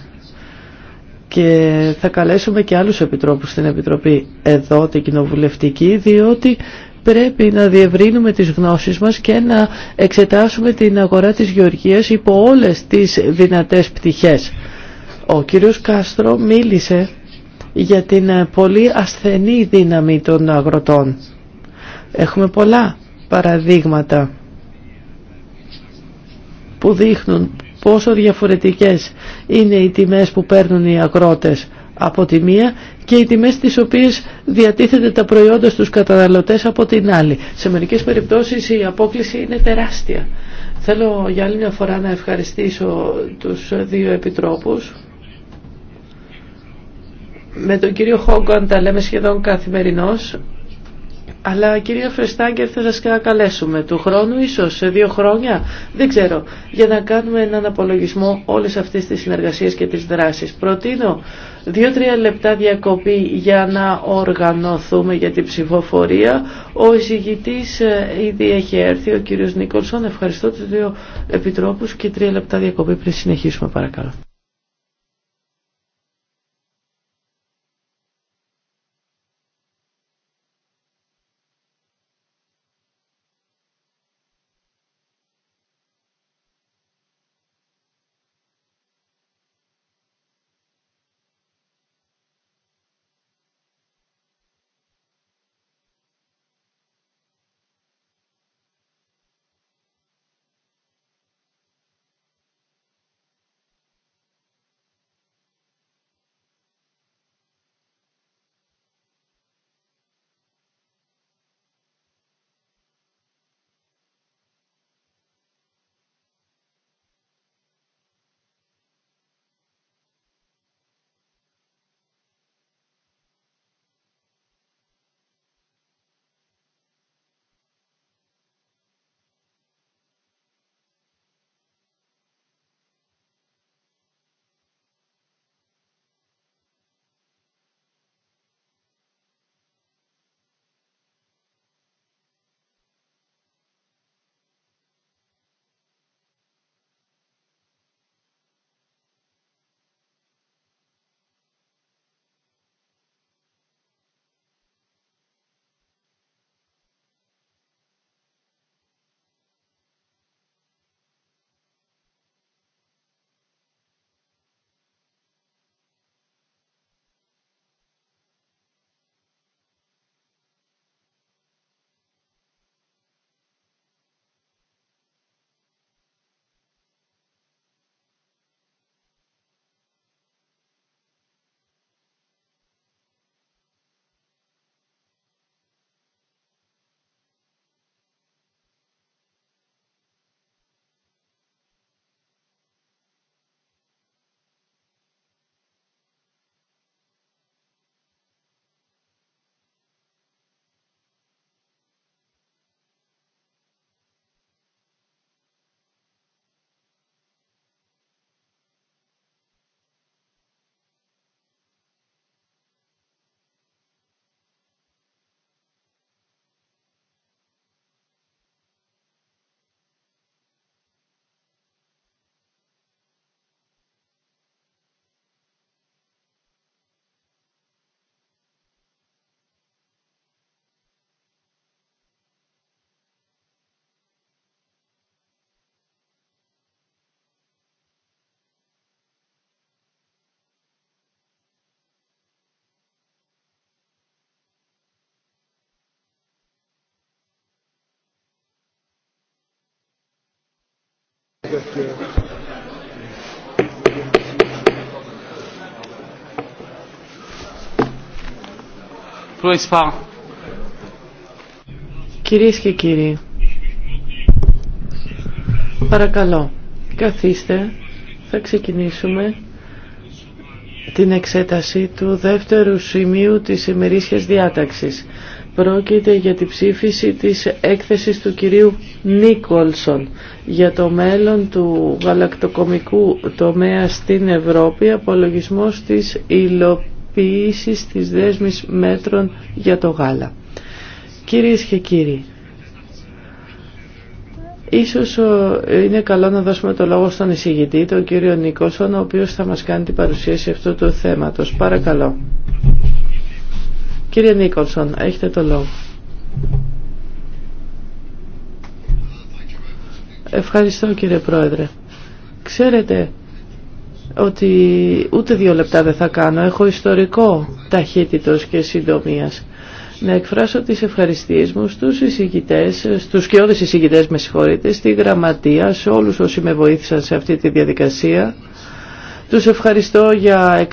και θα καλέσουμε και άλλους επιτρόπους στην Επιτροπή εδώ την Κοινοβουλευτική διότι πρέπει να διευρύνουμε τις γνώσεις μας και να εξετάσουμε την αγορά της γεωργίας υπό όλες τις δυνατές πτυχές. Ο κύριος Κάστρο μίλησε για την πολύ ασθενή δύναμη των αγροτών. Έχουμε πολλά παραδείγματα που δείχνουν πόσο διαφορετικές είναι οι τιμές που παίρνουν οι αγρότες από τη μία και οι τιμές τις οποίες διατίθεται τα προϊόντα στους καταναλωτές από την άλλη. Σε μερικές περιπτώσεις η απόκληση είναι τεράστια. Θέλω για άλλη μια φορά να ευχαριστήσω τους δύο επιτρόπους. Με τον κύριο Χόγκαν τα λέμε σχεδόν καθημερινώς. Αλλά κυρία Φρεστάγκερ θα σας καλέσουμε του χρόνου ίσως σε δύο χρόνια, δεν ξέρω, για να κάνουμε έναν απολογισμό όλες αυτές τις συνεργασίες και τις δράσεις. Προτείνω δύο-τρία λεπτά διακοπή για να οργανωθούμε για την ψηφοφορία. Ο εισηγητής ε, ήδη έχει έρθει, ο κύριος Νίκολσον. Ευχαριστώ τους δύο επιτρόπους και τρία λεπτά διακοπή πριν συνεχίσουμε παρακαλώ. Κυρίες και κύριοι, παρακαλώ, καθίστε, θα ξεκινήσουμε την εξέταση του δεύτερου σημείου της ημερήσιας διάταξης. Πρόκειται για τη ψήφιση της έκθεσης του κυρίου Νίκολσον για το μέλλον του γαλακτοκομικού τομέα στην Ευρώπη, απολογισμός της υλοποίησης της δέσμης μέτρων για το γάλα. Κυρίες και κύριοι, Ίσως ε, είναι καλό να δώσουμε το λόγο στον εισηγητή, τον κύριο Νίκολσον, ο οποίος θα μας κάνει την παρουσίαση αυτού του θέματος. Παρακαλώ. Κύριε Νίκολσον, έχετε το λόγο. Ευχαριστώ κύριε Πρόεδρε. Ξέρετε ότι ούτε δύο λεπτά δεν θα κάνω. Έχω ιστορικό ταχύτητος και συντομίας. Να εκφράσω τις ευχαριστίες μου στους εισηγητές, στους και όλες εισηγητές με συγχωρείτε, στη γραμματεία, σε όλους όσοι με βοήθησαν σε αυτή τη διαδικασία. Τους ευχαριστώ για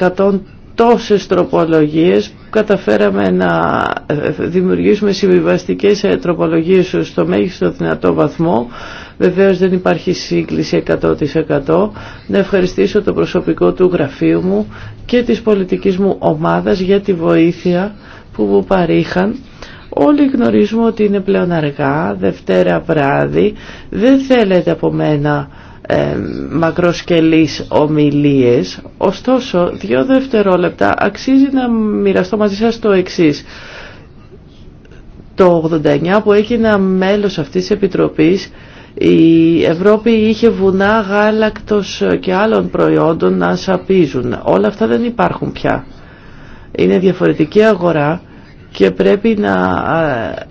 τόσες τροπολογίες που καταφέραμε να ε, ε, δημιουργήσουμε συμβιβαστικές ε, τροπολογίες στο μέγιστο δυνατό βαθμό. Βεβαίως δεν υπάρχει σύγκληση 100%. Να ευχαριστήσω το προσωπικό του γραφείου μου και της πολιτικής μου ομάδας για τη βοήθεια που μου παρήχαν. Όλοι γνωρίζουμε ότι είναι πλέον αργά, Δευτέρα βράδυ. Δεν θέλετε από μένα ε, μακροσκελής ομιλίες. Ωστόσο, δύο δευτερόλεπτα αξίζει να μοιραστώ μαζί σας το εξής. Το 89 που έγινα μέλος αυτής της Επιτροπής, η Ευρώπη είχε βουνά γάλακτος και άλλων προϊόντων να σαπίζουν. Όλα αυτά δεν υπάρχουν πια. Είναι διαφορετική αγορά και πρέπει να ε,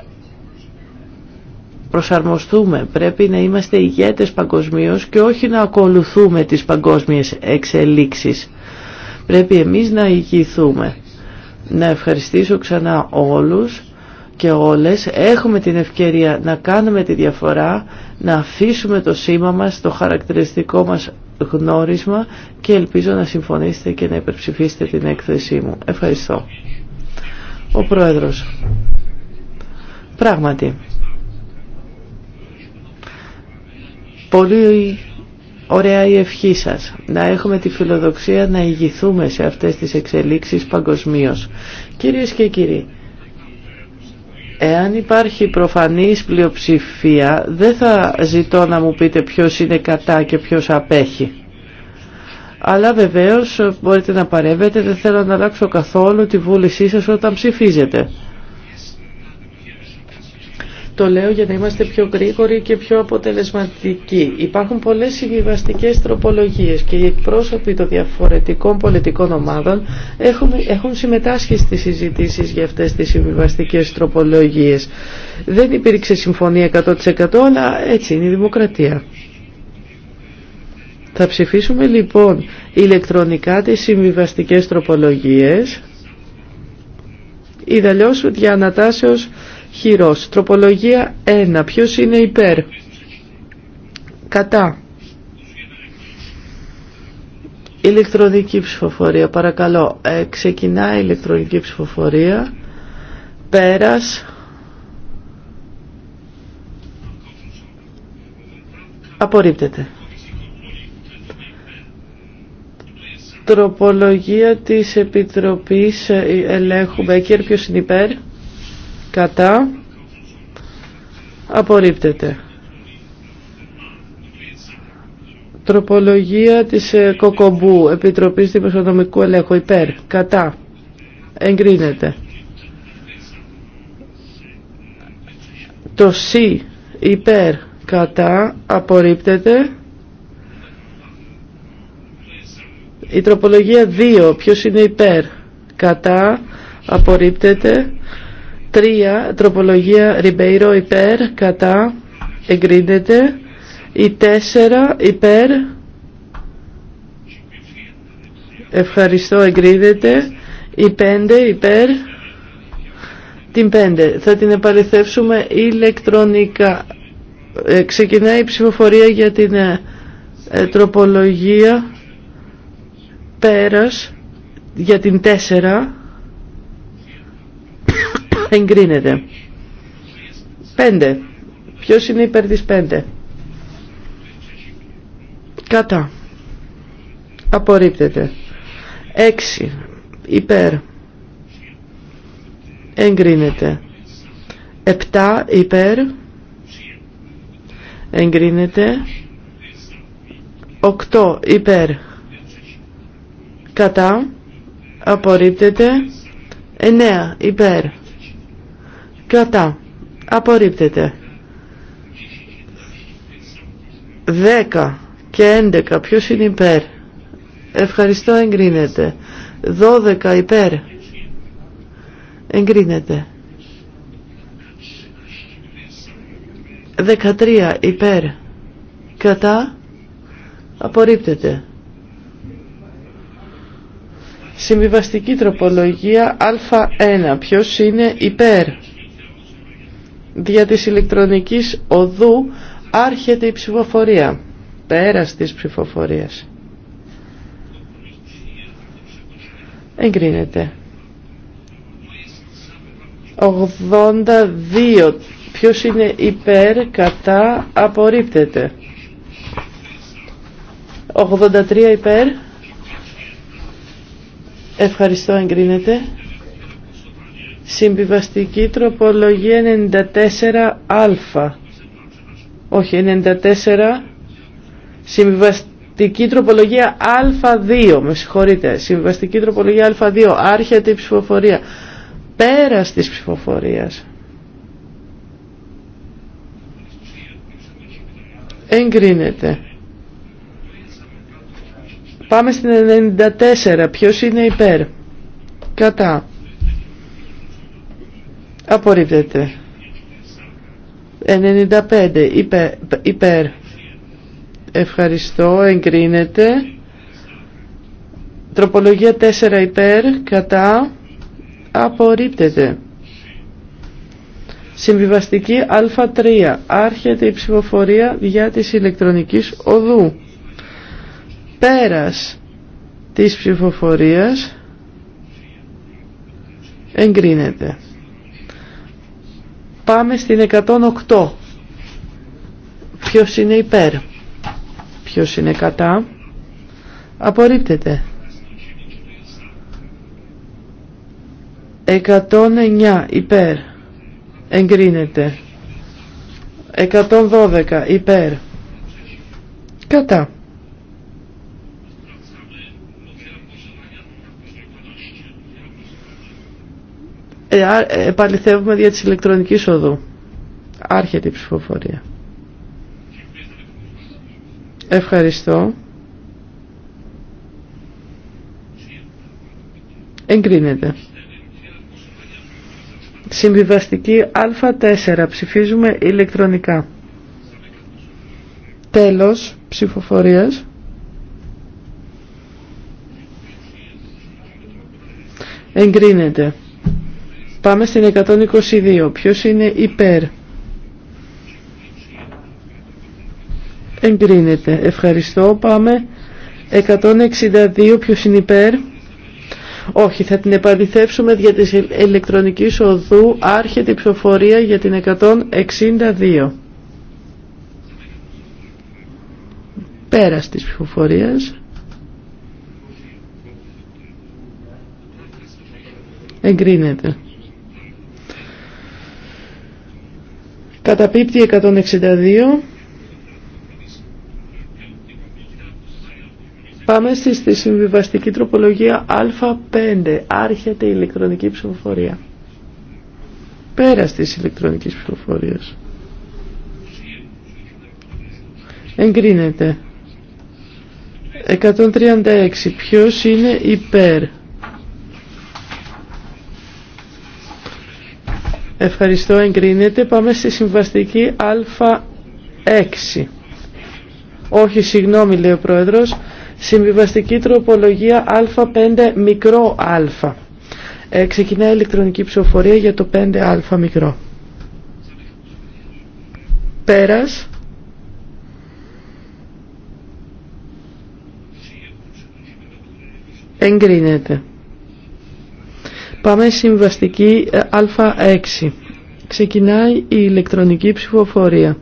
προσαρμοστούμε, πρέπει να είμαστε ηγέτες παγκοσμίω και όχι να ακολουθούμε τις παγκόσμιες εξελίξεις. Πρέπει εμείς να ηγηθούμε. Να ευχαριστήσω ξανά όλους και όλες. Έχουμε την ευκαιρία να κάνουμε τη διαφορά, να αφήσουμε το σήμα μας, το χαρακτηριστικό μας γνώρισμα και ελπίζω να συμφωνήσετε και να υπερψηφίσετε την έκθεσή μου. Ευχαριστώ. Ο Πρόεδρος. Πράγματι. Πολύ ωραία η ευχή σας. Να έχουμε τη φιλοδοξία να ηγηθούμε σε αυτές τις εξελίξεις παγκοσμίω. Κυρίες και κύριοι, εάν υπάρχει προφανής πλειοψηφία, δεν θα ζητώ να μου πείτε ποιος είναι κατά και ποιος απέχει. Αλλά βεβαίως μπορείτε να παρεύετε, δεν θέλω να αλλάξω καθόλου τη βούλησή σας όταν ψηφίζετε. Το λέω για να είμαστε πιο γρήγοροι και πιο αποτελεσματικοί. Υπάρχουν πολλές συμβιβαστικέ τροπολογίες και οι εκπρόσωποι των διαφορετικών πολιτικών ομάδων έχουν, συμμετάσχει στις συζητήσεις για αυτές τις συμβιβαστικέ τροπολογίες. Δεν υπήρξε συμφωνία 100% αλλά έτσι είναι η δημοκρατία. Θα ψηφίσουμε λοιπόν ηλεκτρονικά τις συμβιβαστικέ τροπολογίες ή για ανατάσεως χειρός. Τροπολογία 1. Ποιος είναι υπέρ. Κατά. Ηλεκτρονική ψηφοφορία. Παρακαλώ. Ε, ξεκινά η ηλεκτρονική ψηφοφορία. Πέρας. Απορρίπτεται. Τροπολογία της Επιτροπής Ελέγχου Μπέκερ. Ποιος είναι υπέρ κατά απορρίπτεται. Τροπολογία της ε, Κοκομπού, Επιτροπής Δημοσιονομικού Ελέγχου, υπέρ, κατά, εγκρίνεται. Το σί υπέρ, κατά, απορρίπτεται. Η τροπολογία 2, ποιος είναι υπέρ, κατά, απορρίπτεται. Τρία, Τροπολογία Ριμπέιρο υπέρ, κατά, εγκρίνεται. Η τέσσερα, υπέρ, ευχαριστώ, εγκρίνεται. Η πέντε, υπέρ, την πέντε. Θα την επαληθεύσουμε ηλεκτρονικά. Ε, ξεκινάει η ψηφοφορία για την ε, ε τροπολογία πέρας για την τέσσερα εγκρίνεται. 5. Ποιος είναι υπέρ της 5. Κατά. Απορρίπτεται. 6. Υπέρ. Εγκρίνεται. 7. Υπέρ. Εγκρίνεται. 8. Υπέρ. Κατά. Απορρίπτεται. 9. Υπέρ Κατά. Απορρίπτεται. 10 και 11. Ποιος είναι υπέρ. Ευχαριστώ εγκρίνεται. 12 υπέρ. Εγκρίνεται. 13 υπέρ. Κατά. Απορρίπτεται. Συμβιβαστική τροπολογία α1. Ποιος είναι υπέρ. Δια της ηλεκτρονικής οδού άρχεται η ψηφοφορία. Πέρας της ψηφοφορίας. Εγκρίνεται. 82. Ποιος είναι υπέρ, κατά, απορρίπτεται. 83 υπέρ. Ευχαριστώ, εγκρίνεται. Συμβιβαστική τροπολογία 94α. Όχι, 94. Συμβιβαστική τροπολογία α2. Με συγχωρείτε. Συμβιβαστική τροπολογία α2. Άρχεται η ψηφοφορία. Πέρα τη ψηφοφορία. Εγκρίνεται. Πάμε στην 94. Ποιος είναι υπέρ. Κατά. Απορρίπτεται. 95 υπέρ, Ευχαριστώ. Εγκρίνεται. Τροπολογία 4 υπέρ. Κατά. Απορρίπτεται. Συμβιβαστική α3. Άρχεται η ψηφοφορία για της ηλεκτρονικής οδού. Πέρας της ψηφοφορίας εγκρίνεται. Πάμε στην 108. Ποιος είναι υπέρ. Ποιος είναι κατά. Απορρίπτεται. 109 υπέρ. Εγκρίνεται. 112 υπέρ. Κατά. επαληθεύουμε δια της ηλεκτρονικής οδού. Άρχεται η ψηφοφορία. Ευχαριστώ. Εγκρίνεται. Συμβιβαστική Α4. Ψηφίζουμε ηλεκτρονικά. Τέλος ψηφοφορίας. Εγκρίνεται. Πάμε στην 122. Ποιος είναι υπέρ. Εγκρίνεται. Ευχαριστώ. Πάμε. 162. Ποιος είναι υπέρ. Όχι, θα την επαληθεύσουμε για τη ηλεκτρονική οδού άρχεται η ψηφοφορία για την 162. Πέρα της ψηφοφορία. Εγκρίνεται. Καταπίπτει 162. Πάμε στη, στη συμβιβαστική τροπολογία Α5. Άρχεται η ηλεκτρονική ψηφοφορία. Πέρα τη ηλεκτρονική ψηφοφορία. Εγκρίνεται. 136. Ποιος είναι υπέρ. Ευχαριστώ, εγκρίνεται. Πάμε στη συμβαστική Α6. Όχι, συγγνώμη, λέει ο Πρόεδρος. Συμβιβαστική τροπολογία Α5 μικρό α. Ε, ξεκινάει ηλεκτρονική ψηφοφορία για το 5α μικρό. Πέρας. Εγκρίνεται. Πάμε συμβαστική ε, α6. Ξεκινάει η ηλεκτρονική ψηφοφορία.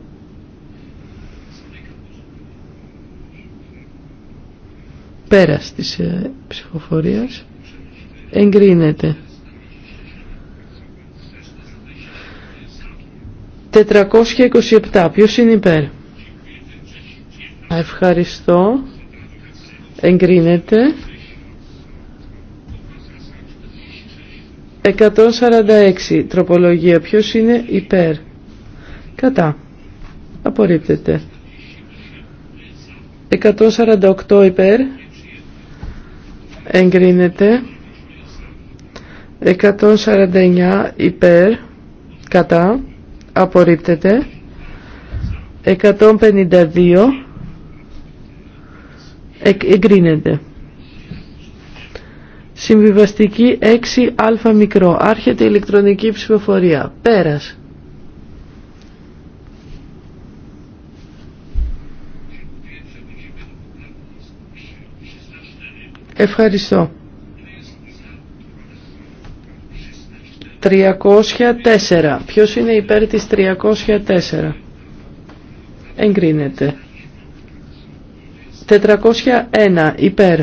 Πέρας της ε, ψηφοφορίας εγκρίνεται. 427. Ποιος είναι υπέρ. Ευχαριστώ. Εγκρίνεται. 146 τροπολογία. Ποιος είναι υπέρ. Κατά. Απορρίπτεται. 148 υπέρ. Εγκρίνεται. 149 υπέρ. Κατά. Απορρίπτεται. 152 εγκρίνεται. Συμβιβαστική 6α μικρό. Άρχεται η ηλεκτρονική ψηφοφορία. Πέρας. Ευχαριστώ. 304. Ποιος είναι υπέρ της 304. Εγκρίνεται. 401. Υπέρ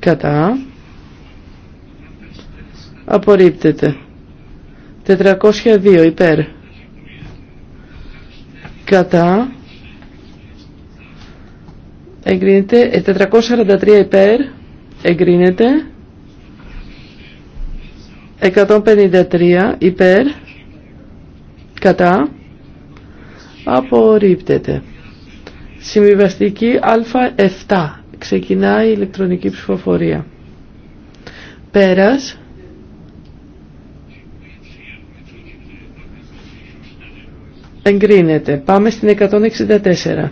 κατά απορρίπτεται 402 υπέρ κατά εγκρίνεται 443 ε, υπέρ εγκρίνεται 153 υπέρ κατά απορρίπτεται συμβιβαστική α7 Ξεκινάει η ηλεκτρονική ψηφοφορία. Πέρας. Εγκρίνεται. Πάμε στην 164.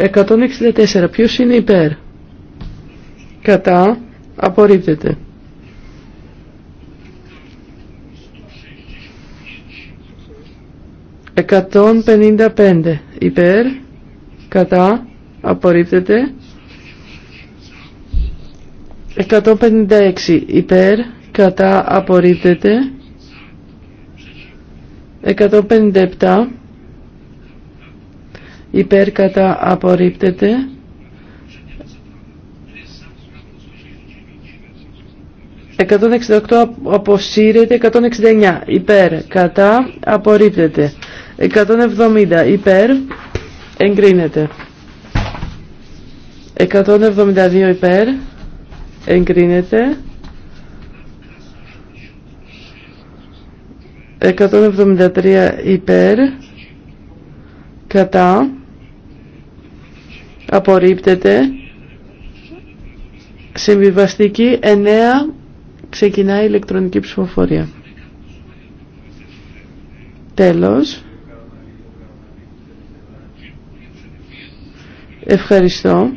164. Ποιος είναι υπέρ. Κατά. Απορρίπτεται. 155 υπέρ, κατά, απορρίπτεται. 156 υπέρ, κατά, απορρίπτεται. 157 υπέρ κατά απορρίπτεται 168 αποσύρεται 169 υπέρ κατά απορρίπτεται 170 υπέρ εγκρίνεται 172 υπέρ εγκρίνεται 173 υπέρ κατά απορρίπτεται. Συμβιβαστική 9 ξεκινάει η ηλεκτρονική ψηφοφορία. Τέλος. Ευχαριστώ.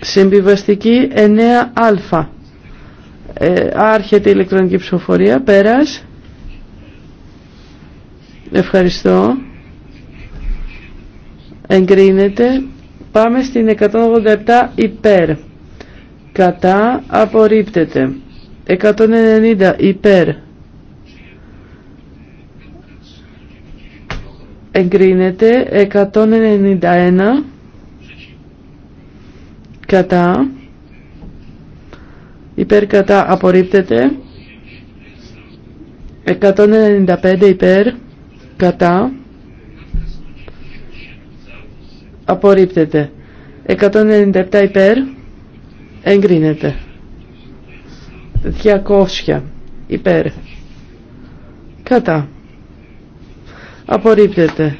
Συμβιβαστική 9α. Ε, άρχεται η ηλεκτρονική ψηφοφορία. Πέρας. Ευχαριστώ εγκρίνεται. Πάμε στην 187 υπέρ. Κατά απορρίπτεται. 190 υπέρ. Εγκρίνεται. 191 κατά. Υπέρ κατά απορρίπτεται. 195 υπέρ κατά απορρίπτεται. 197 υπέρ, εγκρίνεται. 200 υπέρ, κατά, απορρίπτεται.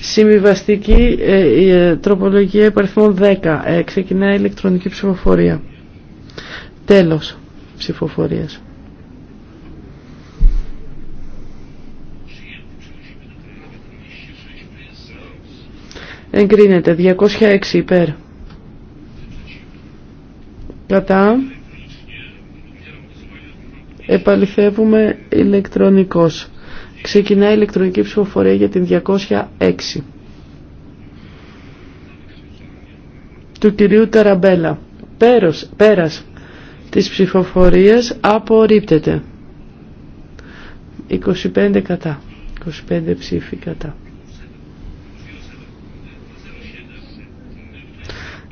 Συμβιβαστική ε, ε, τροπολογία υπαριθμών 10. Ε, η ηλεκτρονική ψηφοφορία. Τέλος ψηφοφορίας. Εγκρίνεται. 206 υπέρ. Κατά. Επαληθεύουμε ηλεκτρονικός. Ξεκινά η ηλεκτρονική ψηφοφορία για την 206. Του κυρίου Ταραμπέλα. Πέρος, πέρας της ψηφοφορίας απορρίπτεται. 25 κατά. 25 ψήφοι κατά.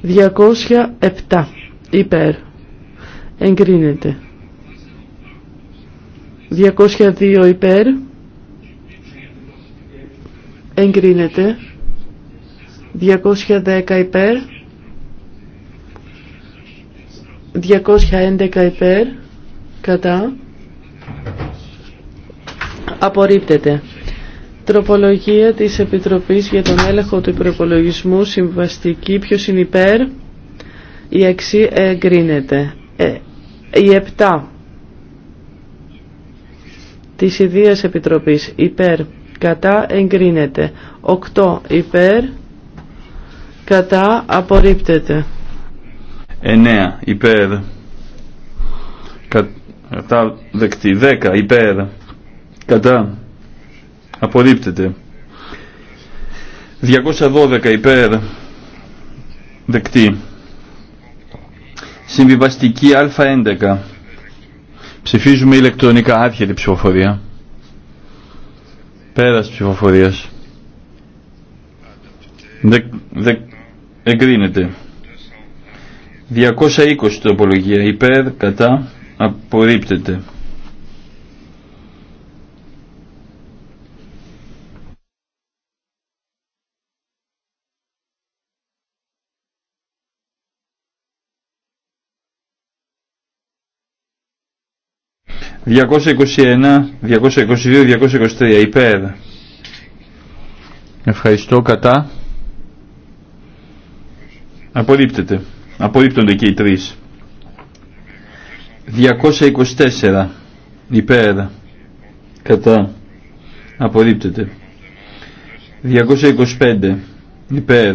207 υπέρ εγκρίνεται 202 υπέρ εγκρίνεται 210 υπέρ 211 υπέρ κατά απορρίπτεται Τροπολογία της Επιτροπής για τον έλεγχο του προπολογισμού συμβαστική Ποιο είναι υπέρ η 6 εγκρίνεται ε, η 7 της Ιδίας Επιτροπής υπέρ κατά εγκρίνεται 8 υπέρ κατά απορρίπτεται 9 υπέρ κατά δεκτή 10 υπέρ κατά απορρίπτεται 212 υπέρ δεκτή συμβιβαστική α11 ψηφίζουμε ηλεκτρονικά την ψηφοφορία πέρας ψηφοφορίας εγκρίνεται 220 τοπολογία υπέρ κατά απορρίπτεται 221, 222, 223 υπέρ. Ευχαριστώ κατά. Απορρίπτεται. Απορρίπτονται και οι τρεις. 224 υπέρ. Κατά. Απορρίπτεται. 225 υπέρ.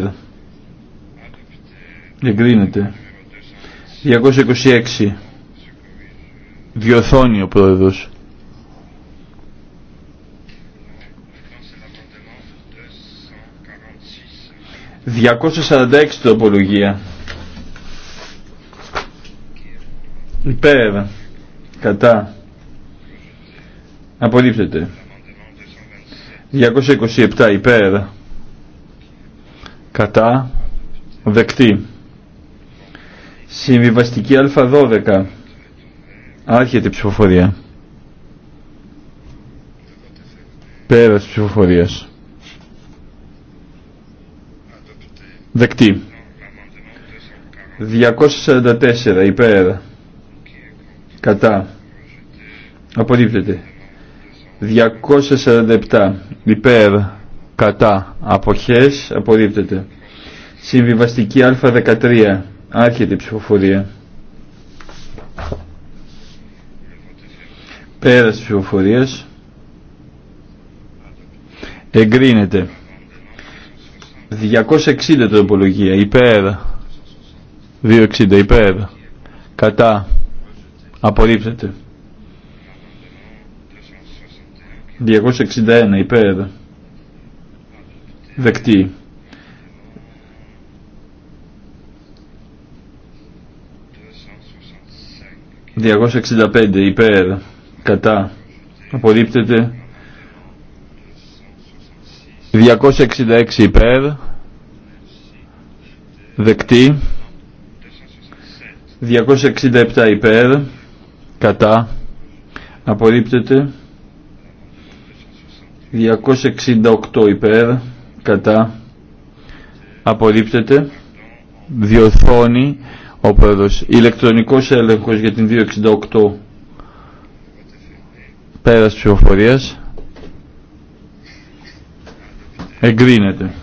Εγκρίνεται. 226 Διορθώνει ο πρόεδρος. ...246 τροπολογία. Υπέρ. Κατά. Απολύπτεται. 227 υπέρ. Κατά. Δεκτή. Συμβιβαστική α12 Άρχεται η ψηφοφορία. τη ψηφοφορία. Δεκτή. 244 υπέρ. Κατά. Απορρίπτεται. 247 υπέρ. Κατά. Αποχές. Απορρίπτεται. Συμβιβαστική α13. Άρχεται η ψηφοφορία. Πέρας ψηφοφορίας. Εγκρίνεται. 260 τροπολογία. Υπέρ. 260 υπέρ. Κατά. Απορρίπτεται. 261 υπέρ. Δεκτή. 265 υπέρ κατά απορρίπτεται 266 υπέρ δεκτή 267 υπέρ κατά απορρίπτεται 268 υπέρ κατά απορρίπτεται διορθώνει ο πρόεδρος ηλεκτρονικός έλεγχος για την 268 Πέρας ψηφοφορίας. Εγκρίνεται.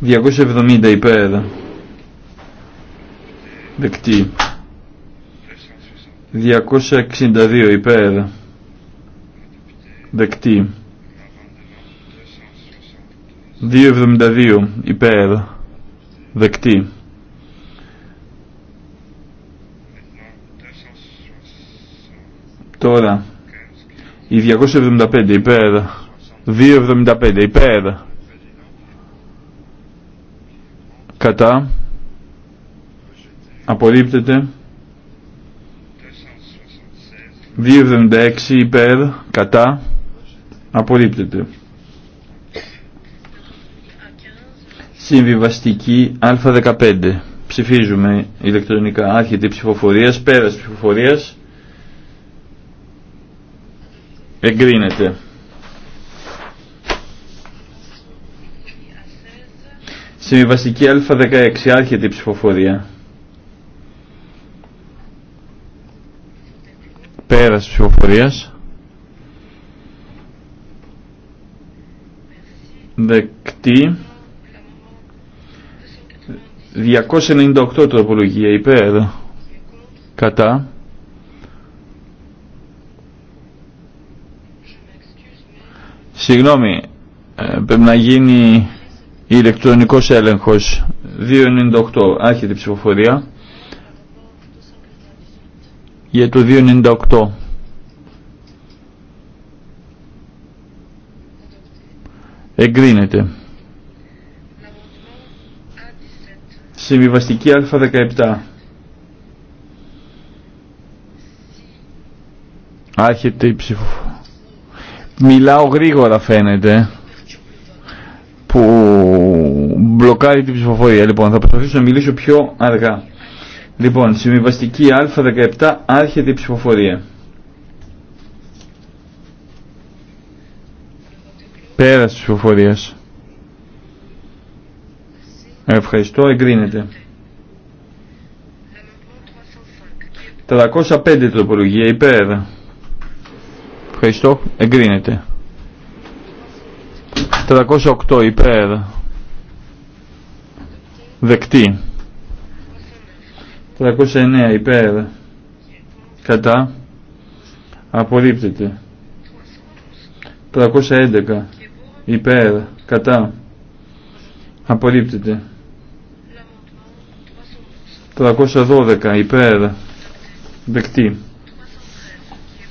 270 υπέρ. Δεκτή. 262 υπέρ. Δεκτή. 272 υπέρ. Δεκτή. Τώρα, η 275 υπέρ, 275 υπέρ, κατά, απορρίπτεται, 276 υπέρ, κατά, απορρίπτεται. Συμβιβαστική Α15. Ψηφίζουμε ηλεκτρονικά. Άρχεται η ψηφοφορία, πέρα ψηφοφορία. Εγκρίνεται. Συμβιβαστική Α16. Άρχεται η ψηφοφορία. Πέρας ψηφοφορίας. Δεκτεί. 298 τροπολογία υπέρ. Κατά. Συγγνώμη, ε, πρέπει να γίνει ηλεκτρονικός έλεγχος 298 άρχεται η ψηφοφορία για το 298 εγκρίνεται συμβιβαστική α17 άρχεται η ψηφοφορία Μιλάω γρήγορα φαίνεται που μπλοκάρει την ψηφοφορία. Λοιπόν, θα προσπαθήσω να μιλήσω πιο αργά. Λοιπόν, συμβιβαστική α17 άρχεται η ψηφοφορία. Πέρα της ψηφοφορίας. Ευχαριστώ, εγκρίνεται. 305 τροπολογία υπέρ. Ευχαριστώ. Εγκρίνεται. 308 υπέρ. Δεκτή. 309 υπέρ. Κατά. Απορρίπτεται. 311 υπέρ. Κατά. Απορρίπτεται. 312 υπέρ. Δεκτή.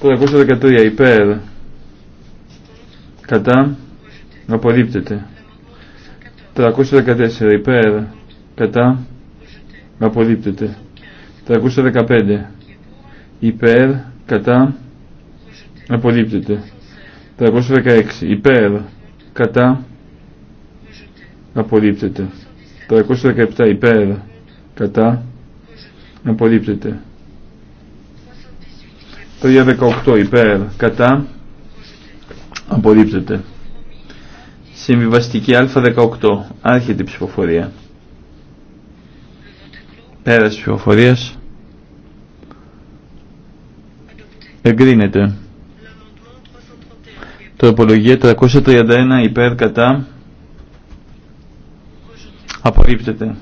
313 υπέρ κατά απορρίπτεται 314 υπέρ κατά απορρίπτεται 315 υπέρ κατά απορρίπτεται 316 υπέρ κατά απορρίπτεται 317 υπέρ κατά απορρίπτεται 318 υπέρ κατά απορρίπτεται. Συμβιβαστική α18 άρχεται η ψηφοφορία. Πέρας ψηφοφορίας εγκρίνεται. Τροπολογία 331 υπέρ κατά απορρίπτεται.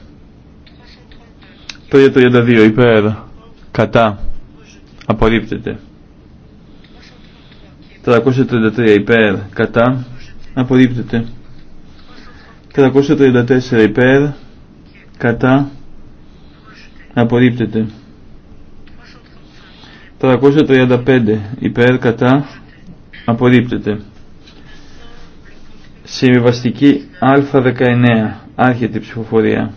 332 υπέρ κατά απορρίπτεται. 333 υπέρ κατά απορρίπτεται 334 υπέρ κατά απορρίπτεται 335 υπέρ κατά απορρίπτεται συμβιβαστική α19 άρχεται η ψηφοφορία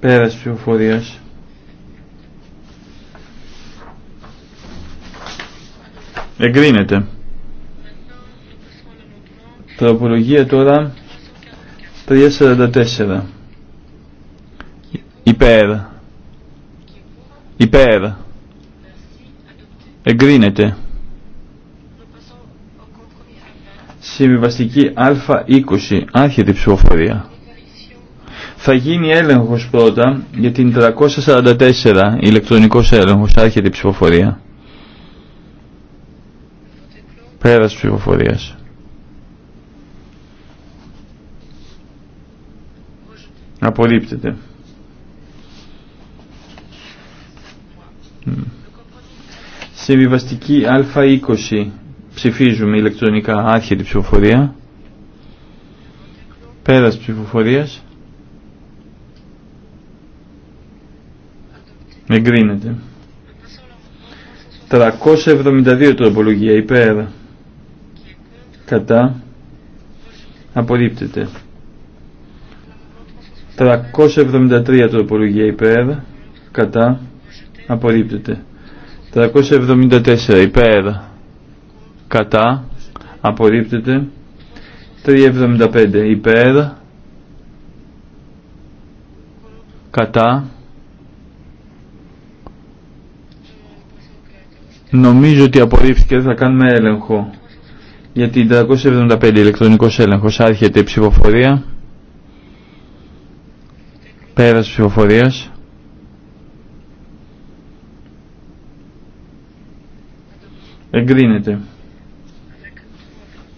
πέρας ψηφοφορίας Εγκρίνεται. Τροπολογία τώρα 344. Υπέρ. Υπέρ. Εγκρίνεται. Συμβιβαστική Α20. Άρχεται ψηφοφορία. Θα γίνει έλεγχος πρώτα για την 344 ηλεκτρονικός έλεγχος. Άρχεται ψηφοφορία. Πέρας ψηφοφορίας. βιβαστικη Συμβιβαστική Α20 ψηφίζουμε ηλεκτρονικά άρχιτη ψηφοφορία. Πέρας ψηφοφορίας. Εγκρίνεται. 372 τροπολογία υπέρ κατά απορρίπτεται 373 τροπολογία υπέρ κατά απορρίπτεται 374 υπέρ κατά απορρίπτεται 375 υπέρ κατά νομίζω ότι απορρίφθηκε θα κάνουμε έλεγχο για την 375 ηλεκτρονικό έλεγχο άρχεται η ψηφοφορία. Πέρας ψηφοφορία. Εγκρίνεται.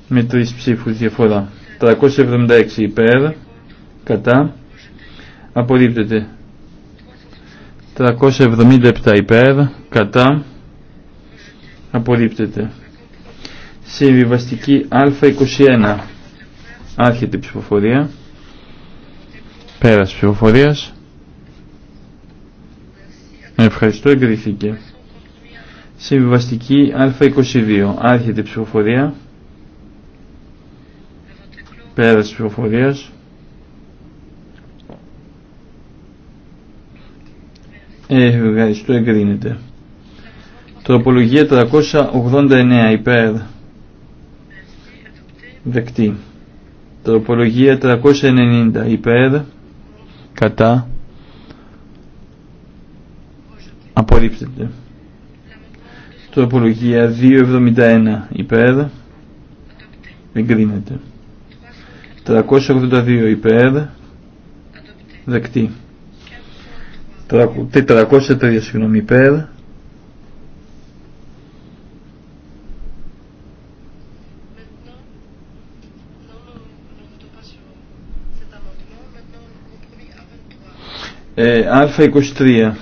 Με τρει ψήφου διαφορά. 376 υπέρ. Κατά. Απορρίπτεται. 377 υπέρ. Κατά. Απορρίπτεται. Συμβιβαστική Α21. Άρχεται η ψηφοφορία. Πέρας ψηφοφορίας. Ευχαριστώ, εγκριθήκε. Συμβιβαστική Α22. Άρχεται η ψηφοφορία. Πέρας ψηφοφορίας. Ε, ευχαριστώ, εγκρίνεται. Τροπολογία 389 υπέρ δεκτή. Τροπολογία 390 υπέρ, κατά, απορρίπτεται. Τροπολογία 271 υπέρ, εγκρίνεται. 382 υπέρ, δεκτή. 403 συγγνώμη υπέρ, Ε, α23.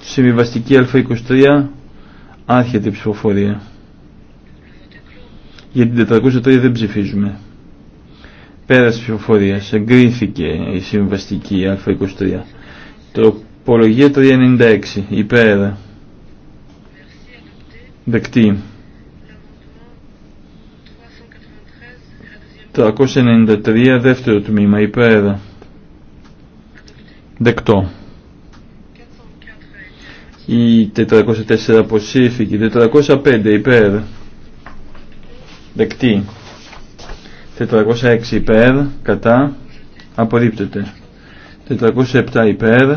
Συμβιβαστική α23. Άρχεται η ψηφοφορία. Για την 403 δεν ψηφίζουμε. Πέρας ψηφοφορίας. Εγκρίθηκε η συμβιβαστική α23. Τροπολογία 396. Υπέρ. Δεκτή. 393 δεύτερο τμήμα υπέρ Δεκτό. Η 404 αποσύφηκε. 405 υπέρ. Δεκτή. 406 υπέρ. Κατά. Απορρίπτεται. 407 υπέρ.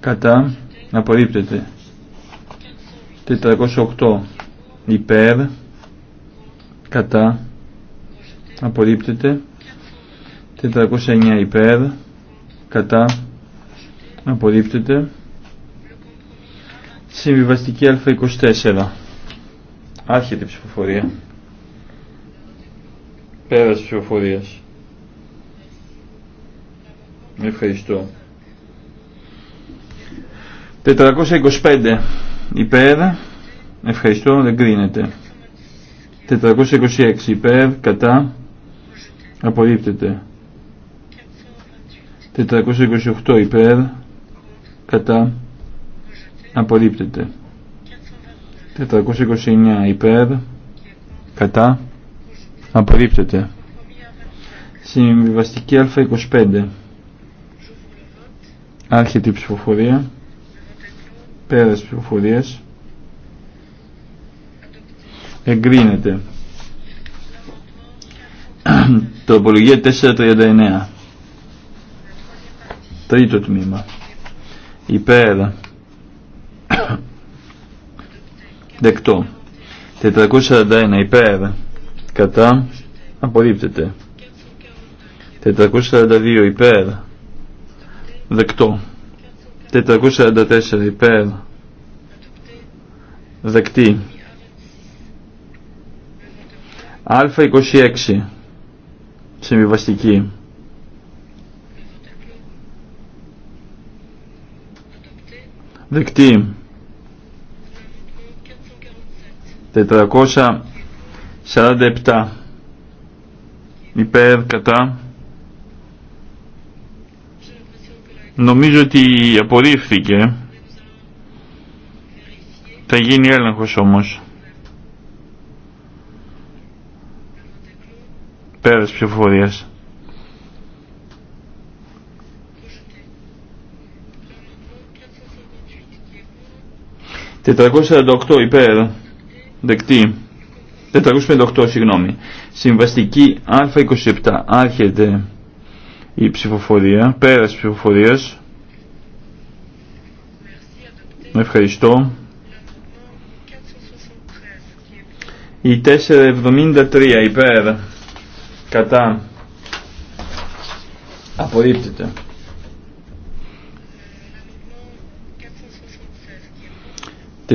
Κατά. Απορρίπτεται. 408 υπέρ. Κατά. Απορρίπτεται. 409 υπέρ κατά απορρίπτεται συμβιβαστική α24 άρχεται η ψηφοφορία πέρας ψηφοφορίας ευχαριστώ 425 υπέρ ευχαριστώ δεν κρίνεται 426 υπέρ κατά απορρίπτεται 428 υπέρ κατά απορρίπτεται 429 υπέρ κατά απορρίπτεται συμβιβαστική α25 άρχεται η ψηφοφορία πέρας ψηφοφορίας εγκρίνεται απολογία 439 Τρίτο τμήμα. Υπέρ. Δεκτό. 441 υπέρ. Κατά. Απορρίπτεται. 442 υπέρ. Δεκτό. 444 υπέρ. Δεκτή. Α26. Συμβιβαστική. Δεκτή. 447 υπέρ κατά νομίζω ότι απορρίφθηκε θα γίνει έλεγχος όμως πέρας ψηφοφορίας 448 υπέρ δεκτή 458 συγγνώμη συμβαστική α27 άρχεται η ψηφοφορία πέρας ψηφοφορίας ευχαριστώ η 473 υπέρ κατά απορρίπτεται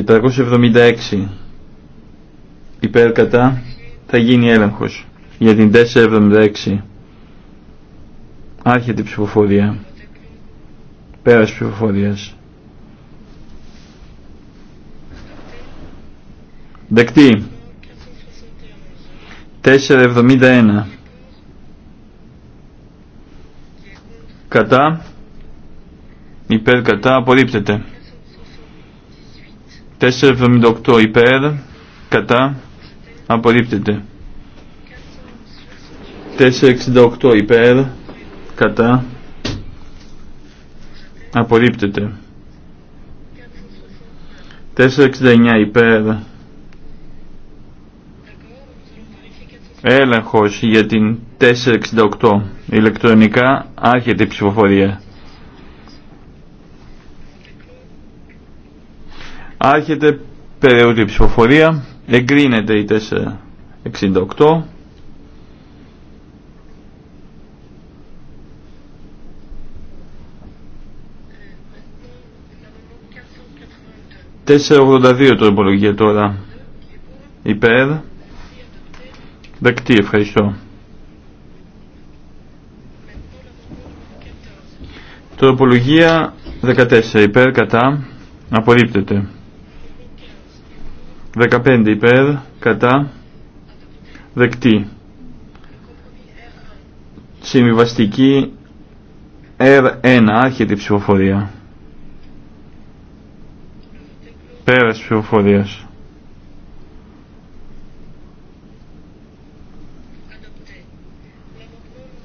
476 Υπέρκατα κατά θα γίνει έλεγχος για την 476 άρχεται η ψηφοφορία πέρας ψηφοφορίας δεκτή 471 κατά υπέρ κατά απορρίπτεται 478 υπέρ, κατά, απορρίπτεται. 468 υπέρ, κατά, απορρίπτεται. 469 υπέρ, έλεγχος για την 468 ηλεκτρονικά, άρχεται η ψηφοφορία. Άρχεται η ψηφοφορία. Εγκρίνεται η 468. 4.82 82 το υπολογία τώρα. Υπέρ. Δεκτή, ευχαριστώ. Τροπολογία 14. Υπέρ, κατά. Απορρίπτεται. 15 υπέρ, κατά, δεκτή. Συμβιβαστική R1, άρχεται η ψηφοφορία. Πέρας ψηφοφορίας.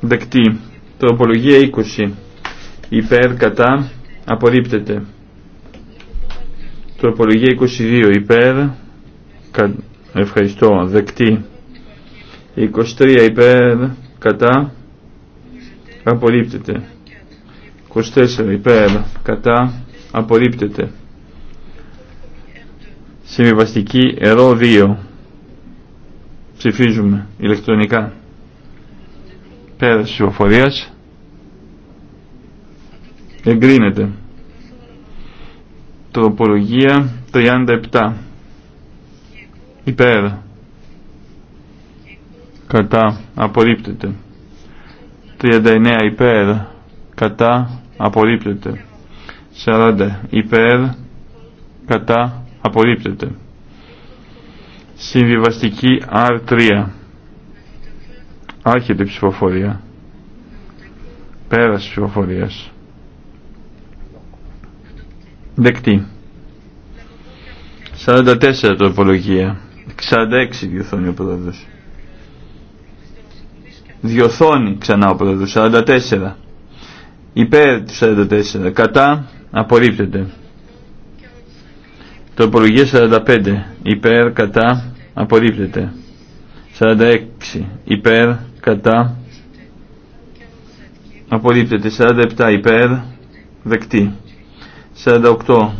Δεκτή. Τροπολογία 20. Υπέρ, κατά, απορρίπτεται. Τροπολογία 22. Υπέρ, Ευχαριστώ. Δεκτή. 23 υπέρ. Κατά. Απορρίπτεται. 24 υπέρ. Κατά. Απορρίπτεται. Συμβιβαστική ερώ 2. Ψηφίζουμε ηλεκτρονικά. Πέραση οφορία Εγκρίνεται. Τροπολογία 37 υπέρ κατά απορρίπτεται 39 υπέρ κατά απορρίπτεται 40 υπέρ κατά απορρίπτεται συμβιβαστική R3 άρχεται η ψηφοφορία πέρας ψηφοφορίας δεκτή 44 τροπολογία 46 διοθώνει ο πρόεδρος. Διοθώνει ξανά ο πρόεδρος. 44. Υπέρ του 44. Κατά απορρίπτεται. Τροπολογία 45. Υπέρ κατά απορρίπτεται. 46. Υπέρ κατά απορρίπτεται. 47. Υπέρ δεκτή. 48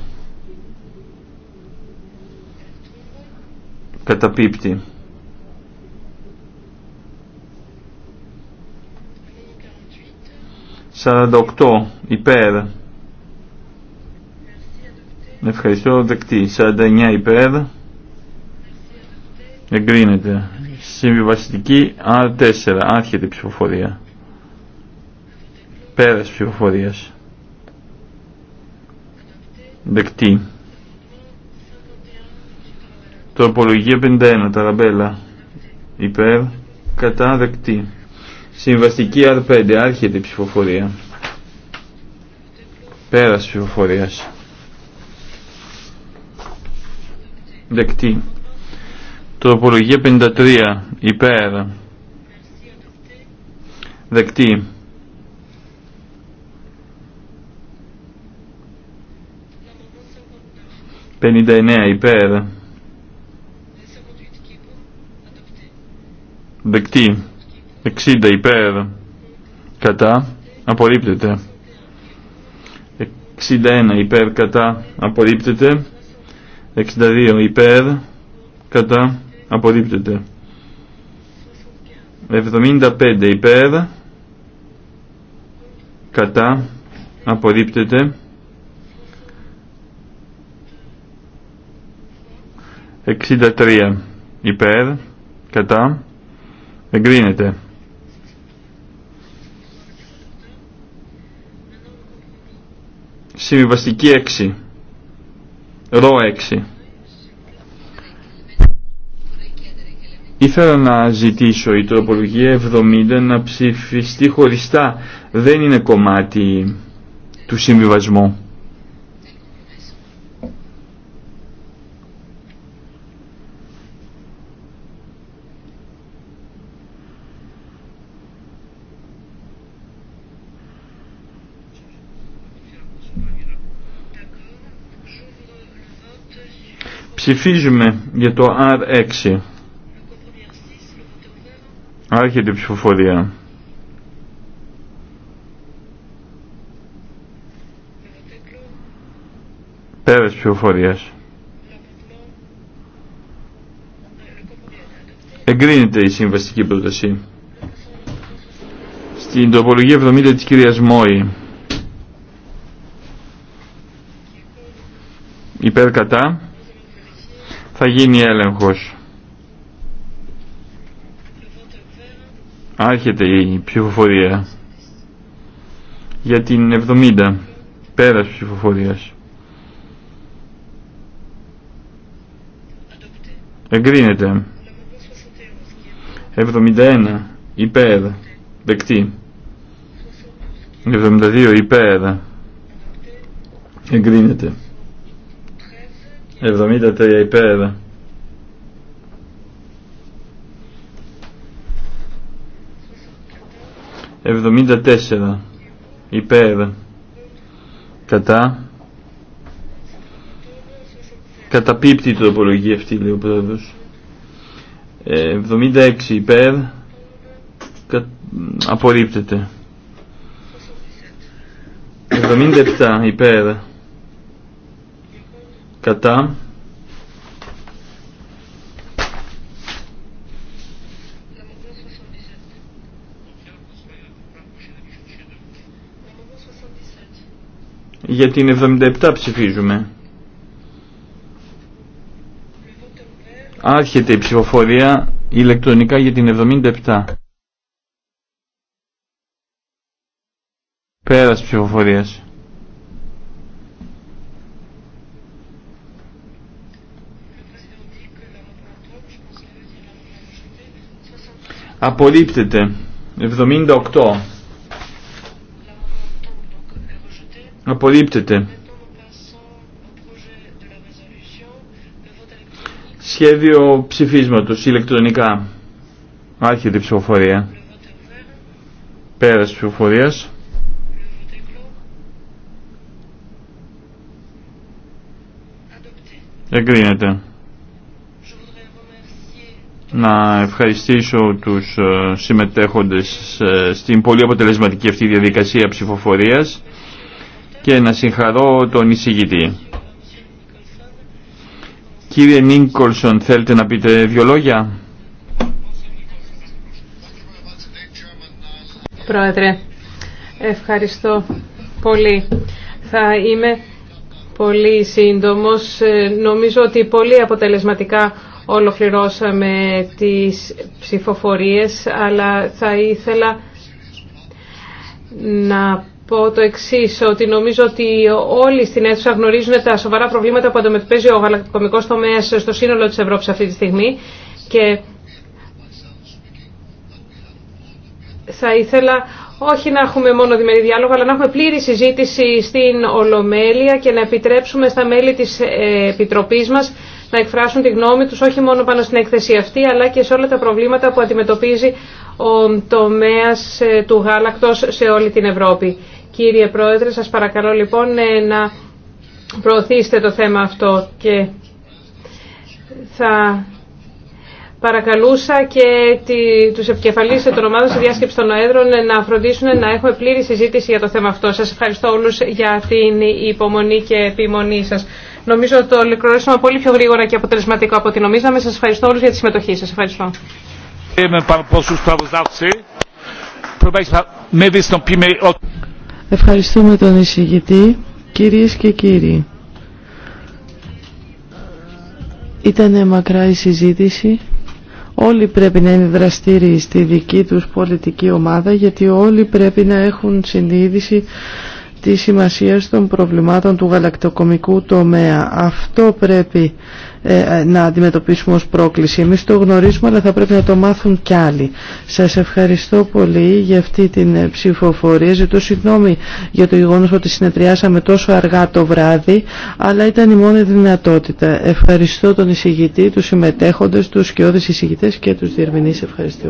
καταπίπτει. σαραντοκτω υπέρ. Ευχαριστώ δεκτή. 49 υπέρ. Εγκρίνεται. Συμβιβαστική R4. Άρχεται η ψηφοφορία. Πέρας ψηφοφορίας. Δεκτή. Τροπολογία 51, ταραμπέλα. Υπέρ, κατά, δεκτή. Συμβαστική R5, άρχεται η ψηφοφορία. Πέρας ψηφοφορίας. Δεκτή. Τροπολογία 53, υπέρ. Δεκτή. Πενήντα υπέρ δεκτή 60 υπέρ κατά απορρίπτεται 61 υπέρ κατά απορρίπτεται 62 υπέρ κατά απορρίπτεται 75 υπέρ κατά απορρίπτεται 63 υπέρ κατά Εγκρίνεται. Συμβιβαστική 6. Ρο 6. Ήθελα να ζητήσω η τροπολογία 70 να ψηφιστεί χωριστά. Δεν είναι κομμάτι του συμβιβασμού. Ψηφίζουμε για το R6. Άρχεται η ψηφοφορία. Πέρας ψηφοφορίας. Εγκρίνεται η συμβαστική πρόταση. Στην τοπολογία 70 της κυρίας Μόη. Υπέρ κατά θα γίνει έλεγχος. Άρχεται η ψηφοφορία για την 70 πέρας ψηφοφορίας. Εγκρίνεται. 71 υπέρ δεκτή. 72 υπέρ εγκρίνεται. 73 υπέρ Εβδομήντα τέσσερα υπέρ κατά καταπίπτει το τροπολογία αυτή λέει ο πρόεδρος 76 υπέρ κα, απορρίπτεται 77 υπέρ κατά για την 77 ψηφίζουμε άρχεται η ψηφοφορία ηλεκτρονικά για την 77 πέρας ψηφοφορίας απορρίπτεται 78 απορρίπτεται σχέδιο ψηφίσματος ηλεκτρονικά άρχεται ψηφοφορία πέρας ψηφοφορίας εγκρίνεται να ευχαριστήσω τους ε, συμμετέχοντες ε, στην πολύ αποτελεσματική αυτή διαδικασία ψηφοφορίας και να συγχαρώ τον εισηγητή. Κύριε Νίκολσον, θέλετε να πείτε δύο λόγια. Πρόεδρε, ευχαριστώ πολύ. Θα είμαι πολύ σύντομος. Ε, νομίζω ότι πολύ αποτελεσματικά ολοκληρώσαμε τις ψηφοφορίες, αλλά θα ήθελα να πω το εξή, ότι νομίζω ότι όλοι στην αίθουσα γνωρίζουν τα σοβαρά προβλήματα που αντιμετωπίζει ο γαλακτοκομικός τομέας στο σύνολο της Ευρώπης αυτή τη στιγμή και θα ήθελα όχι να έχουμε μόνο διμερή διάλογο, αλλά να έχουμε πλήρη συζήτηση στην Ολομέλεια και να επιτρέψουμε στα μέλη της Επιτροπής μας να εκφράσουν τη γνώμη τους όχι μόνο πάνω στην έκθεση αυτή αλλά και σε όλα τα προβλήματα που αντιμετωπίζει ο τομέας ε, του γάλακτος σε όλη την Ευρώπη. Κύριε Πρόεδρε, σας παρακαλώ λοιπόν ε, να προωθήσετε το θέμα αυτό και θα παρακαλούσα και τους επικεφαλείς των ομάδων στη διάσκεψη των ΟΕΔΡων ε, να φροντίσουν να έχουμε πλήρη συζήτηση για το θέμα αυτό. Σας ευχαριστώ όλους για την υπομονή και επιμονή σας. Νομίζω ότι το ολοκληρώσαμε πολύ πιο γρήγορα και αποτελεσματικό από ό,τι νομίζαμε. Σα ευχαριστώ όλου για τη συμμετοχή. σα. ευχαριστώ. Ευχαριστούμε τον εισηγητή. Κυρίες και κύριοι, ήταν μακρά η συζήτηση. Όλοι πρέπει να είναι δραστήριοι στη δική τους πολιτική ομάδα γιατί όλοι πρέπει να έχουν συνείδηση της σημασία των προβλημάτων του γαλακτοκομικού τομέα. Αυτό πρέπει ε, να αντιμετωπίσουμε ως πρόκληση. Εμείς το γνωρίζουμε αλλά θα πρέπει να το μάθουν κι άλλοι. Σας ευχαριστώ πολύ για αυτή την ε, ψηφοφορία. Ζητώ συγγνώμη για το γεγονό ότι συνεδριάσαμε τόσο αργά το βράδυ αλλά ήταν η μόνη δυνατότητα. Ευχαριστώ τον εισηγητή, τους συμμετέχοντες, τους σκιώδεις εισηγητές και τους διερμηνείς. Ευχαριστώ.